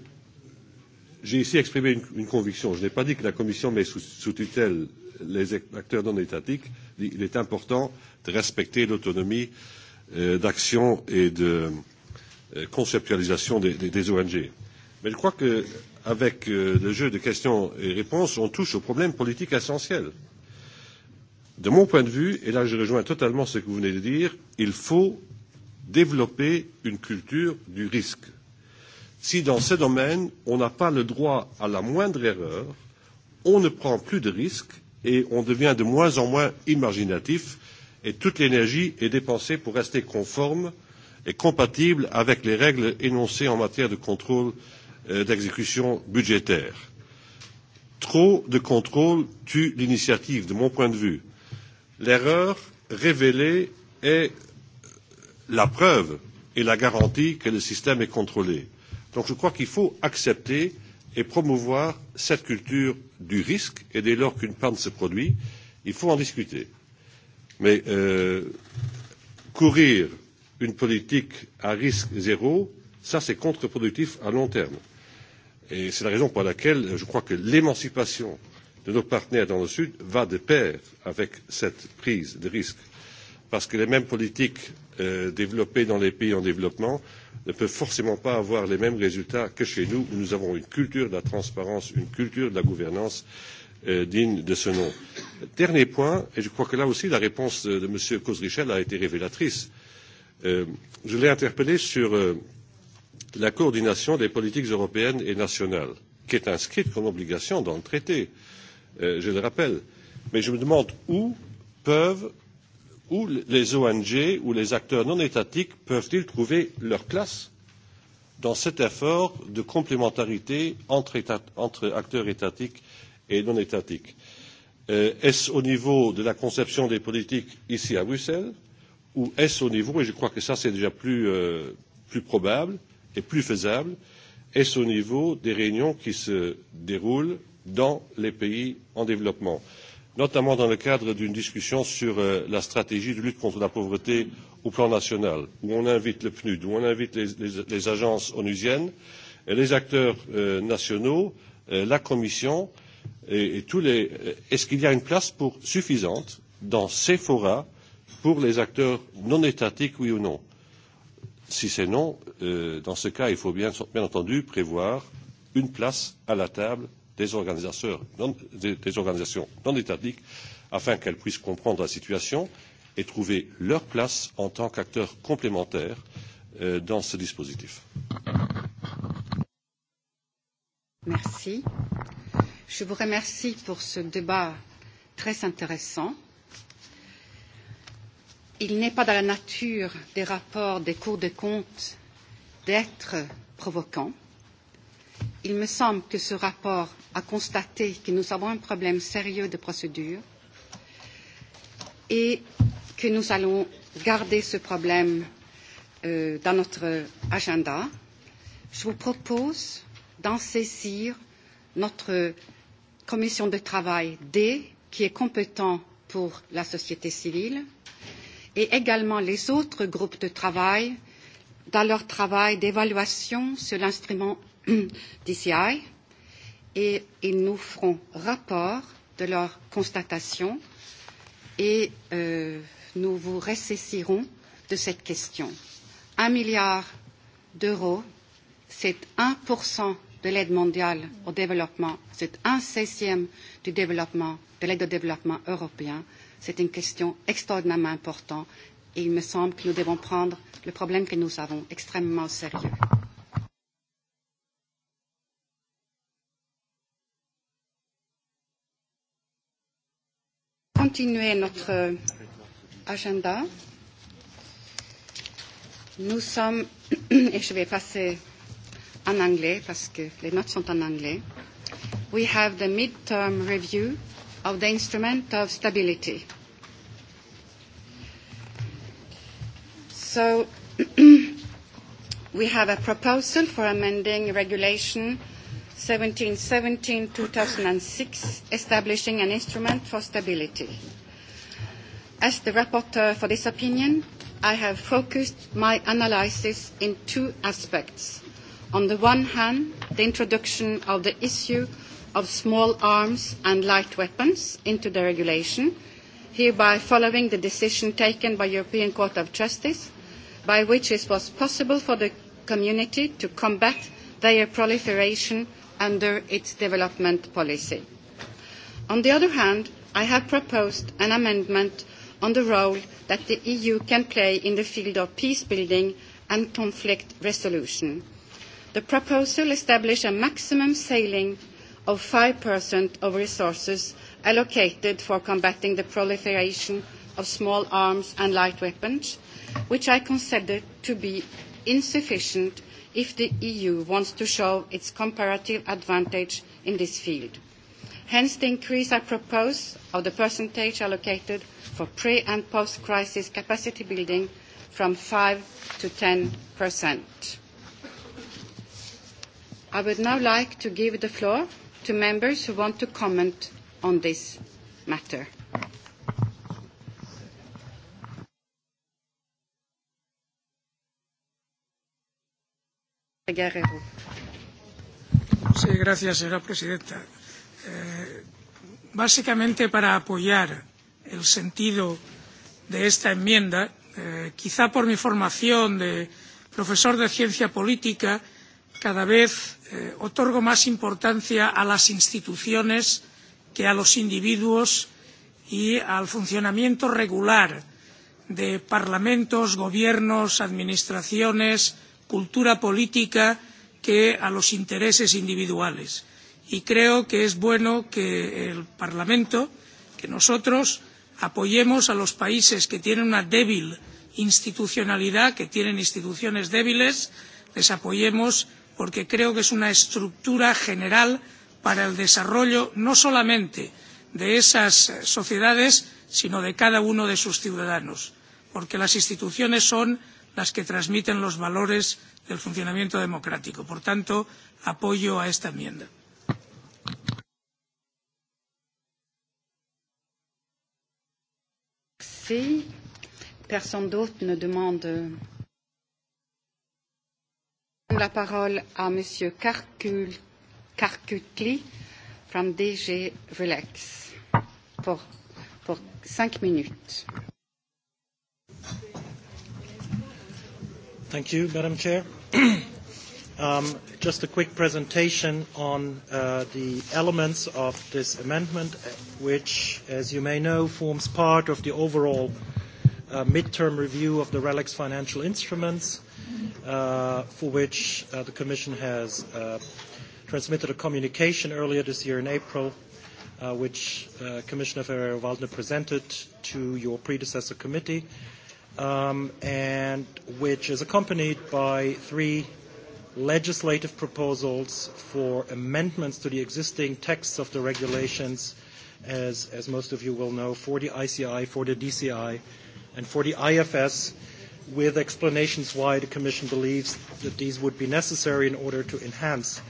j'ai ici exprimé une, une conviction. Je n'ai pas dit que la Commission met sous, sous tutelle les acteurs non étatiques. Il est important de respecter l'autonomie euh, d'action et de euh, conceptualisation des, des, des ONG. Mais je crois qu'avec euh, le jeu de questions et réponses, on touche au problème politique essentiel. De mon point de vue, et là je rejoins totalement ce que vous venez de dire, il faut développer une culture du risque. Si dans ce domaine, on n'a pas le droit à la moindre erreur, on ne prend plus de risques et on devient de moins en moins imaginatif et toute l'énergie est dépensée pour rester conforme et compatible avec les règles énoncées en matière de contrôle euh, Euh, d'exécution budgétaire. Trop de contrôle tue l'initiative, de mon point de vue. L'erreur révélée est la preuve et la garantie que le système est contrôlé. Donc je crois qu'il faut accepter et promouvoir cette culture du risque et dès lors qu'une panne se produit, il faut en discuter. Mais euh, courir une politique à risque zéro, ça c'est contre-productif à long terme. Et c'est la raison pour laquelle euh, je crois que l'émancipation de nos partenaires dans le Sud va de pair avec cette prise de risque. Parce que les mêmes politiques euh, développées dans les pays en développement ne peuvent forcément pas avoir les mêmes résultats que chez nous, où nous avons une culture de la transparence, une culture de la gouvernance euh, digne de ce nom. Dernier point, et je crois que là aussi la réponse de, de M. Cosrichel a été révélatrice. Euh, je l'ai interpellé sur euh, la coordination des politiques européennes et nationales, qui est inscrite comme obligation dans le traité, euh, je le rappelle. Mais je me demande où peuvent, où les ONG ou les acteurs non étatiques peuvent-ils trouver leur place dans cet effort de complémentarité entre, état, entre acteurs étatiques et non étatiques euh, Est-ce au niveau de la conception des politiques ici à Bruxelles ou est-ce au niveau, et je crois que ça c'est déjà plus, euh, plus probable, euh, et plus faisable est ce au niveau des réunions qui se déroulent dans les pays en développement notamment dans le cadre d'une discussion sur euh, la stratégie de lutte contre la pauvreté au plan national où on invite le pnud où on invite les, les, les agences onusiennes les acteurs euh, nationaux euh, la commission et, et tous les euh, est ce qu'il y a une place pour, suffisante dans ces forats pour les acteurs non étatiques oui ou non? Si c'est non, euh, dans ce cas, il faut bien, bien entendu prévoir une place à la table des, organisateurs non, des, des organisations non étatiques afin qu'elles puissent comprendre la situation et trouver leur place en tant qu'acteurs complémentaires euh, dans ce dispositif. Merci. Je vous remercie pour ce débat très intéressant Il n'est pas dans la nature des rapports des cours des comptes d'être provoquant. Il me semble que ce rapport a constaté que nous avons un problème sérieux de procédure et que nous allons garder ce problème euh, dans notre agenda. Je vous propose d'en saisir notre commission de travail D, qui est compétente pour la société civile, et également les autres groupes de travail dans leur travail d'évaluation sur l'instrument DCI et ils nous feront rapport de leurs constatations et euh, nous vous ressaisirons de cette question. Un milliard d'euros, c'est 1% de l'aide mondiale au développement, c'est un seizième du développement, de l'aide au développement européen. C'est une question extraordinairement importante et il me semble que nous devons prendre le problème que nous avons extrêmement au sérieux. Continuer notre agenda. Nous sommes, et je vais passer en anglais parce que les notes sont en anglais. We have the midterm review of the instrument of stability So we have a proposal for amending Regulation 1717-2006, establishing an instrument for stability. As the rapporteur for this opinion, I have focused my analysis in two aspects. On the one hand, the introduction of the issue of small arms and light weapons into the regulation, hereby following the decision taken by European Court of Justice by which it was possible for the community to combat their proliferation under its development policy. On the other hand, I have proposed an amendment on the role that the EU can play in the field of peace building and conflict resolution. The proposal establishes a maximum ceiling of 5% of resources allocated for combating the proliferation of small arms and light weapons which I consider to be insufficient if the EU wants to show its comparative advantage in this field. Hence, the increase I propose of the percentage allocated for pre- and post-crisis capacity building from 5% to 10%. I would now like to give the floor to members who want to comment on this matter. señora presidenta. Eh, básicamente para apoyar el sentido de esta enmienda, eh, quizá por mi formación de profesor de ciencia política, cada vez eh, otorgo más importancia a las instituciones que a los individuos y al funcionamiento regular de parlamentos, gobiernos, administraciones, cultura política que a los intereses individuales y creo que es bueno que el parlamento que nosotros apoyemos a los países que tienen una débil institucionalidad que tienen instituciones débiles les apoyemos porque creo que es una estructura general para el desarrollo no solamente de esas sociedades sino de cada uno de sus ciudadanos porque las instituciones son las que transmiten los valores del funcionamiento democrático. por tanto apoyo a esta enmienda. la parole à Karkutli from DG Relax pour, pour cinq minutes. Thank you, Madam Chair. um, just a quick presentation on uh, the elements of this amendment, uh, which, as you may know, forms part of the overall uh, midterm review of the RELEX financial instruments, uh, for which uh, the Commission has uh, transmitted a communication earlier this year in April, uh, which uh, Commissioner Ferrero-Waldner presented to your predecessor committee um, and which is accompanied by three legislative proposals for amendments to the existing texts of the regulations, as, as most of you will know, for the ICI, for the DCI, and for the IFS, with explanations why the Commission believes that these would be necessary in order to enhance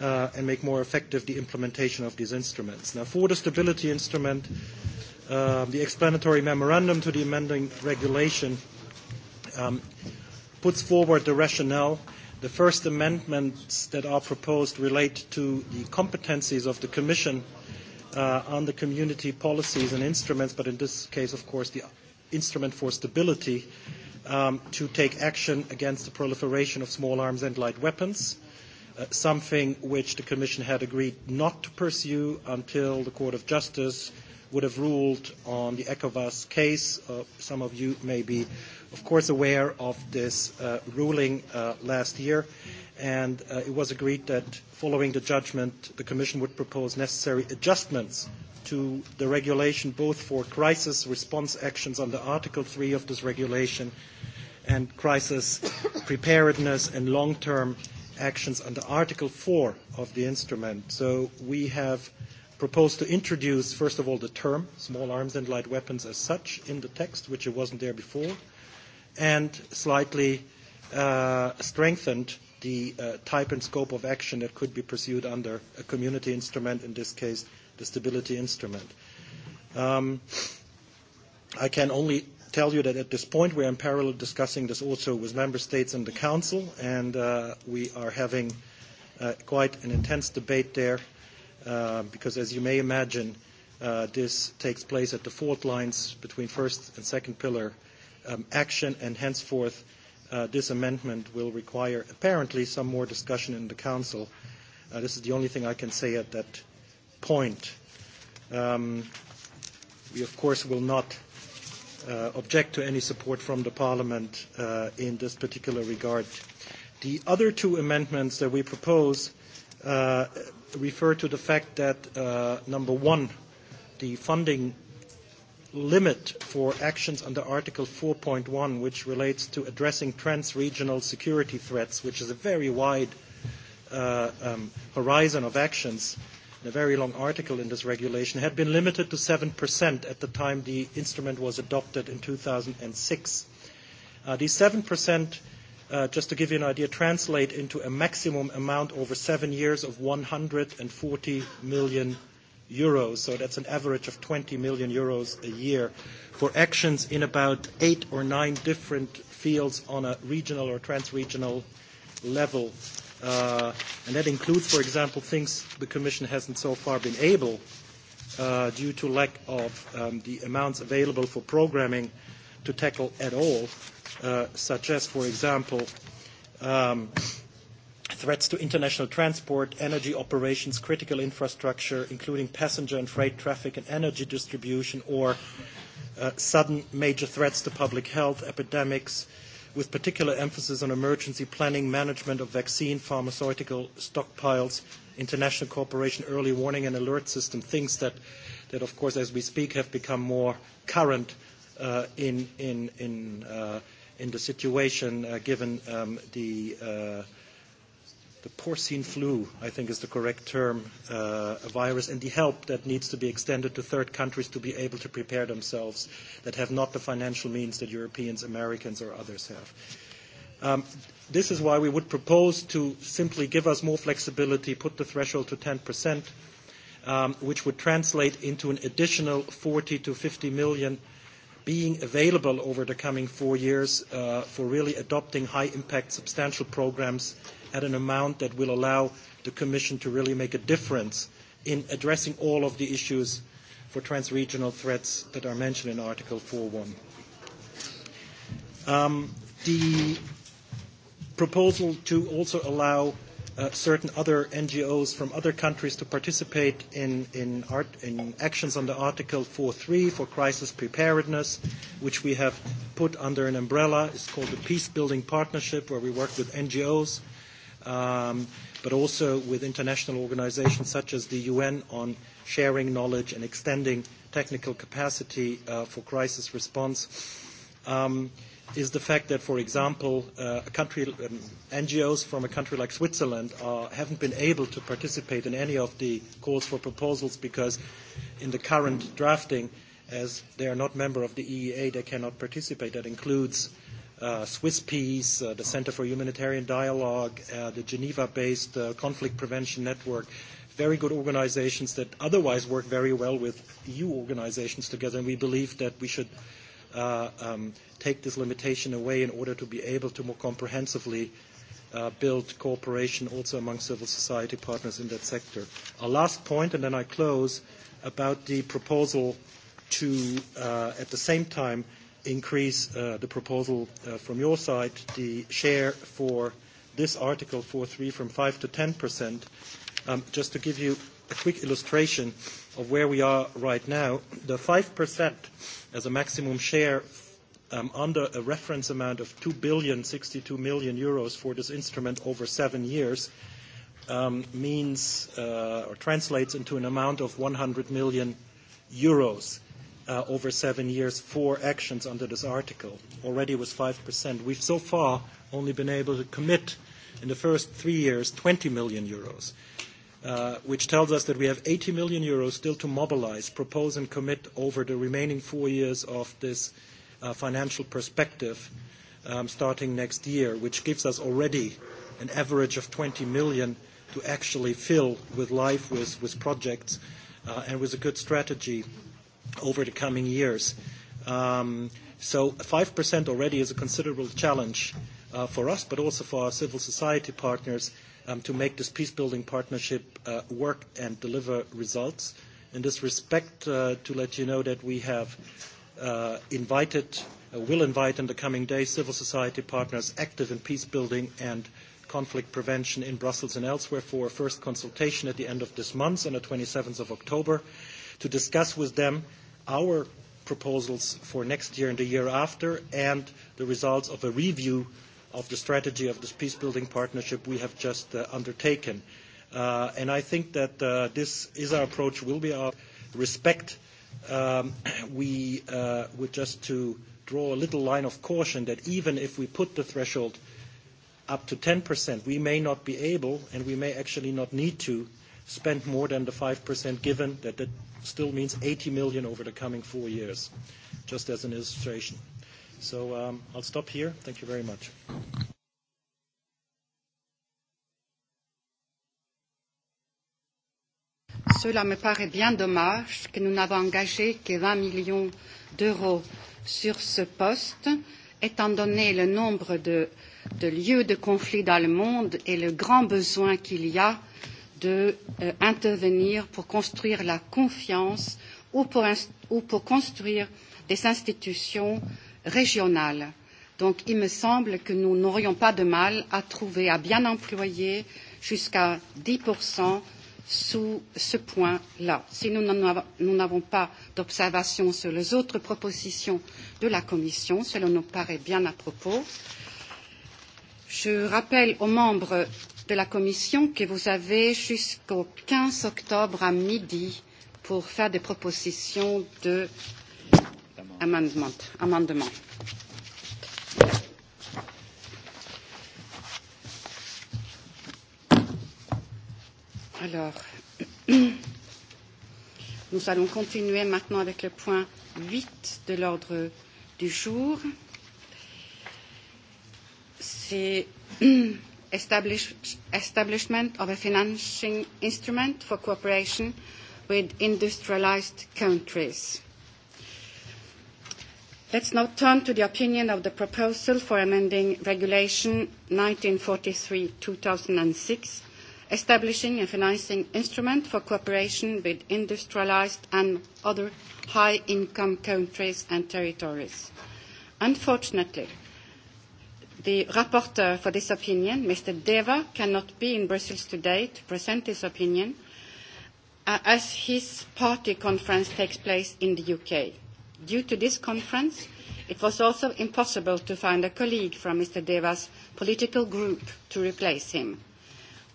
uh, and make more effective the implementation of these instruments. Now, for the stability instrument, Um, the explanatory memorandum to the amending regulation um, puts forward the rationale. The first amendments that are proposed relate to the competencies of the Commission uh, on the community policies and instruments, but in this case, of course, the instrument for stability um, to take action against the proliferation of small arms and light weapons. Uh, something which the Commission had agreed not to pursue until the Court of Justice uh, would have ruled on the ECOWAS case. Uh, some of you may be, of course, aware of this uh, ruling uh, last year. And uh, it was agreed that following the judgment, the Commission would propose necessary adjustments to the regulation, both for crisis response actions under Article 3 of this regulation and crisis preparedness and long-term actions under Article 4 of the instrument. So we have proposed to introduce, first of all, the term small arms and light weapons as such in the text, which it wasn't there before, and slightly uh, strengthened the uh, type and scope of action that could be pursued under a community instrument, in this case, the stability instrument. Um, I can only tell you that at this point we are in parallel discussing this also with member states and the council, and uh, we are having uh, quite an intense debate there Uh, because as you may imagine, uh, this takes place at the fault lines between first and second pillar um, action, and henceforth uh, this amendment will require apparently some more discussion in the Council. Uh, this is the only thing I can say at that point. Um, we, of course, will not uh, object to any support from the Parliament uh, in this particular regard. The other two amendments that we propose uh, Uh, refer to the fact that, uh, number one, the funding limit for actions under Article 4.1, which relates to addressing trans-regional security threats, which is a very wide uh, um, horizon of actions, a very long article in this regulation, had been limited to 7% at the time the instrument was adopted in 2006. Uh, the 7% Uh, just to give you an idea, translate into a maximum amount over seven years of 140 million euros. So that's an average of 20 million euros a year for actions in about eight or nine different fields on a regional or transregional level. Uh, and that includes, for example, things the Commission hasn't so far been able, uh, due to lack of um, the amounts available for programming, to tackle at all. Uh, such as, for example, um, threats to international transport, energy operations, critical infrastructure, including passenger and freight traffic and energy distribution, or uh, sudden major threats to public health, epidemics, with particular emphasis on emergency planning, management of vaccine, pharmaceutical stockpiles, international cooperation, early warning and alert system, things that, that of course, as we speak, have become more current uh, in, in, in uh, in the situation uh, given um, the, uh, the porcine flu, I think is the correct term, uh, a virus, and the help that needs to be extended to third countries to be able to prepare themselves that have not the financial means that Europeans, Americans, or others have. Um, this is why we would propose to simply give us more flexibility, put the threshold to 10%, um, which would translate into an additional 40 to 50 million being available over the coming four years uh, for really adopting high-impact, substantial programs at an amount that will allow the Commission to really make a difference in addressing all of the issues for transregional threats that are mentioned in Article 4.1. Um, the proposal to also allow uh, certain other NGOs from other countries to participate in, in, art, in actions under Article 4.3 for crisis preparedness, which we have put under an umbrella. It's called the Peace Building Partnership, where we work with NGOs, um, but also with international organizations such as the UN on sharing knowledge and extending technical capacity uh, for crisis response. Um, uh, is the fact that, for example, uh, a country, um, NGOs from a country like Switzerland are, haven't been able to participate in any of the calls for proposals because in the current drafting, as they are not member of the EEA, they cannot participate. That includes uh, Swiss Peace, uh, the Center for Humanitarian Dialogue, uh, the Geneva-based uh, Conflict Prevention Network, very good organizations that otherwise work very well with EU organizations together, and we believe that we should – uh, um, take this limitation away in order to be able to more comprehensively uh, build cooperation also among civil society partners in that sector. A last point, and then I close, about the proposal to, uh, at the same time, increase uh, the proposal uh, from your side, the share for this Article 4.3 from 5 to 10 percent. Um, just to give you a quick illustration, uh, of where we are right now, the 5% as a maximum share um, under a reference amount of 2 billion 62 million euros for this instrument over seven years um, means uh, or translates into an amount of 100 million euros uh, over seven years for actions under this article. Already was 5%. We've so far only been able to commit in the first three years 20 million euros. Uh, which tells us that we have 80 million euros still to mobilize, propose, and commit over the remaining four years of this uh, financial perspective um, starting next year, which gives us already an average of 20 million to actually fill with life, with, projects, uh, and with a good strategy over the coming years. Um, so 5% already is a considerable challenge for us, but also for our civil society partners um, to make this peace-building partnership uh, work and deliver results. In this respect, uh, to let you know that we have uh, invited, uh, will invite in the coming days civil society partners active in peace building and conflict prevention in Brussels and elsewhere for a first consultation at the end of this month on the 27th of October to discuss with them our proposals for next year and the year after and the results of a review of the strategy of this peace-building partnership we have just uh, undertaken. Uh, and I think that uh, this is our approach, will be our respect. Um, we uh, would just to draw a little line of caution that even if we put the threshold up to 10%, we may not be able and we may actually not need to spend more than the 5% given that that still means 80 million over the coming four years, just as an illustration. So um, I'll stop here. Thank you very much. Cela me paraît bien dommage que nous n'avons engagé que 20 millions d'euros sur ce poste, étant donné le nombre de, de lieux de conflit dans le monde et le grand besoin qu'il y a d'intervenir euh, pour construire la confiance ou pour, ou pour construire des institutions régionale. Donc il me semble que nous n'aurions pas de mal à trouver, à bien employer jusqu'à 10% sous ce point-là. Si nous n'avons pas d'observation sur les autres propositions de la Commission, cela nous paraît bien à propos. Je rappelle aux membres de la Commission que vous avez jusqu'au 15 octobre à midi pour faire des propositions de amendement. amendement. Alors, nous allons continuer maintenant avec le point 8 de l'ordre du jour. C'est establish, establishment of a financing instrument for cooperation with industrialized countries. Let's now turn to the opinion of the proposal for amending Regulation 1943-2006, establishing a financing instrument for cooperation with industrialized and other high-income countries and territories. Unfortunately, the rapporteur for this opinion, Mr. Deva, cannot be in Brussels today to present his opinion, uh, as his party conference takes place in the UK. Due to this conference, it was also impossible to find a colleague from Mr. Deva's political group to replace him.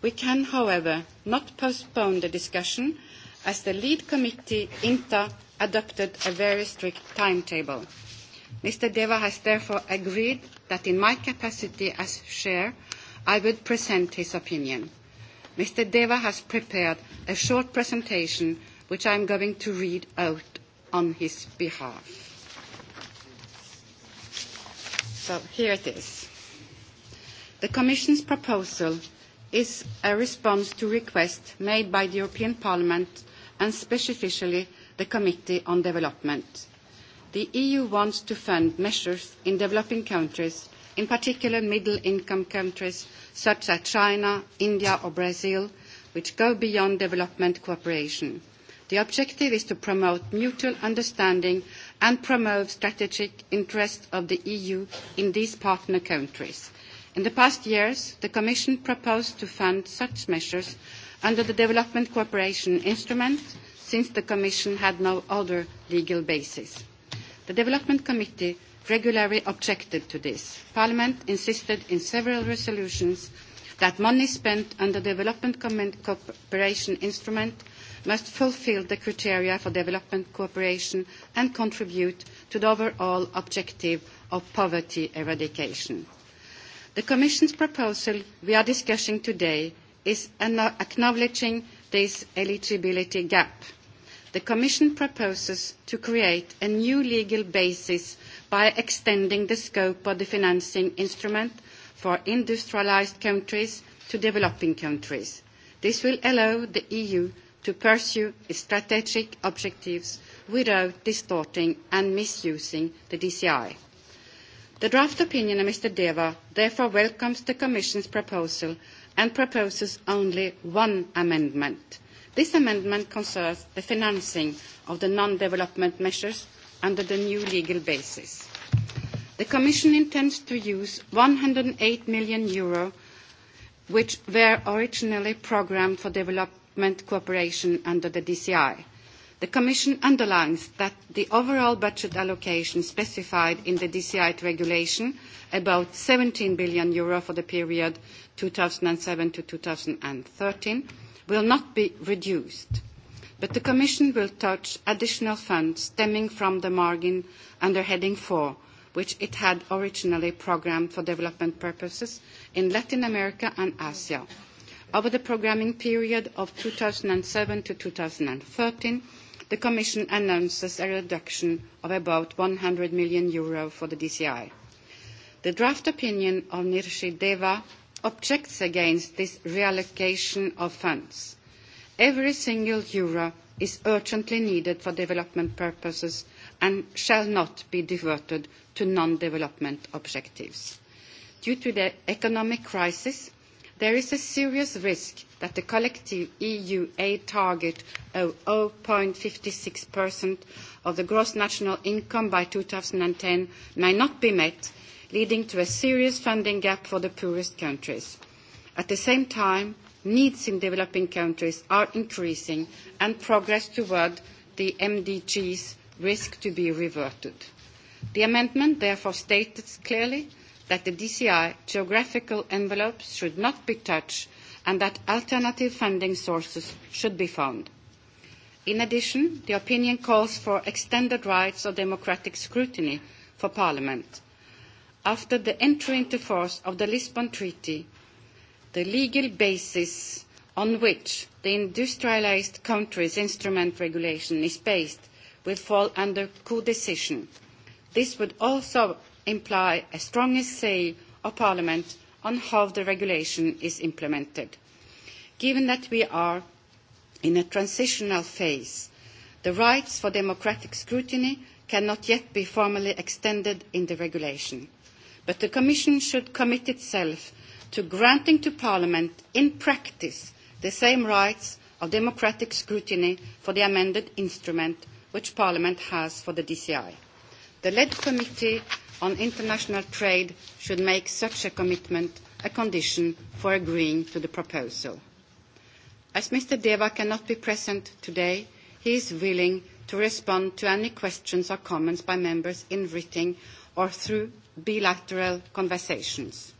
We can, however, not postpone the discussion as the lead committee, INTA, adopted a very strict timetable. Mr. Deva has therefore agreed that in my capacity as chair, I would present his opinion. Mr. Deva has prepared a short presentation which I am going to read out on his behalf. So here it is. The Commission's proposal is a response to requests made by the European Parliament and specifically the Committee on Development. The EU wants to fund measures in developing countries, in particular middle-income countries such as China, India or Brazil, which go beyond development cooperation – The objective is to promote mutual understanding and promote strategic interests of the EU in these partner countries. In the past years, the Commission proposed to fund such measures under the Development Cooperation Instrument since the Commission had no other legal basis. The Development Committee regularly objected to this. Parliament insisted in several resolutions that money spent under the Development Cooperation Instrument must fulfil the criteria for development cooperation and contribute to the overall objective of poverty eradication. The Commission's proposal we are discussing today is acknowledging this eligibility gap. The Commission proposes to create a new legal basis by extending the scope of the financing instrument for industrialised countries to developing countries. This will allow the EU to pursue strategic objectives without distorting and misusing the DCI. The draft opinion of Mr Deva therefore welcomes the Commission's proposal and proposes only one amendment. This amendment concerns the financing of the non-development measures under the new legal basis. The Commission intends to use 108 million euro, which were originally programmed for development development cooperation under the DCI. The Commission underlines that the overall budget allocation specified in the DCI regulation, about 17 billion euro for the period 2007 to 2013, will not be reduced, but the Commission will touch additional funds stemming from the margin under heading 4, which it had originally programmed for development purposes in Latin America and Asia Over the programming period of 2007 to 2013, the Commission announces a reduction of about 100 million euro for the DCI. The draft opinion of Nirshi Deva objects against this reallocation of funds. Every single euro is urgently needed for development purposes and shall not be diverted to non-development objectives. Due to the economic crisis, there is a serious risk that the collective EU aid target of 0.56% of the gross national income by 2010 may not be met, leading to a serious funding gap for the poorest countries. At the same time, needs in developing countries are increasing and progress toward the MDGs risk to be reverted. The amendment therefore states clearly that the DCI geographical envelopes should not be touched and that alternative funding sources should be found. In addition, the opinion calls for extended rights of democratic scrutiny for Parliament. After the entry into force of the Lisbon Treaty, the legal basis on which the industrialised countries instrument regulation is based will fall under codecision. This would also imply a stronger say of Parliament on how the regulation is implemented. Given that we are in a transitional phase, the rights for democratic scrutiny cannot yet be formally extended in the regulation. But the Commission should commit itself to granting to Parliament, in practice, the same rights of democratic scrutiny for the amended instrument which Parliament has for the DCI. The LED Committee on international trade should make such a commitment a condition for agreeing to the proposal. As Mr. Deva cannot be present today, he is willing to respond to any questions or comments by members in writing or through bilateral conversations.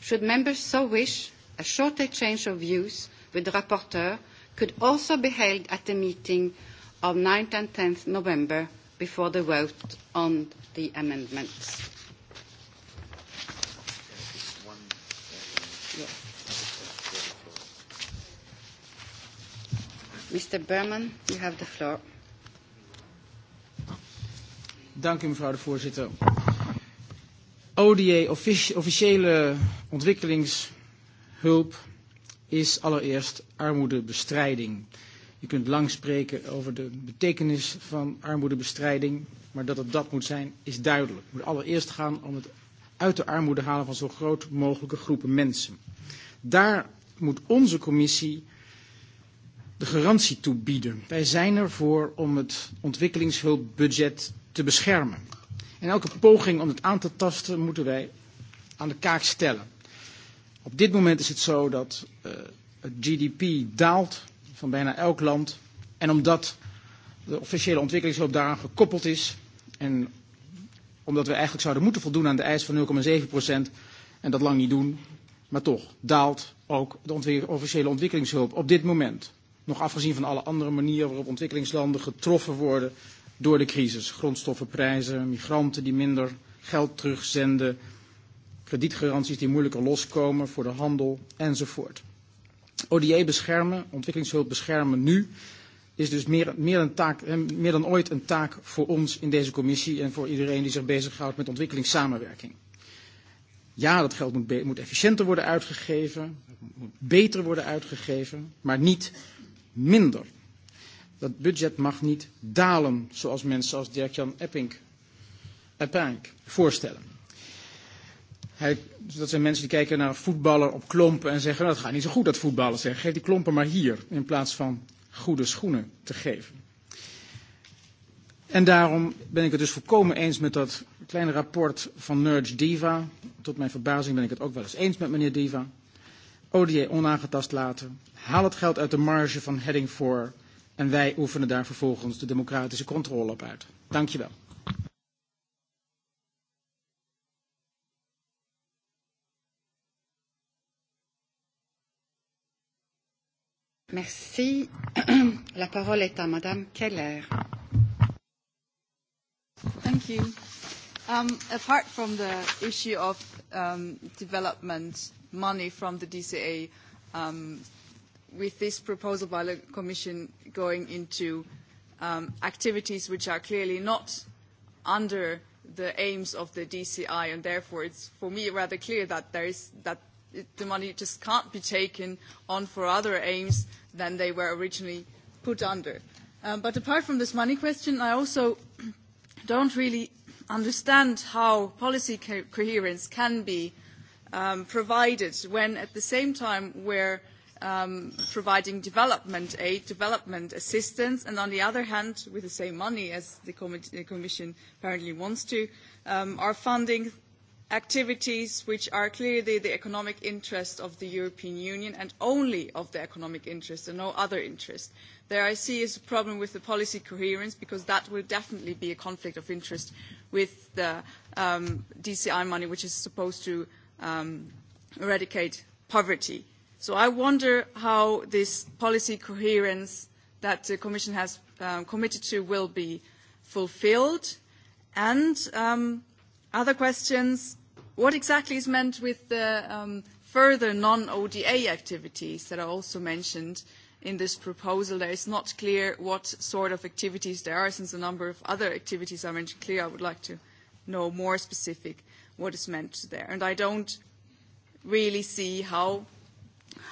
Should members so wish, a short exchange of views with the rapporteur could also be held at the meeting of 9th and 10th November before the vote on the amendments. Mr. Berman, you have the floor. Dank u, mevrouw de voorzitter. ODA, officiële ontwikkelingshulp, is allereerst armoedebestrijding. Je kunt lang spreken over de betekenis van armoedebestrijding, maar dat het dat moet zijn, is duidelijk. Het moet allereerst gaan om het uit de armoede halen van zo groot mogelijke groepen mensen. Daar moet onze commissie de garantie toe bieden. Wij zijn ervoor om het ontwikkelingshulpbudget te beschermen. En elke poging om het aan te tasten moeten wij aan de kaak stellen. Op dit moment is het zo dat uh, het GDP daalt van bijna elk land. En omdat de officiële ontwikkelingshulp daaraan gekoppeld is en omdat we eigenlijk zouden moeten voldoen aan de eis van 0,7 en dat lang niet doen, maar toch daalt ook de officiële ontwikkelingshulp op dit moment. Nog afgezien van alle andere manieren waarop ontwikkelingslanden getroffen worden door de crisis. Grondstoffenprijzen, migranten die minder geld terugzenden, kredietgaranties die moeilijker loskomen voor de handel enzovoort. ODA beschermen, ontwikkelingshulp beschermen nu, is dus meer, meer, een taak, meer dan ooit een taak voor ons in deze commissie en voor iedereen die zich bezighoudt met ontwikkelingssamenwerking. Ja, dat geld moet, moet efficiënter worden uitgegeven, moet beter worden uitgegeven, maar niet minder. Dat budget mag niet dalen, zoals mensen als Dirk-Jan Epping, Epping voorstellen. Hij, dat zijn mensen die kijken naar een voetballer op klompen en zeggen, nou, dat gaat niet zo goed dat voetballen. Zeggen, geef die klompen maar hier, in plaats van goede schoenen te geven. En daarom ben ik het dus volkomen eens met dat kleine rapport van Nerge Diva. Tot mijn verbazing ben ik het ook wel eens eens met meneer Diva. ODA onaangetast laten. Haal het geld uit de marge van heading 4. En wij oefenen daar vervolgens de democratische controle op uit. Dankjewel. Merci. La parole est à Madame Keller. Thank you. Um, apart from the issue of um, development money from the DCA, um, with this proposal by the Commission going into um, activities which are clearly not under the aims of the DCI, and therefore it's for me rather clear that there is that the money just can't be taken on for other aims than they were originally put under. Um, but apart from this money question, I also don't really understand how policy co coherence can be um, provided when at the same time we're um, providing development aid, development assistance, and on the other hand, with the same money as the, com the Commission apparently wants to, um, are funding activities which are clearly the economic interest of the European Union and only of the economic interest and no other interest. There I see is a problem with the policy coherence because that will definitely be a conflict of interest with the um, DCI money which is supposed to um, eradicate poverty. So I wonder how this policy coherence that the Commission has um, committed to will be fulfilled and um, Other questions, What exactly is meant with the um, further non-ODA activities that are also mentioned in this proposal? There is not clear what sort of activities there are, since a number of other activities are mentioned clear. I would like to know more specific what is meant there. And I don't really see how,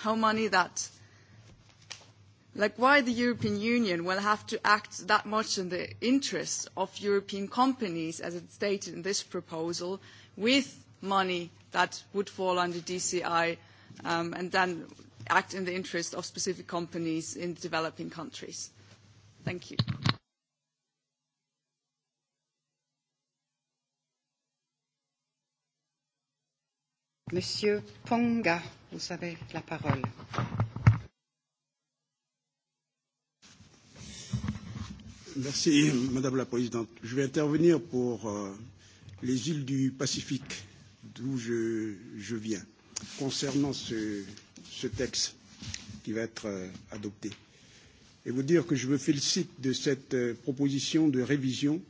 how money that like why the European Union will have to act that much in the interests of European companies, as it's stated in this proposal, with money that would fall under DCI um, and then act in the interest of specific companies in developing countries. Thank you. Monsieur Ponga, vous avez la parole. Merci, Madame la Présidente. Je vais intervenir pour euh, les îles du Pacifique d'où je, je viens concernant ce, ce texte qui va être euh, adopté. Et vous dire que je me félicite de cette euh, proposition de révision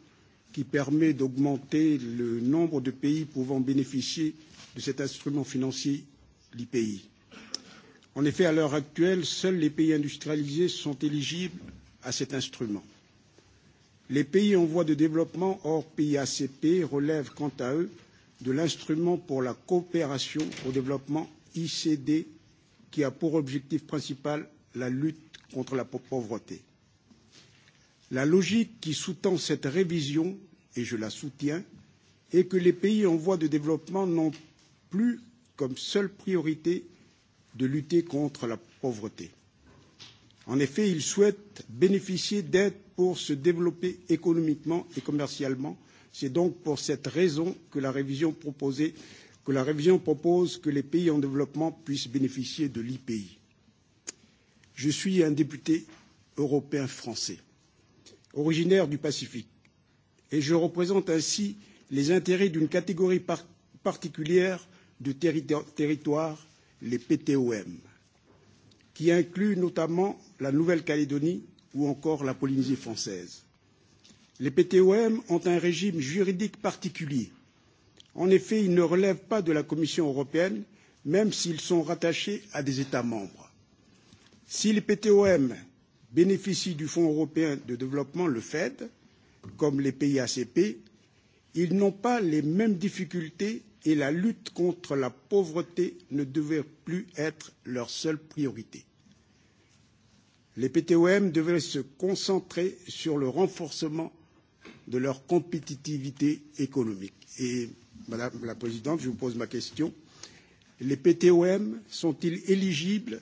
qui permet d'augmenter le nombre de pays pouvant bénéficier de cet instrument financier, l'IPI. En effet, à l'heure actuelle, seuls les pays industrialisés sont éligibles à cet instrument. Les pays en voie de développement hors pays ACP relèvent quant à eux de l'instrument pour la coopération au développement ICD qui a pour objectif principal la lutte contre la pauvreté. La logique qui sous-tend cette révision, et je la soutiens, est que les pays en voie de développement n'ont plus comme seule priorité de lutter contre la pauvreté. En effet, ils souhaitent bénéficier d'aides pour se développer économiquement et commercialement C'est donc pour cette raison que la révision proposée que la révision propose que les pays en développement puissent bénéficier de l'IPI. Je suis un député européen français, originaire du Pacifique, et je représente ainsi les intérêts d'une catégorie par particulière de terri territoire, les PTOM, qui inclut notamment la Nouvelle-Calédonie ou encore la Polynésie française. Les PTOM ont un régime juridique particulier. En effet, ils ne relèvent pas de la Commission européenne, même s'ils sont rattachés à des États membres. Si les PTOM bénéficient du Fonds européen de développement, le FED, comme les pays ACP, ils n'ont pas les mêmes difficultés et la lutte contre la pauvreté ne devrait plus être leur seule priorité. Les PTOM devraient se concentrer sur le renforcement de leur compétitivité économique. Et Madame la Présidente, je vous pose ma question. Les PTOM sont-ils éligibles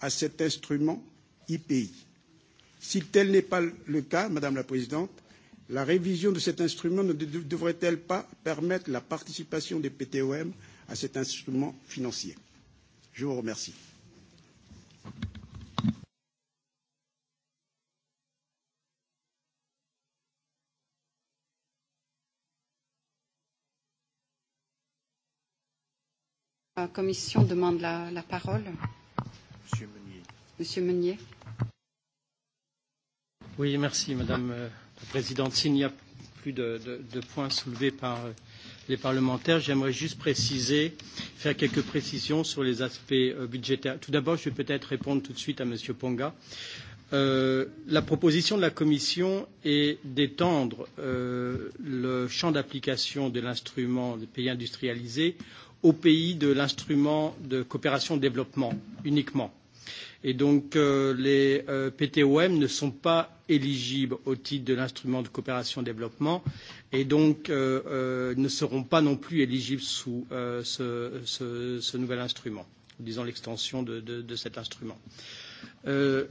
à cet instrument IPI Si tel n'est pas le cas, Madame la Présidente, la révision de cet instrument ne devrait-elle pas permettre la participation des PTOM à cet instrument financier Je vous remercie. Commission demande la, la parole. Monsieur Meunier. Monsieur Meunier. Oui, merci Madame euh, la Présidente. S'il n'y a plus de, de, de points soulevés par euh, les parlementaires, j'aimerais juste préciser, faire quelques précisions sur les aspects euh, budgétaires. Tout d'abord, je vais peut-être répondre tout de suite à Monsieur Ponga. Euh, la proposition de la Commission est d'étendre euh, le champ d'application de l'instrument des pays industrialisés aux pays de l'instrument de coopération de développement uniquement. Et donc euh, les euh, PTOM ne sont pas éligibles au titre de l'instrument de coopération développement et donc euh, euh, ne seront pas non plus éligibles sous euh, ce, ce, ce nouvel instrument, disons l'extension de, de, de cet instrument. Euh,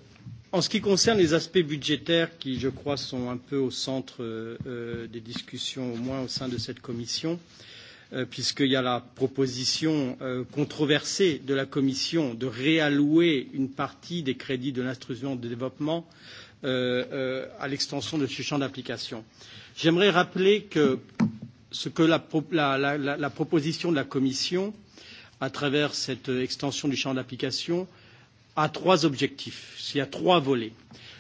en ce qui concerne les aspects budgétaires qui, je crois, sont un peu au centre euh, euh des discussions, au moins au sein de cette commission, euh, Euh, puisqu'il y a la proposition euh, controversée de la Commission de réallouer une partie des crédits de l'instrument de développement euh, à l'extension de ce champ d'application. J'aimerais rappeler que ce que la, la, la, la proposition de la Commission, à travers cette extension du champ d'application, a trois objectifs. Il y a trois volets.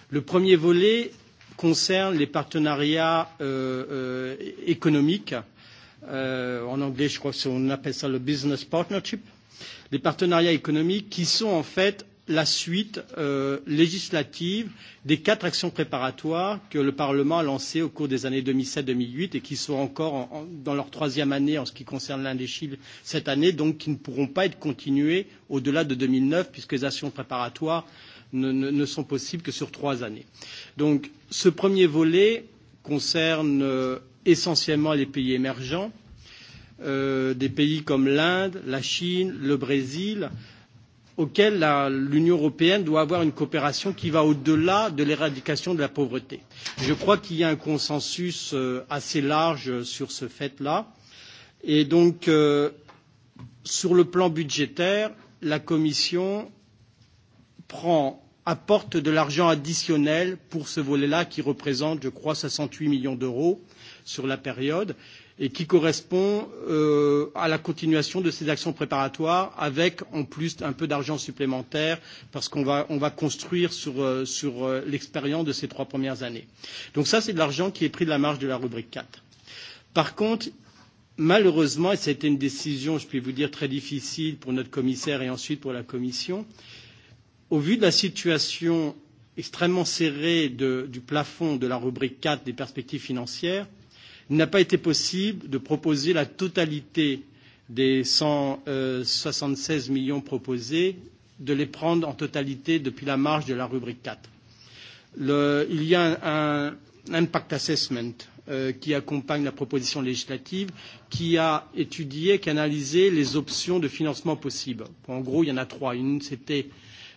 Le premier volet concerne les partenariats euh, euh, économiques euh, euh, en anglais, je crois qu'on appelle ça le business partnership, les partenariats économiques qui sont en fait la suite euh, législative des quatre actions préparatoires que le Parlement a lancées au cours des années 2007-2008 et qui sont encore en, en, dans leur troisième année en ce qui concerne l'un cette année, donc qui ne pourront pas être continuées au-delà de 2009 puisque les actions préparatoires ne, ne, ne sont possibles que sur trois années. Donc ce premier volet concerne Euh, essentiellement les pays émergents, euh, des pays comme l'Inde, la Chine, le Brésil, auxquels l'Union européenne doit avoir une coopération qui va au-delà de l'éradication de la pauvreté. Je crois qu'il y a un consensus euh, assez large sur ce fait-là. Et donc, euh, sur le plan budgétaire, la Commission prend, apporte de l'argent additionnel pour ce volet-là qui représente, je crois, 68 millions d'euros. Euh, sur la période et qui correspond euh, à la continuation de ces actions préparatoires avec en plus un peu d'argent supplémentaire parce qu'on va, on va construire sur, euh, sur euh, l'expérience de ces trois premières années. Donc ça, c'est de l'argent qui est pris de la marge de la rubrique 4. Par contre, malheureusement, et ça a été une décision, je puis vous dire, très difficile pour notre commissaire et ensuite pour la Commission, au vu de la situation extrêmement serrée de, du plafond de la rubrique 4 des perspectives financières, Il n'a pas été possible de proposer la totalité des 176 euh, millions proposés, de les prendre en totalité depuis la marge de la rubrique 4. Le, il y a un, un impact assessment euh, qui accompagne la proposition législative, qui a étudié, qui a analysé les options de financement possibles. En gros, il y en a trois. Une, c'était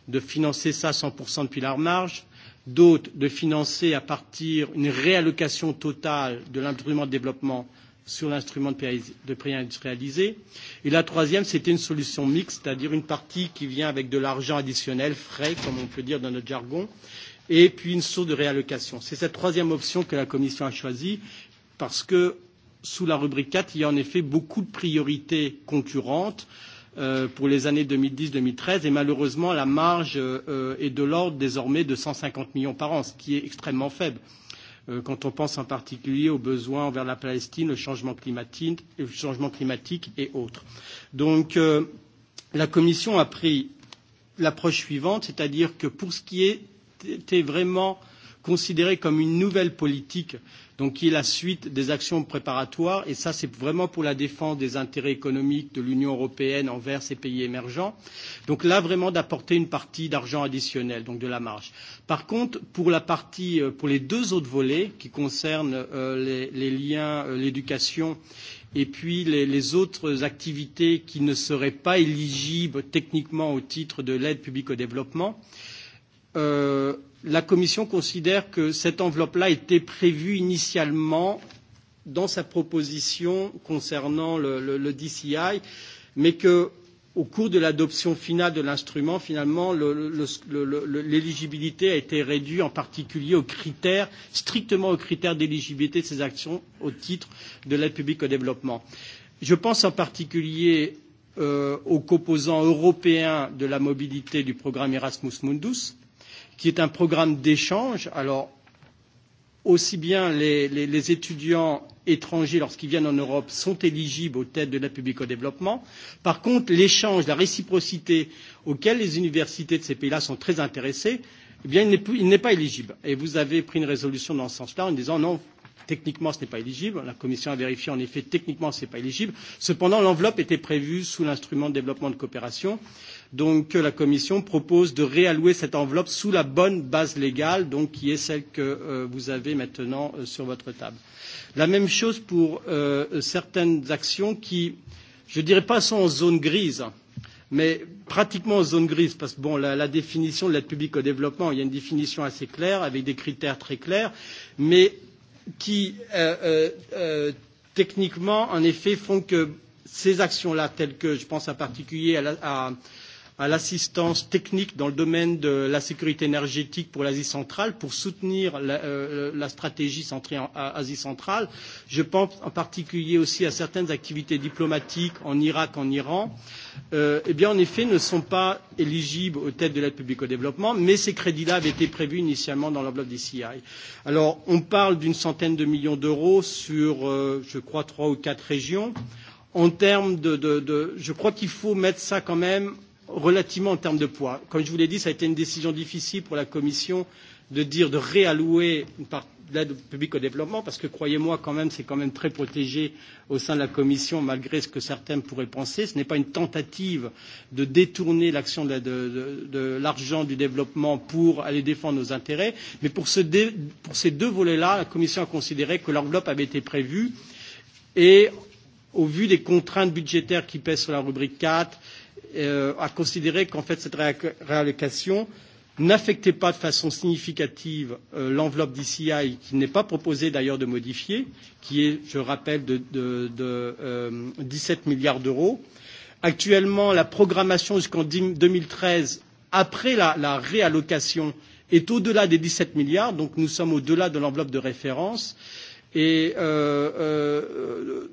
de financer ça 100% depuis la marge d'autres de financer à partir une réallocation totale de l'instrument de développement sur l'instrument de prix industrialisé. Et la troisième, c'était une solution mixte, c'est-à-dire une partie qui vient avec de l'argent additionnel, frais, comme on peut dire dans notre jargon, et puis une source de réallocation. C'est cette troisième option que la Commission a choisie parce que sous la rubrique 4, il y a en effet beaucoup de priorités concurrentes. Euh, pour les années 2010-2013 et malheureusement la marge euh, est de l'ordre désormais de 150 millions par an, ce qui est extrêmement faible euh, quand on pense en particulier aux besoins envers la Palestine, le changement climatique, le changement climatique et autres. Donc la Commission a pris l'approche suivante, c'est-à-dire que pour ce qui était vraiment considéré comme une nouvelle politique euh, donc qui est la suite des actions préparatoires, et ça c'est vraiment pour la défense des intérêts économiques de l'Union européenne envers ces pays émergents. Donc là vraiment d'apporter une partie d'argent additionnel, donc de la marge. Par contre, pour la partie, euh, pour les deux autres volets qui concernent euh, les, les liens, euh, l'éducation et puis les, les autres activités qui ne seraient pas éligibles techniquement au titre de l'aide publique au développement, euh, la Commission considère que cette enveloppe-là était prévue initialement dans sa proposition concernant le, le, le DCI, mais que au cours de l'adoption finale de l'instrument, finalement, l'éligibilité a été réduite en particulier aux critères, strictement aux critères d'éligibilité de ces actions au titre de l'aide publique au développement. Je pense en particulier euh, aux composants européens de la mobilité du programme Erasmus Mundus, qui est un programme d'échange. Alors, aussi bien les, les, les étudiants étrangers, lorsqu'ils viennent en Europe, sont éligibles aux têtes de la publique au développement. Par contre, l'échange, la réciprocité auquel les universités de ces pays-là sont très intéressées, eh bien, il n'est pas éligible. Et vous avez pris une résolution dans ce sens-là en disant non, techniquement, ce n'est pas éligible. La Commission a vérifié, en effet, techniquement, ce n'est pas éligible. Cependant, l'enveloppe était prévue sous l'instrument de développement de coopération donc que la Commission propose de réallouer cette enveloppe sous la bonne base légale, donc qui est celle que euh, vous avez maintenant euh, sur votre table. La même chose pour euh, certaines actions qui, je ne dirais pas sont en zone grise, mais pratiquement en zone grise, parce que bon, la, la définition de l'aide publique au développement, il y a une définition assez claire, avec des critères très clairs, mais qui, euh, euh, euh, techniquement, en effet, font que ces actions-là, telles que, je pense en particulier à, la, à à l'assistance technique dans le domaine de la sécurité énergétique pour l'Asie centrale, pour soutenir la, euh, la stratégie centrée en Asie centrale. Je pense en particulier aussi à certaines activités diplomatiques en Irak, en Iran. Euh, eh bien, en effet, ne sont pas éligibles aux têtes de l'aide publique au développement, mais ces crédits-là avaient été prévus initialement dans l'enveloppe des CI. Alors, on parle d'une centaine de millions d'euros sur, euh, je crois, trois ou quatre régions. En termes de, de, de, je crois qu'il faut mettre ça quand même relativement en termes de poids. Comme je vous l'ai dit, ça a été une décision difficile pour la Commission de dire de réallouer une part de l'aide publique au développement, parce que croyez-moi, quand même, c'est quand même très protégé au sein de la Commission, malgré ce que certains pourraient penser. Ce n'est pas une tentative de détourner l'action de, de, de, de l'argent du développement pour aller défendre nos intérêts, mais pour, ce dé, pour ces deux volets-là, la Commission a considéré que l'enveloppe avait été prévue et au vu des contraintes budgétaires qui pèsent sur la rubrique 4 a euh, considéré considérer qu'en fait cette réallocation n'affectait pas de façon significative euh, l'enveloppe d'ICI, qui n'est pas proposée d'ailleurs de modifier, qui est, je rappelle, de, de, de euh, 17 milliards d'euros. Actuellement, la programmation jusqu'en 2013, après la, la réallocation, est au-delà des 17 milliards, donc nous sommes au-delà de l'enveloppe de référence. Et euh, euh, euh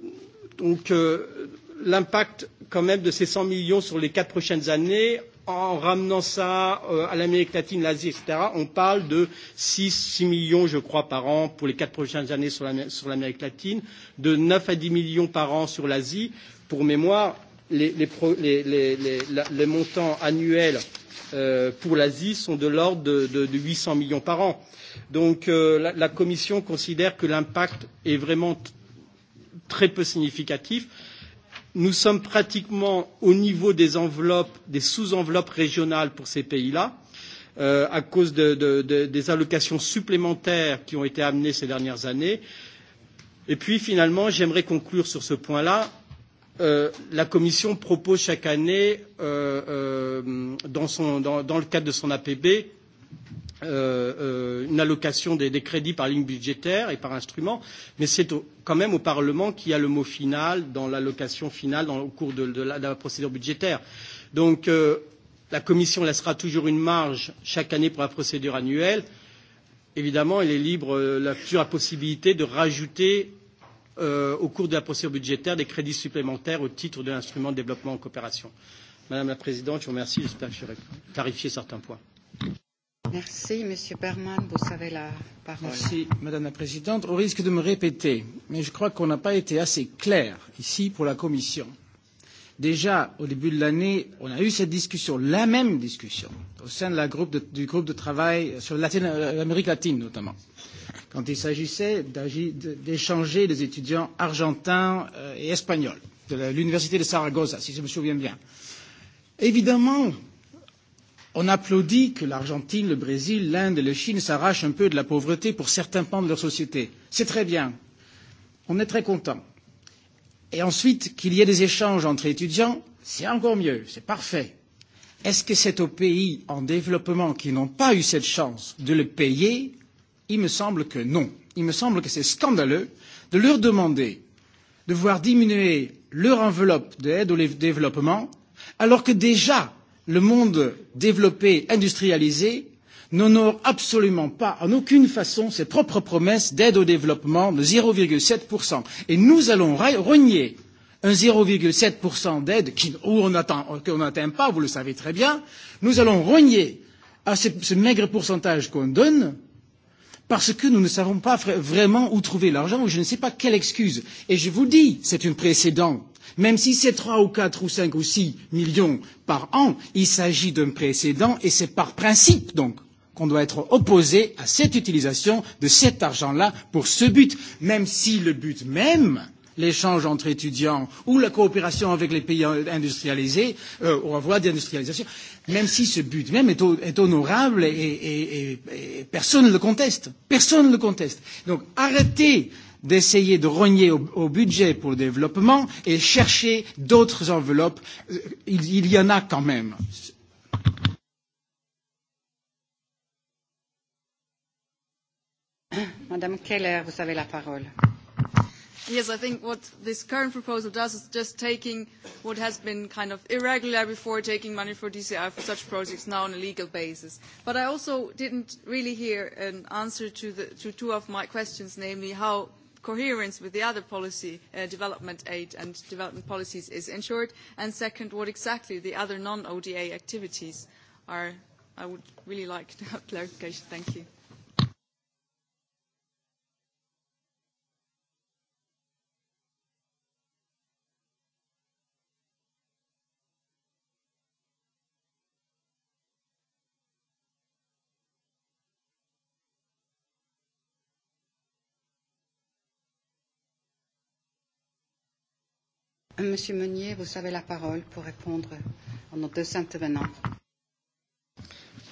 donc, euh, l'impact quand même de ces 100 millions sur les quatre prochaines années, en ramenant ça euh, à l'Amérique latine, l'Asie, etc., on parle de 6, 6 millions, je crois, par an pour les quatre prochaines années sur l'Amérique la, sur latine, de 9 à 10 millions par an sur l'Asie. Pour mémoire, les, les, pro, les, les, les, la, les montants annuels euh, pour l'Asie sont de l'ordre de, de, de 800 millions par an. Donc euh, la, la Commission considère que l'impact est vraiment très peu significatif Euh, Nous sommes pratiquement au niveau des enveloppes, des sous-enveloppes régionales pour ces pays-là, euh, à cause de, de, de, des allocations supplémentaires qui ont été amenées ces dernières années. Et puis finalement, j'aimerais conclure sur ce point-là. Euh, la Commission propose chaque année, euh, euh, dans, son, dans, dans le cadre de son APB, Euh, euh, une allocation des, des crédits par ligne budgétaire et par instrument, mais c'est quand même au Parlement qui a le mot final dans l'allocation finale dans, au cours de, de, la, de la procédure budgétaire. Donc euh, la Commission laissera toujours une marge chaque année pour la procédure annuelle. Évidemment, elle est libre euh, la, sur la possibilité de rajouter euh, au cours de la procédure budgétaire des crédits supplémentaires au titre de l'instrument de développement en coopération. Madame la Présidente, je vous remercie. J'espère que j'aurai clarifié certains points. Merci, Monsieur Berman. Vous avez la parole. Merci, Madame la Présidente. Au risque de me répéter, mais je crois qu'on n'a pas été assez clair ici pour la Commission. Déjà, au début de l'année, on a eu cette discussion, la même discussion, au sein de la groupe de, du groupe de travail sur euh, l'Amérique latine notamment, quand il s'agissait d'échanger des étudiants argentins euh, et espagnols de l'Université de Saragosse, si je me souviens bien. Évidemment, On applaudit que l'Argentine, le Brésil, l'Inde et la Chine s'arrachent un peu de la pauvreté pour certains pans de leur société. C'est très bien. On est très content. Et ensuite, qu'il y ait des échanges entre étudiants, c'est encore mieux, c'est parfait. Est-ce que c'est aux pays en développement qui n'ont pas eu cette chance de le payer Il me semble que non. Il me semble que c'est scandaleux de leur demander de voir diminuer leur enveloppe d'aide au développement alors que déjà le monde développé, industrialisé, n'honore absolument pas, en aucune façon, ses propres promesses d'aide au développement de 0,7%. Et nous allons renier un 0,7% d'aide qu'on n'atteint pas, vous le savez très bien, nous allons renier à ce, ce maigre pourcentage qu'on donne parce que nous ne savons pas vraiment où trouver l'argent ou je ne sais pas quelle excuse. Et je vous dis, c'est un précédent Même si c'est trois ou quatre ou cinq ou six millions par an, il s'agit d'un précédent et c'est par principe donc qu'on doit être opposé à cette utilisation de cet argent-là pour ce but, même si le but même, l'échange entre étudiants ou la coopération avec les pays industrialisés euh, ou en voie d'industrialisation, même si ce but même est, est honorable et, et, et, et personne ne le conteste. Personne ne le conteste. Donc arrêtez euh, d'essayer de rogner au, au budget pour le développement et chercher d'autres enveloppes. Euh, il, il y en a quand même. Madame Keller, vous avez la parole. Yes, I think what this current proposal does is just taking what has been kind of irregular before, taking money for DCI for such projects now on a legal basis. But I also didn't really hear an answer to, the, to two of my questions, namely how coherence with the other policy uh, development aid and development policies is ensured? And second, what exactly the other non-ODA activities are? I would really like to have clarification. Thank you. Monsieur Meunier, vous avez la parole pour répondre à nos deux intervenants.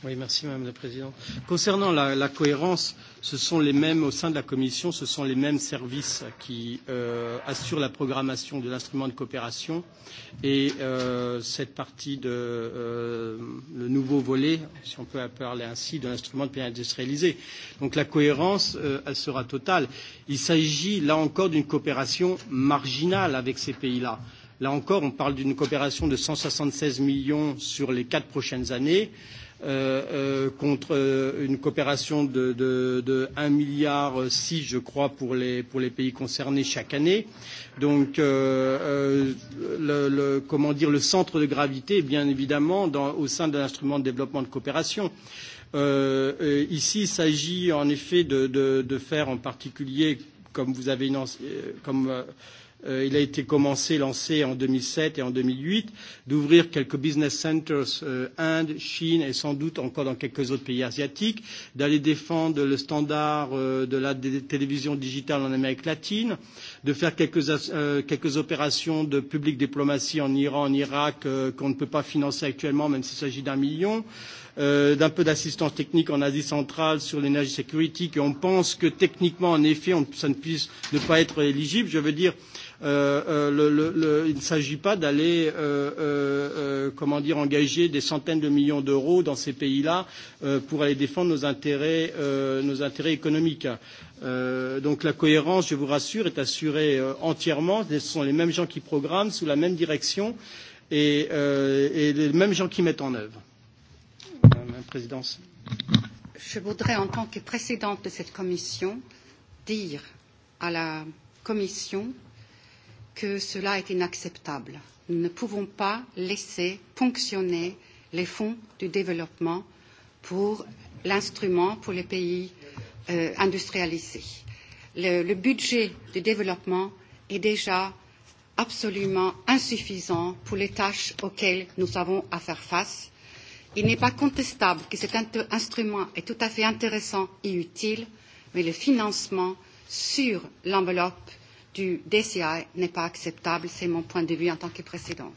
Oui, merci Madame la Présidente. Concernant la, la cohérence, ce sont les mêmes au sein de la Commission, ce sont les mêmes services qui euh, assurent la programmation de l'instrument de coopération et euh, cette partie de euh, le nouveau volet, si on peut parler ainsi, de l'instrument de paix industrialisé. Donc la cohérence, euh, elle sera totale. Il s'agit là encore d'une coopération marginale avec ces pays-là. Là encore, on parle d'une coopération de 176 millions sur les quatre prochaines années. Euh, euh, contre euh, une coopération de, de, de 1 milliard 6, je crois, pour les, pour les pays concernés chaque année. Donc, euh, euh, le, le, comment dire, le centre de gravité, bien évidemment, dans, au sein de l'instrument de développement de coopération. Euh, ici, il s'agit en effet de, de, de faire en particulier, comme vous avez, une, euh, comme euh, il a été commencé, lancé en 2007 et en 2008, d'ouvrir quelques business centers euh, Inde, Chine et sans doute encore dans quelques autres pays asiatiques, d'aller défendre le standard euh, de la télévision digitale en Amérique latine, de faire quelques, euh, quelques opérations de public diplomatie en Iran, en Irak, euh, qu'on ne peut pas financer actuellement, même s'il s'agit d'un million, euh, d'un peu d'assistance technique en Asie centrale sur l'énergie security, on pense que techniquement, en effet, on, ça ne puisse ne pas être éligible. Je veux dire, Euh, euh, le, le, le, il ne s'agit pas d'aller euh, euh, euh, comment dire engager des centaines de millions d'euros dans ces pays-là euh, pour aller défendre nos intérêts, euh, nos intérêts économiques. Euh, donc la cohérence, je vous rassure, est assurée euh, entièrement. Ce sont les mêmes gens qui programment sous la même direction et, euh, et les mêmes gens qui mettent en œuvre. Madame la Présidence. Je voudrais, en tant que présidente de cette commission, dire à la Commission que cela est inacceptable. Nous ne pouvons pas laisser ponctionner les fonds du développement pour l'instrument pour les pays euh, industrialisés. Le, le budget du développement est déjà absolument insuffisant pour les tâches auxquelles nous avons à faire face. Il n'est pas contestable que cet instrument est tout à fait intéressant et utile, mais le financement sur l'enveloppe du DCI n'est pas acceptable. C'est mon point de vue en tant que présidente.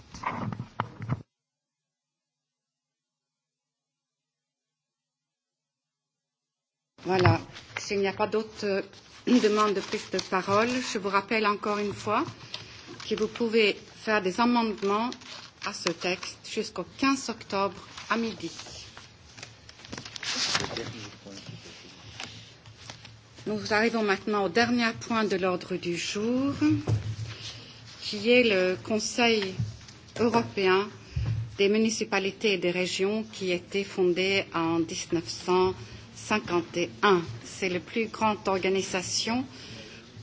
Voilà. S'il n'y a pas d'autres euh, demandes de prise de parole, je vous rappelle encore une fois que vous pouvez faire des amendements à ce texte jusqu'au 15 octobre à midi. Merci. Nous arrivons maintenant au dernier point de l'ordre du jour, qui est le Conseil européen des municipalités et des régions qui a été fondé en 1951. C'est la plus grande organisation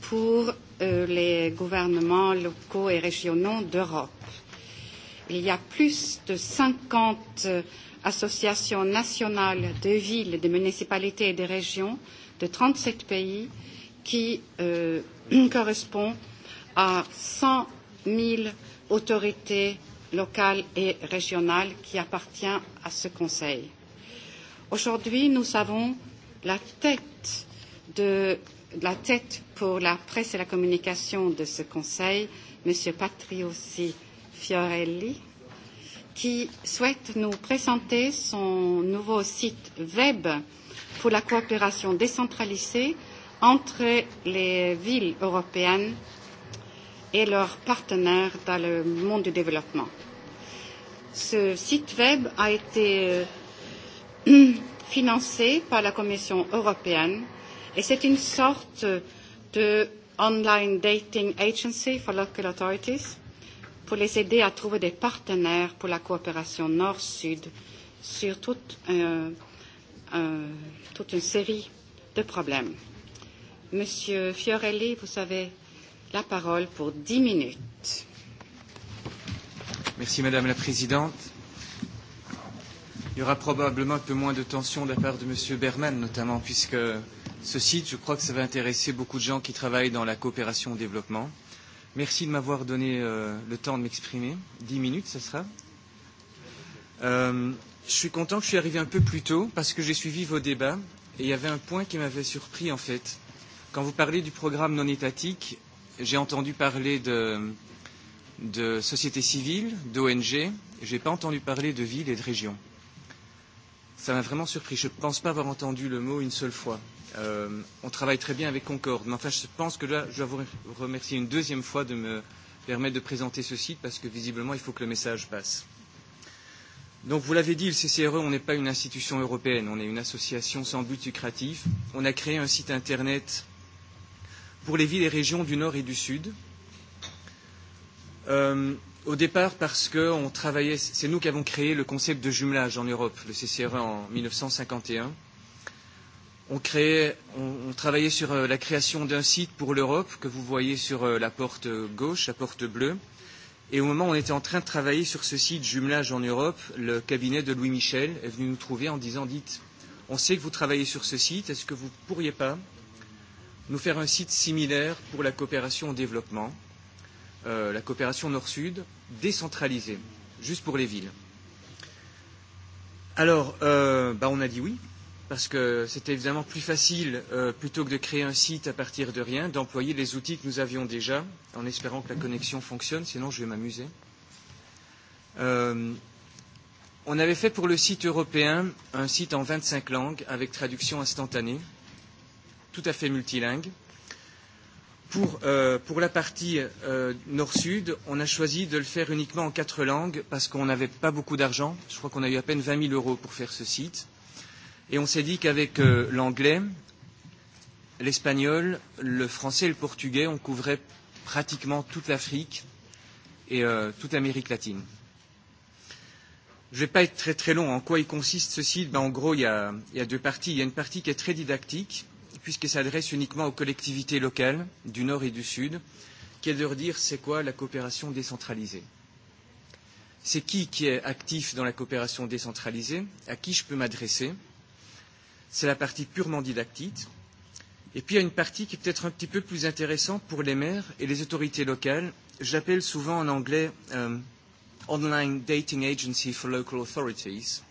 pour euh, les gouvernements locaux et régionaux d'Europe. Il y a plus de 50 euh, associations nationales de villes, de municipalités et de régions de 37 pays qui euh, correspond à 100 000 autorités locales et régionales qui appartiennent à ce Conseil. Aujourd'hui, nous avons la tête, de, la tête pour la presse et la communication de ce Conseil, M. Patriossi Fiorelli, qui souhaite nous présenter son nouveau site web pour la coopération décentralisée entre les villes européennes et leurs partenaires dans le monde du développement. Ce site web a été euh, financé par la Commission européenne et c'est une sorte de online dating agency for local authorities pour les aider à trouver des partenaires pour la coopération nord-sud sur toute euh, un, toute une série de problèmes. Monsieur Fiorelli, vous avez la parole pour dix minutes. Merci Madame la Présidente. Il y aura probablement un peu moins de tension de la part de Monsieur Berman, notamment, puisque ce site, je crois que ça va intéresser beaucoup de gens qui travaillent dans la coopération au développement. Merci de m'avoir donné euh, le temps de m'exprimer. Dix minutes, ce sera. Euh, je suis content que je suis arrivé un peu plus tôt parce que j'ai suivi vos débats et il y avait un point qui m'avait surpris en fait. Quand vous parlez du programme non étatique, j'ai entendu parler de, de société civile, d'ONG, je n'ai pas entendu parler de ville et de région. Ça m'a vraiment surpris. Je ne pense pas avoir entendu le mot une seule fois. Euh, on travaille très bien avec Concorde, mais enfin, je pense que là, je dois vous remercier une deuxième fois de me permettre de présenter ce site parce que visiblement, il faut que le message passe. Euh, Donc vous l'avez dit, le CCRE, on n'est pas une institution européenne, on est une association sans but lucratif. On a créé un site internet pour les villes et régions du Nord et du Sud. Euh, au départ, parce que on travaillait, c'est nous qui avons créé le concept de jumelage en Europe, le CCRE en 1951. On, créait, on, on travaillait sur euh, la création d'un site pour l'Europe que vous voyez sur euh, la porte euh, gauche, la porte bleue. Et au moment où on était en train de travailler sur ce site jumelage en Europe, le cabinet de Louis Michel est venu nous trouver en disant Dites, on sait que vous travaillez sur ce site, est-ce que vous ne pourriez pas nous faire un site similaire pour la coopération au développement, euh, la coopération nord-sud, décentralisée, juste pour les villes Alors, euh, bah on a dit oui parce que c'était évidemment plus facile, euh, plutôt que de créer un site à partir de rien, d'employer les outils que nous avions déjà, en espérant que la connexion fonctionne, sinon je vais m'amuser. Euh, on avait fait pour le site européen un site en 25 langues avec traduction instantanée, tout à fait multilingue. Pour, euh, pour la partie euh, nord-sud, on a choisi de le faire uniquement en quatre langues parce qu'on n'avait pas beaucoup d'argent. Je crois qu'on a eu à peine 20 000 euros pour faire ce site. Euh, Et on s'est dit qu'avec euh, l'anglais, l'espagnol, le français et le portugais, on couvrait pratiquement toute l'Afrique et euh, toute l'Amérique latine. Je ne vais pas être très très long. En quoi il consiste ceci ben, En gros, il y, a, il y a deux parties. Il y a une partie qui est très didactique, puisqu'elle s'adresse uniquement aux collectivités locales du Nord et du Sud, qui est de leur dire c'est quoi la coopération décentralisée. C'est qui qui est actif dans la coopération décentralisée À qui je peux m'adresser C'est la partie purement didactique. Et puis il y a une partie qui est peut-être un petit peu plus intéressante pour les maires et les autorités locales. J'appelle souvent en anglais euh, Online Dating Agency for Local Authorities.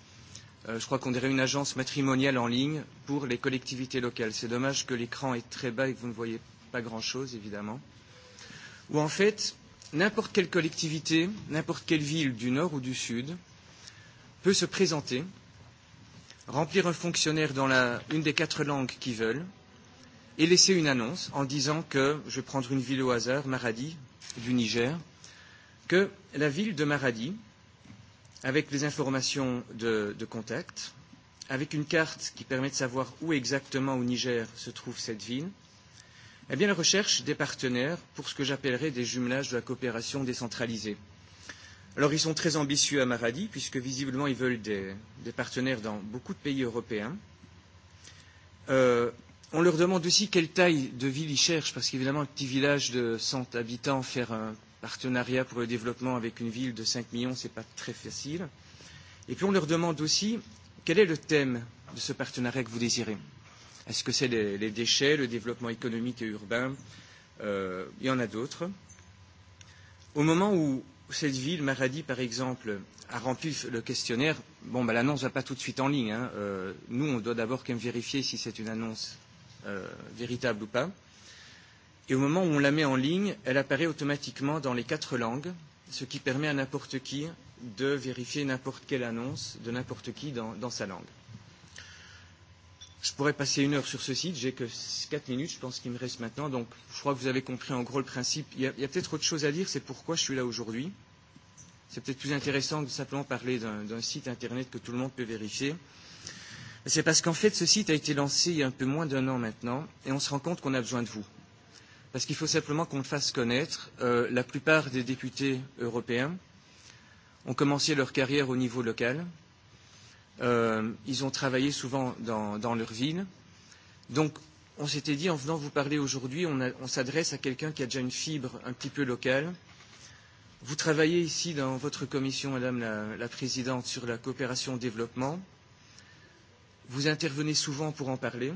Euh, je crois qu'on dirait une agence matrimoniale en ligne pour les collectivités locales. C'est dommage que l'écran est très bas et que vous ne voyez pas grand-chose, évidemment. Ou en fait, n'importe quelle collectivité, n'importe quelle ville du nord ou du sud peut se présenter remplir un fonctionnaire dans la, une des quatre langues qu'ils veulent et laisser une annonce en disant que, je vais prendre une ville au hasard, Maradi, du Niger, que la ville de Maradi, avec les informations de, de contact, avec une carte qui permet de savoir où exactement au Niger se trouve cette ville, eh bien, elle recherche des partenaires pour ce que j'appellerais des jumelages de la coopération décentralisée. Alors ils sont très ambitieux à Maradi, puisque visiblement ils veulent des, des partenaires dans beaucoup de pays européens. Euh, on leur demande aussi quelle taille de ville ils cherchent, parce qu'évidemment, un petit village de 100 habitants, faire un partenariat pour le développement avec une ville de 5 millions, ce n'est pas très facile. Et puis on leur demande aussi quel est le thème de ce partenariat que vous désirez. Est-ce que c'est les, les déchets, le développement économique et urbain euh, Il y en a d'autres. Au moment où cette ville, Maradi par exemple, a rempli le questionnaire, bon, bah, l'annonce ne va pas tout de suite en ligne. Hein. Euh, nous, on doit d'abord quand même vérifier si c'est une annonce euh, véritable ou pas. Et au moment où on la met en ligne, elle apparaît automatiquement dans les quatre langues, ce qui permet à n'importe qui de vérifier n'importe quelle annonce de n'importe qui dans, dans sa langue. Je pourrais passer une heure sur ce site, j'ai que 4 minutes, je pense qu'il me reste maintenant, donc je crois que vous avez compris en gros le principe. Il y a, a peut-être autre chose à dire, c'est pourquoi je suis là aujourd'hui. C'est peut-être plus intéressant de simplement parler d'un site internet que tout le monde peut vérifier. C'est parce qu'en fait, ce site a été lancé il y a un peu moins d'un an maintenant, et on se rend compte qu'on a besoin de vous. Parce qu'il faut simplement qu'on le fasse connaître. Euh, la plupart des députés européens ont commencé leur carrière au niveau local, Euh, ils ont travaillé souvent dans, dans leur ville. Donc, on s'était dit, en venant vous parler aujourd'hui, on, on s'adresse à quelqu'un qui a déjà une fibre un petit peu locale. Vous travaillez ici dans votre commission, Madame la, la Présidente, sur la coopération au développement. Vous intervenez souvent pour en parler.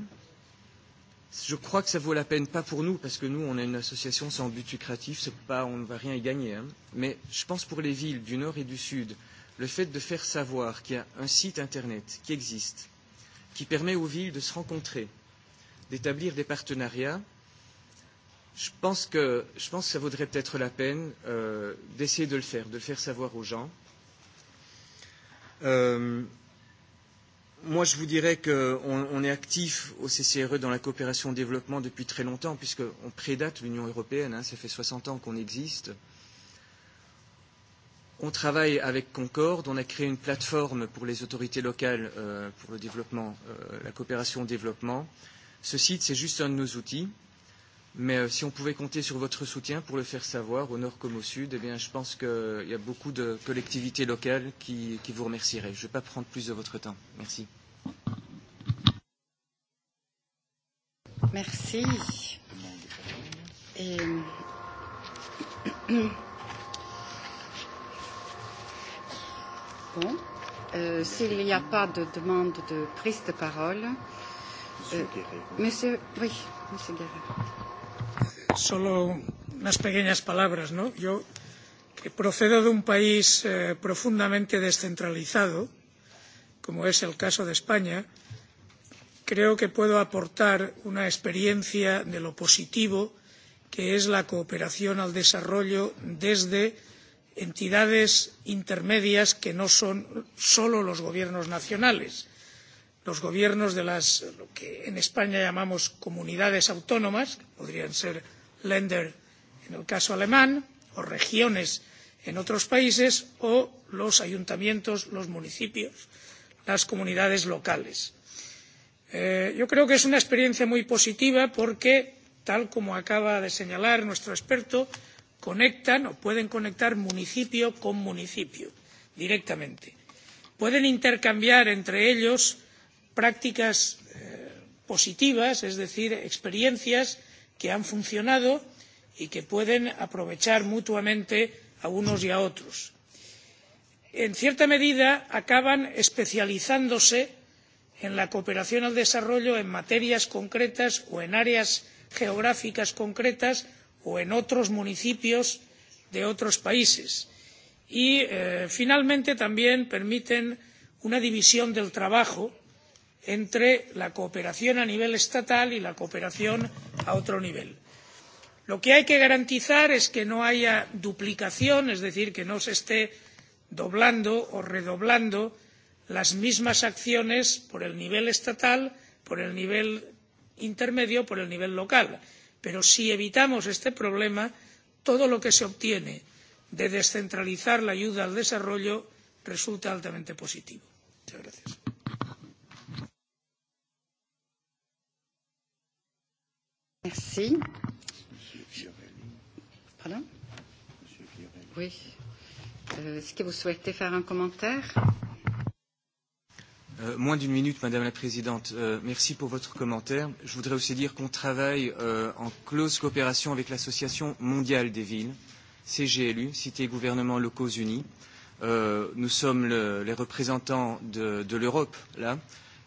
Je crois que ça vaut la peine, pas pour nous, parce que nous, on est une association sans but lucratif, pas, on ne va rien y gagner. Hein. Mais je pense pour les villes du Nord et du Sud, euh, le fait de faire savoir qu'il y a un site Internet qui existe, qui permet aux villes de se rencontrer, d'établir des partenariats, je pense, que, je pense que ça vaudrait peut-être la peine euh, d'essayer de le faire, de le faire savoir aux gens. Euh, moi, je vous dirais qu'on on est actif au CCRE dans la coopération au développement depuis très longtemps, puisqu'on prédate l'Union européenne. Hein, ça fait 60 ans qu'on existe. Euh, On travaille avec Concorde, on a créé une plateforme pour les autorités locales euh, pour le développement, euh, la coopération au développement. Ce site, c'est juste un de nos outils, mais euh, si on pouvait compter sur votre soutien pour le faire savoir, au nord comme au sud, eh bien, je pense qu'il y a beaucoup de collectivités locales qui, qui vous remercieraient. Je ne vais pas prendre plus de votre temps. Merci. Merci. Et... répond. Euh, S'il n'y a pas de demande de prise de parole. Monsieur euh, Guerrero. Monsieur, oui, Monsieur Guerrero. Solo unas pequeñas palabras, ¿no? Yo que procedo de un país eh, profundamente descentralizado, como es el caso de España, creo que puedo aportar una experiencia de lo positivo que es la cooperación al desarrollo desde entidades intermedias que no son solo los gobiernos nacionales los gobiernos de las, lo que en españa llamamos comunidades autónomas que podrían ser länder en el caso alemán o regiones en otros países o los ayuntamientos los municipios las comunidades locales. Eh, yo creo que es una experiencia muy positiva porque tal como acaba de señalar nuestro experto conectan o pueden conectar municipio con municipio directamente pueden intercambiar entre ellos prácticas eh, positivas es decir experiencias que han funcionado y que pueden aprovechar mutuamente a unos y a otros. en cierta medida acaban especializándose en la cooperación al desarrollo en materias concretas o en áreas geográficas concretas o en otros municipios de otros países y eh, finalmente también permiten una división del trabajo entre la cooperación a nivel estatal y la cooperación a otro nivel. lo que hay que garantizar es que no haya duplicación es decir que no se estén doblando o redoblando las mismas acciones por el nivel estatal por el nivel intermedio por el nivel local pero si evitamos este problema todo lo que se obtiene de descentralizar la ayuda al desarrollo resulta altamente positivo. Muchas gracias. Merci. Pardon? Oui. Euh, Est-ce que vous souhaitez faire un commentaire? Euh, moins d'une minute, Madame la Présidente. Euh, merci pour votre commentaire. Je voudrais aussi dire qu'on travaille euh, en close coopération avec l'Association mondiale des villes, CGLU, Cité et Gouvernement locaux unis. Euh, nous sommes le, les représentants de, de l'Europe, là,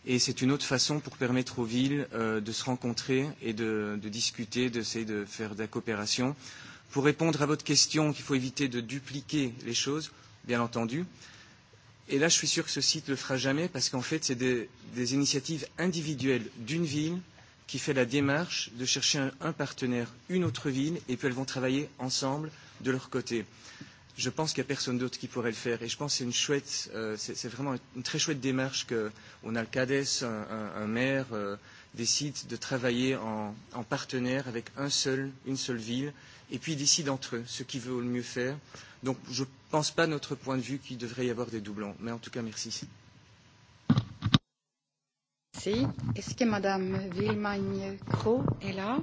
et c'est une autre façon pour permettre aux villes euh, de se rencontrer et de, de discuter, d'essayer de faire de la coopération. Pour répondre à votre question qu'il faut éviter de dupliquer les choses, bien entendu, euh, Et là, je suis sûr que ce site ne le fera jamais parce qu'en fait, c'est des, des initiatives individuelles d'une ville qui fait la démarche de chercher un, un partenaire, une autre ville, et puis elles vont travailler ensemble de leur côté. Je pense qu'il n'y a personne d'autre qui pourrait le faire. Et je pense que c'est une chouette, euh, c'est vraiment une très chouette démarche qu'on a le CADES, un, un, un maire, euh, décide de travailler en, en partenaire avec un seul, une seule ville, et puis ils décident entre eux ce qu'ils veulent le mieux faire Donc je ne pense pas, notre point de vue, qu'il devrait y avoir des doublons. Mais en tout cas, merci. Merci. Est-ce que Madame Villemagne-Cros est là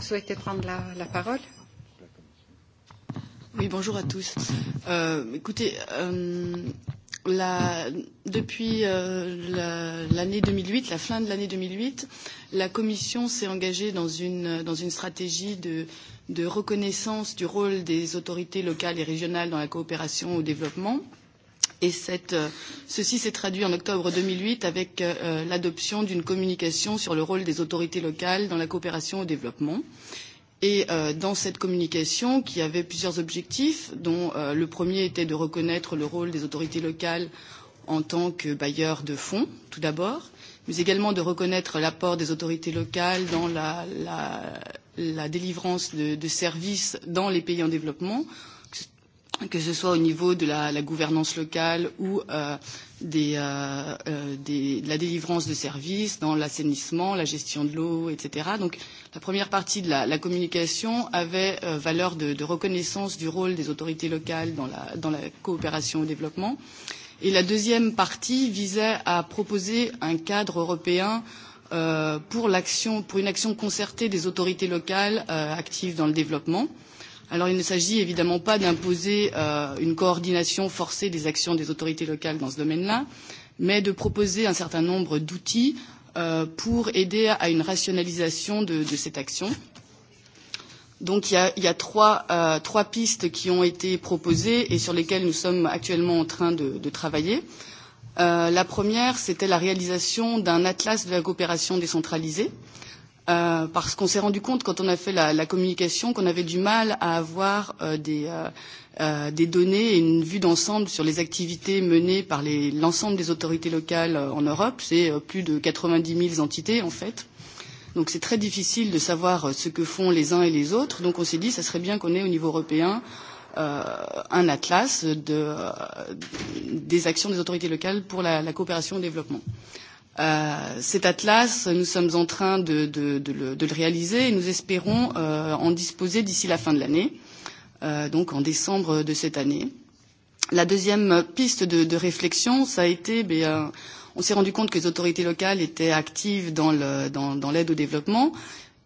Souhaitez prendre la, la parole Oui, bonjour à tous. Euh, écoutez, euh, la, depuis euh, l'année la, 2008, la fin de l'année 2008, la Commission s'est engagée dans une, dans une stratégie de, de reconnaissance du rôle des autorités locales et régionales dans la coopération au développement. Et cette, euh, ceci s'est traduit en octobre 2008 avec euh, euh, l'adoption d'une communication sur le rôle des autorités locales dans la coopération au développement. Et euh, dans cette communication, qui avait plusieurs objectifs, dont euh, le premier était de reconnaître le rôle des autorités locales en tant que bailleurs de fonds, tout d'abord, mais également de reconnaître l'apport des autorités locales dans la, la, la délivrance de, de services dans les pays en développement, que ce soit au niveau de la, la gouvernance locale ou euh, des, euh, euh, des, de la délivrance de services, dans l'assainissement, la gestion de l'eau, etc. Donc la première partie de la, la communication avait euh, valeur de, de reconnaissance du rôle des autorités locales dans la, dans la coopération au développement. Et la deuxième partie visait à proposer un cadre européen euh, pour, pour une action concertée des autorités locales euh, actives dans le développement. Euh, Alors il ne s'agit évidemment pas d'imposer euh, une coordination forcée des actions des autorités locales dans ce domaine-là, mais de proposer un certain nombre d'outils euh, pour aider à une rationalisation de, de cette action. Donc il y a, il y a trois, euh, trois pistes qui ont été proposées et sur lesquelles nous sommes actuellement en train de, de travailler. Euh, la première, c'était la réalisation d'un atlas de la coopération décentralisée. Euh, Euh, parce qu'on s'est rendu compte quand on a fait la, la communication qu'on avait du mal à avoir euh, des, euh, euh, des données et une vue d'ensemble sur les activités menées par l'ensemble des autorités locales euh, en Europe. C'est euh, plus de 90 000 entités en fait. Donc c'est très difficile de savoir euh, ce que font les uns et les autres. Donc on s'est dit, ça serait bien qu'on ait au niveau européen euh, un atlas de, euh, des actions des autorités locales pour la, la coopération au développement. Euh, cet atlas, nous sommes en train de, de, de, le, de le réaliser et nous espérons euh, en disposer d'ici la fin de l'année, euh, donc en décembre de cette année. La deuxième piste de, de réflexion, ça a été, bien, euh, on s'est rendu compte que les autorités locales étaient actives dans l'aide dans, dans au développement.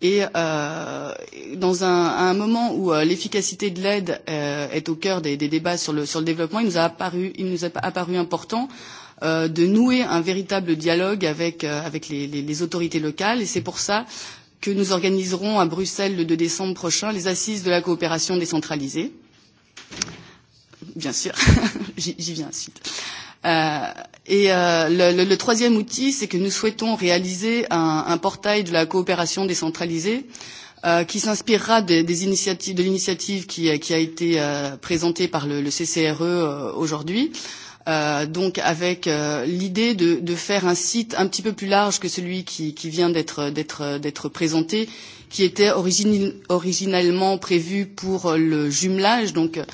Et euh, dans un, à un moment où euh, l'efficacité de l'aide euh, est au cœur des, des débats sur le, sur le développement, il nous a apparu, il nous a apparu important euh, euh, de nouer un véritable dialogue avec, euh, avec les, les, les autorités locales. Et c'est pour ça que nous organiserons à Bruxelles le 2 décembre prochain les assises de la coopération décentralisée. Bien sûr, j'y viens ensuite. Euh, et euh, le, le, le troisième outil, c'est que nous souhaitons réaliser un, un portail de la coopération décentralisée euh, qui s'inspirera des, des initiatives, de l'initiative qui, qui a été euh, présentée par le, le CCRE euh, aujourd'hui. Euh, euh, donc avec euh, l'idée de, de faire un site un petit peu plus large que celui qui, qui vient d'être présenté, qui était origine, originellement prévu pour le jumelage, donc euh,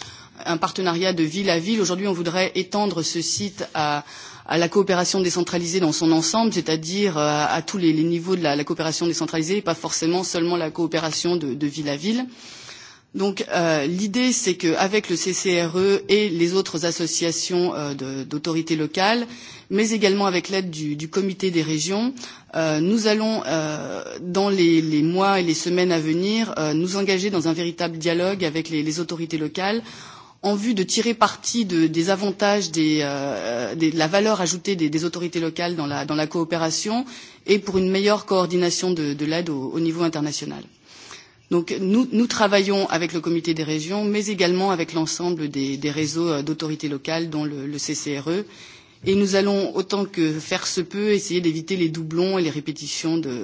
un partenariat de ville à ville. Aujourd'hui, on voudrait étendre ce site à, à la coopération décentralisée dans son ensemble, c'est-à-dire à, euh, à tous les, les niveaux de la, la coopération décentralisée, et pas forcément seulement la coopération de, de ville à ville. Euh, Donc euh, l'idée, c'est qu'avec le CCRE et les autres associations euh, d'autorités locales, mais également avec l'aide du, du comité des régions, euh, nous allons, euh, dans les, les mois et les semaines à venir, euh, nous engager dans un véritable dialogue avec les, les autorités locales en vue de tirer parti de, des avantages, des, euh, des, de la valeur ajoutée des, des autorités locales dans la, dans la coopération et pour une meilleure coordination de, de l'aide au, au niveau international. Donc nous, nous travaillons avec le comité des régions, mais également avec l'ensemble des, des réseaux euh, d'autorités locales, dont le, le CCRE, et nous allons, autant que faire se peut, essayer d'éviter les doublons et les répétitions de,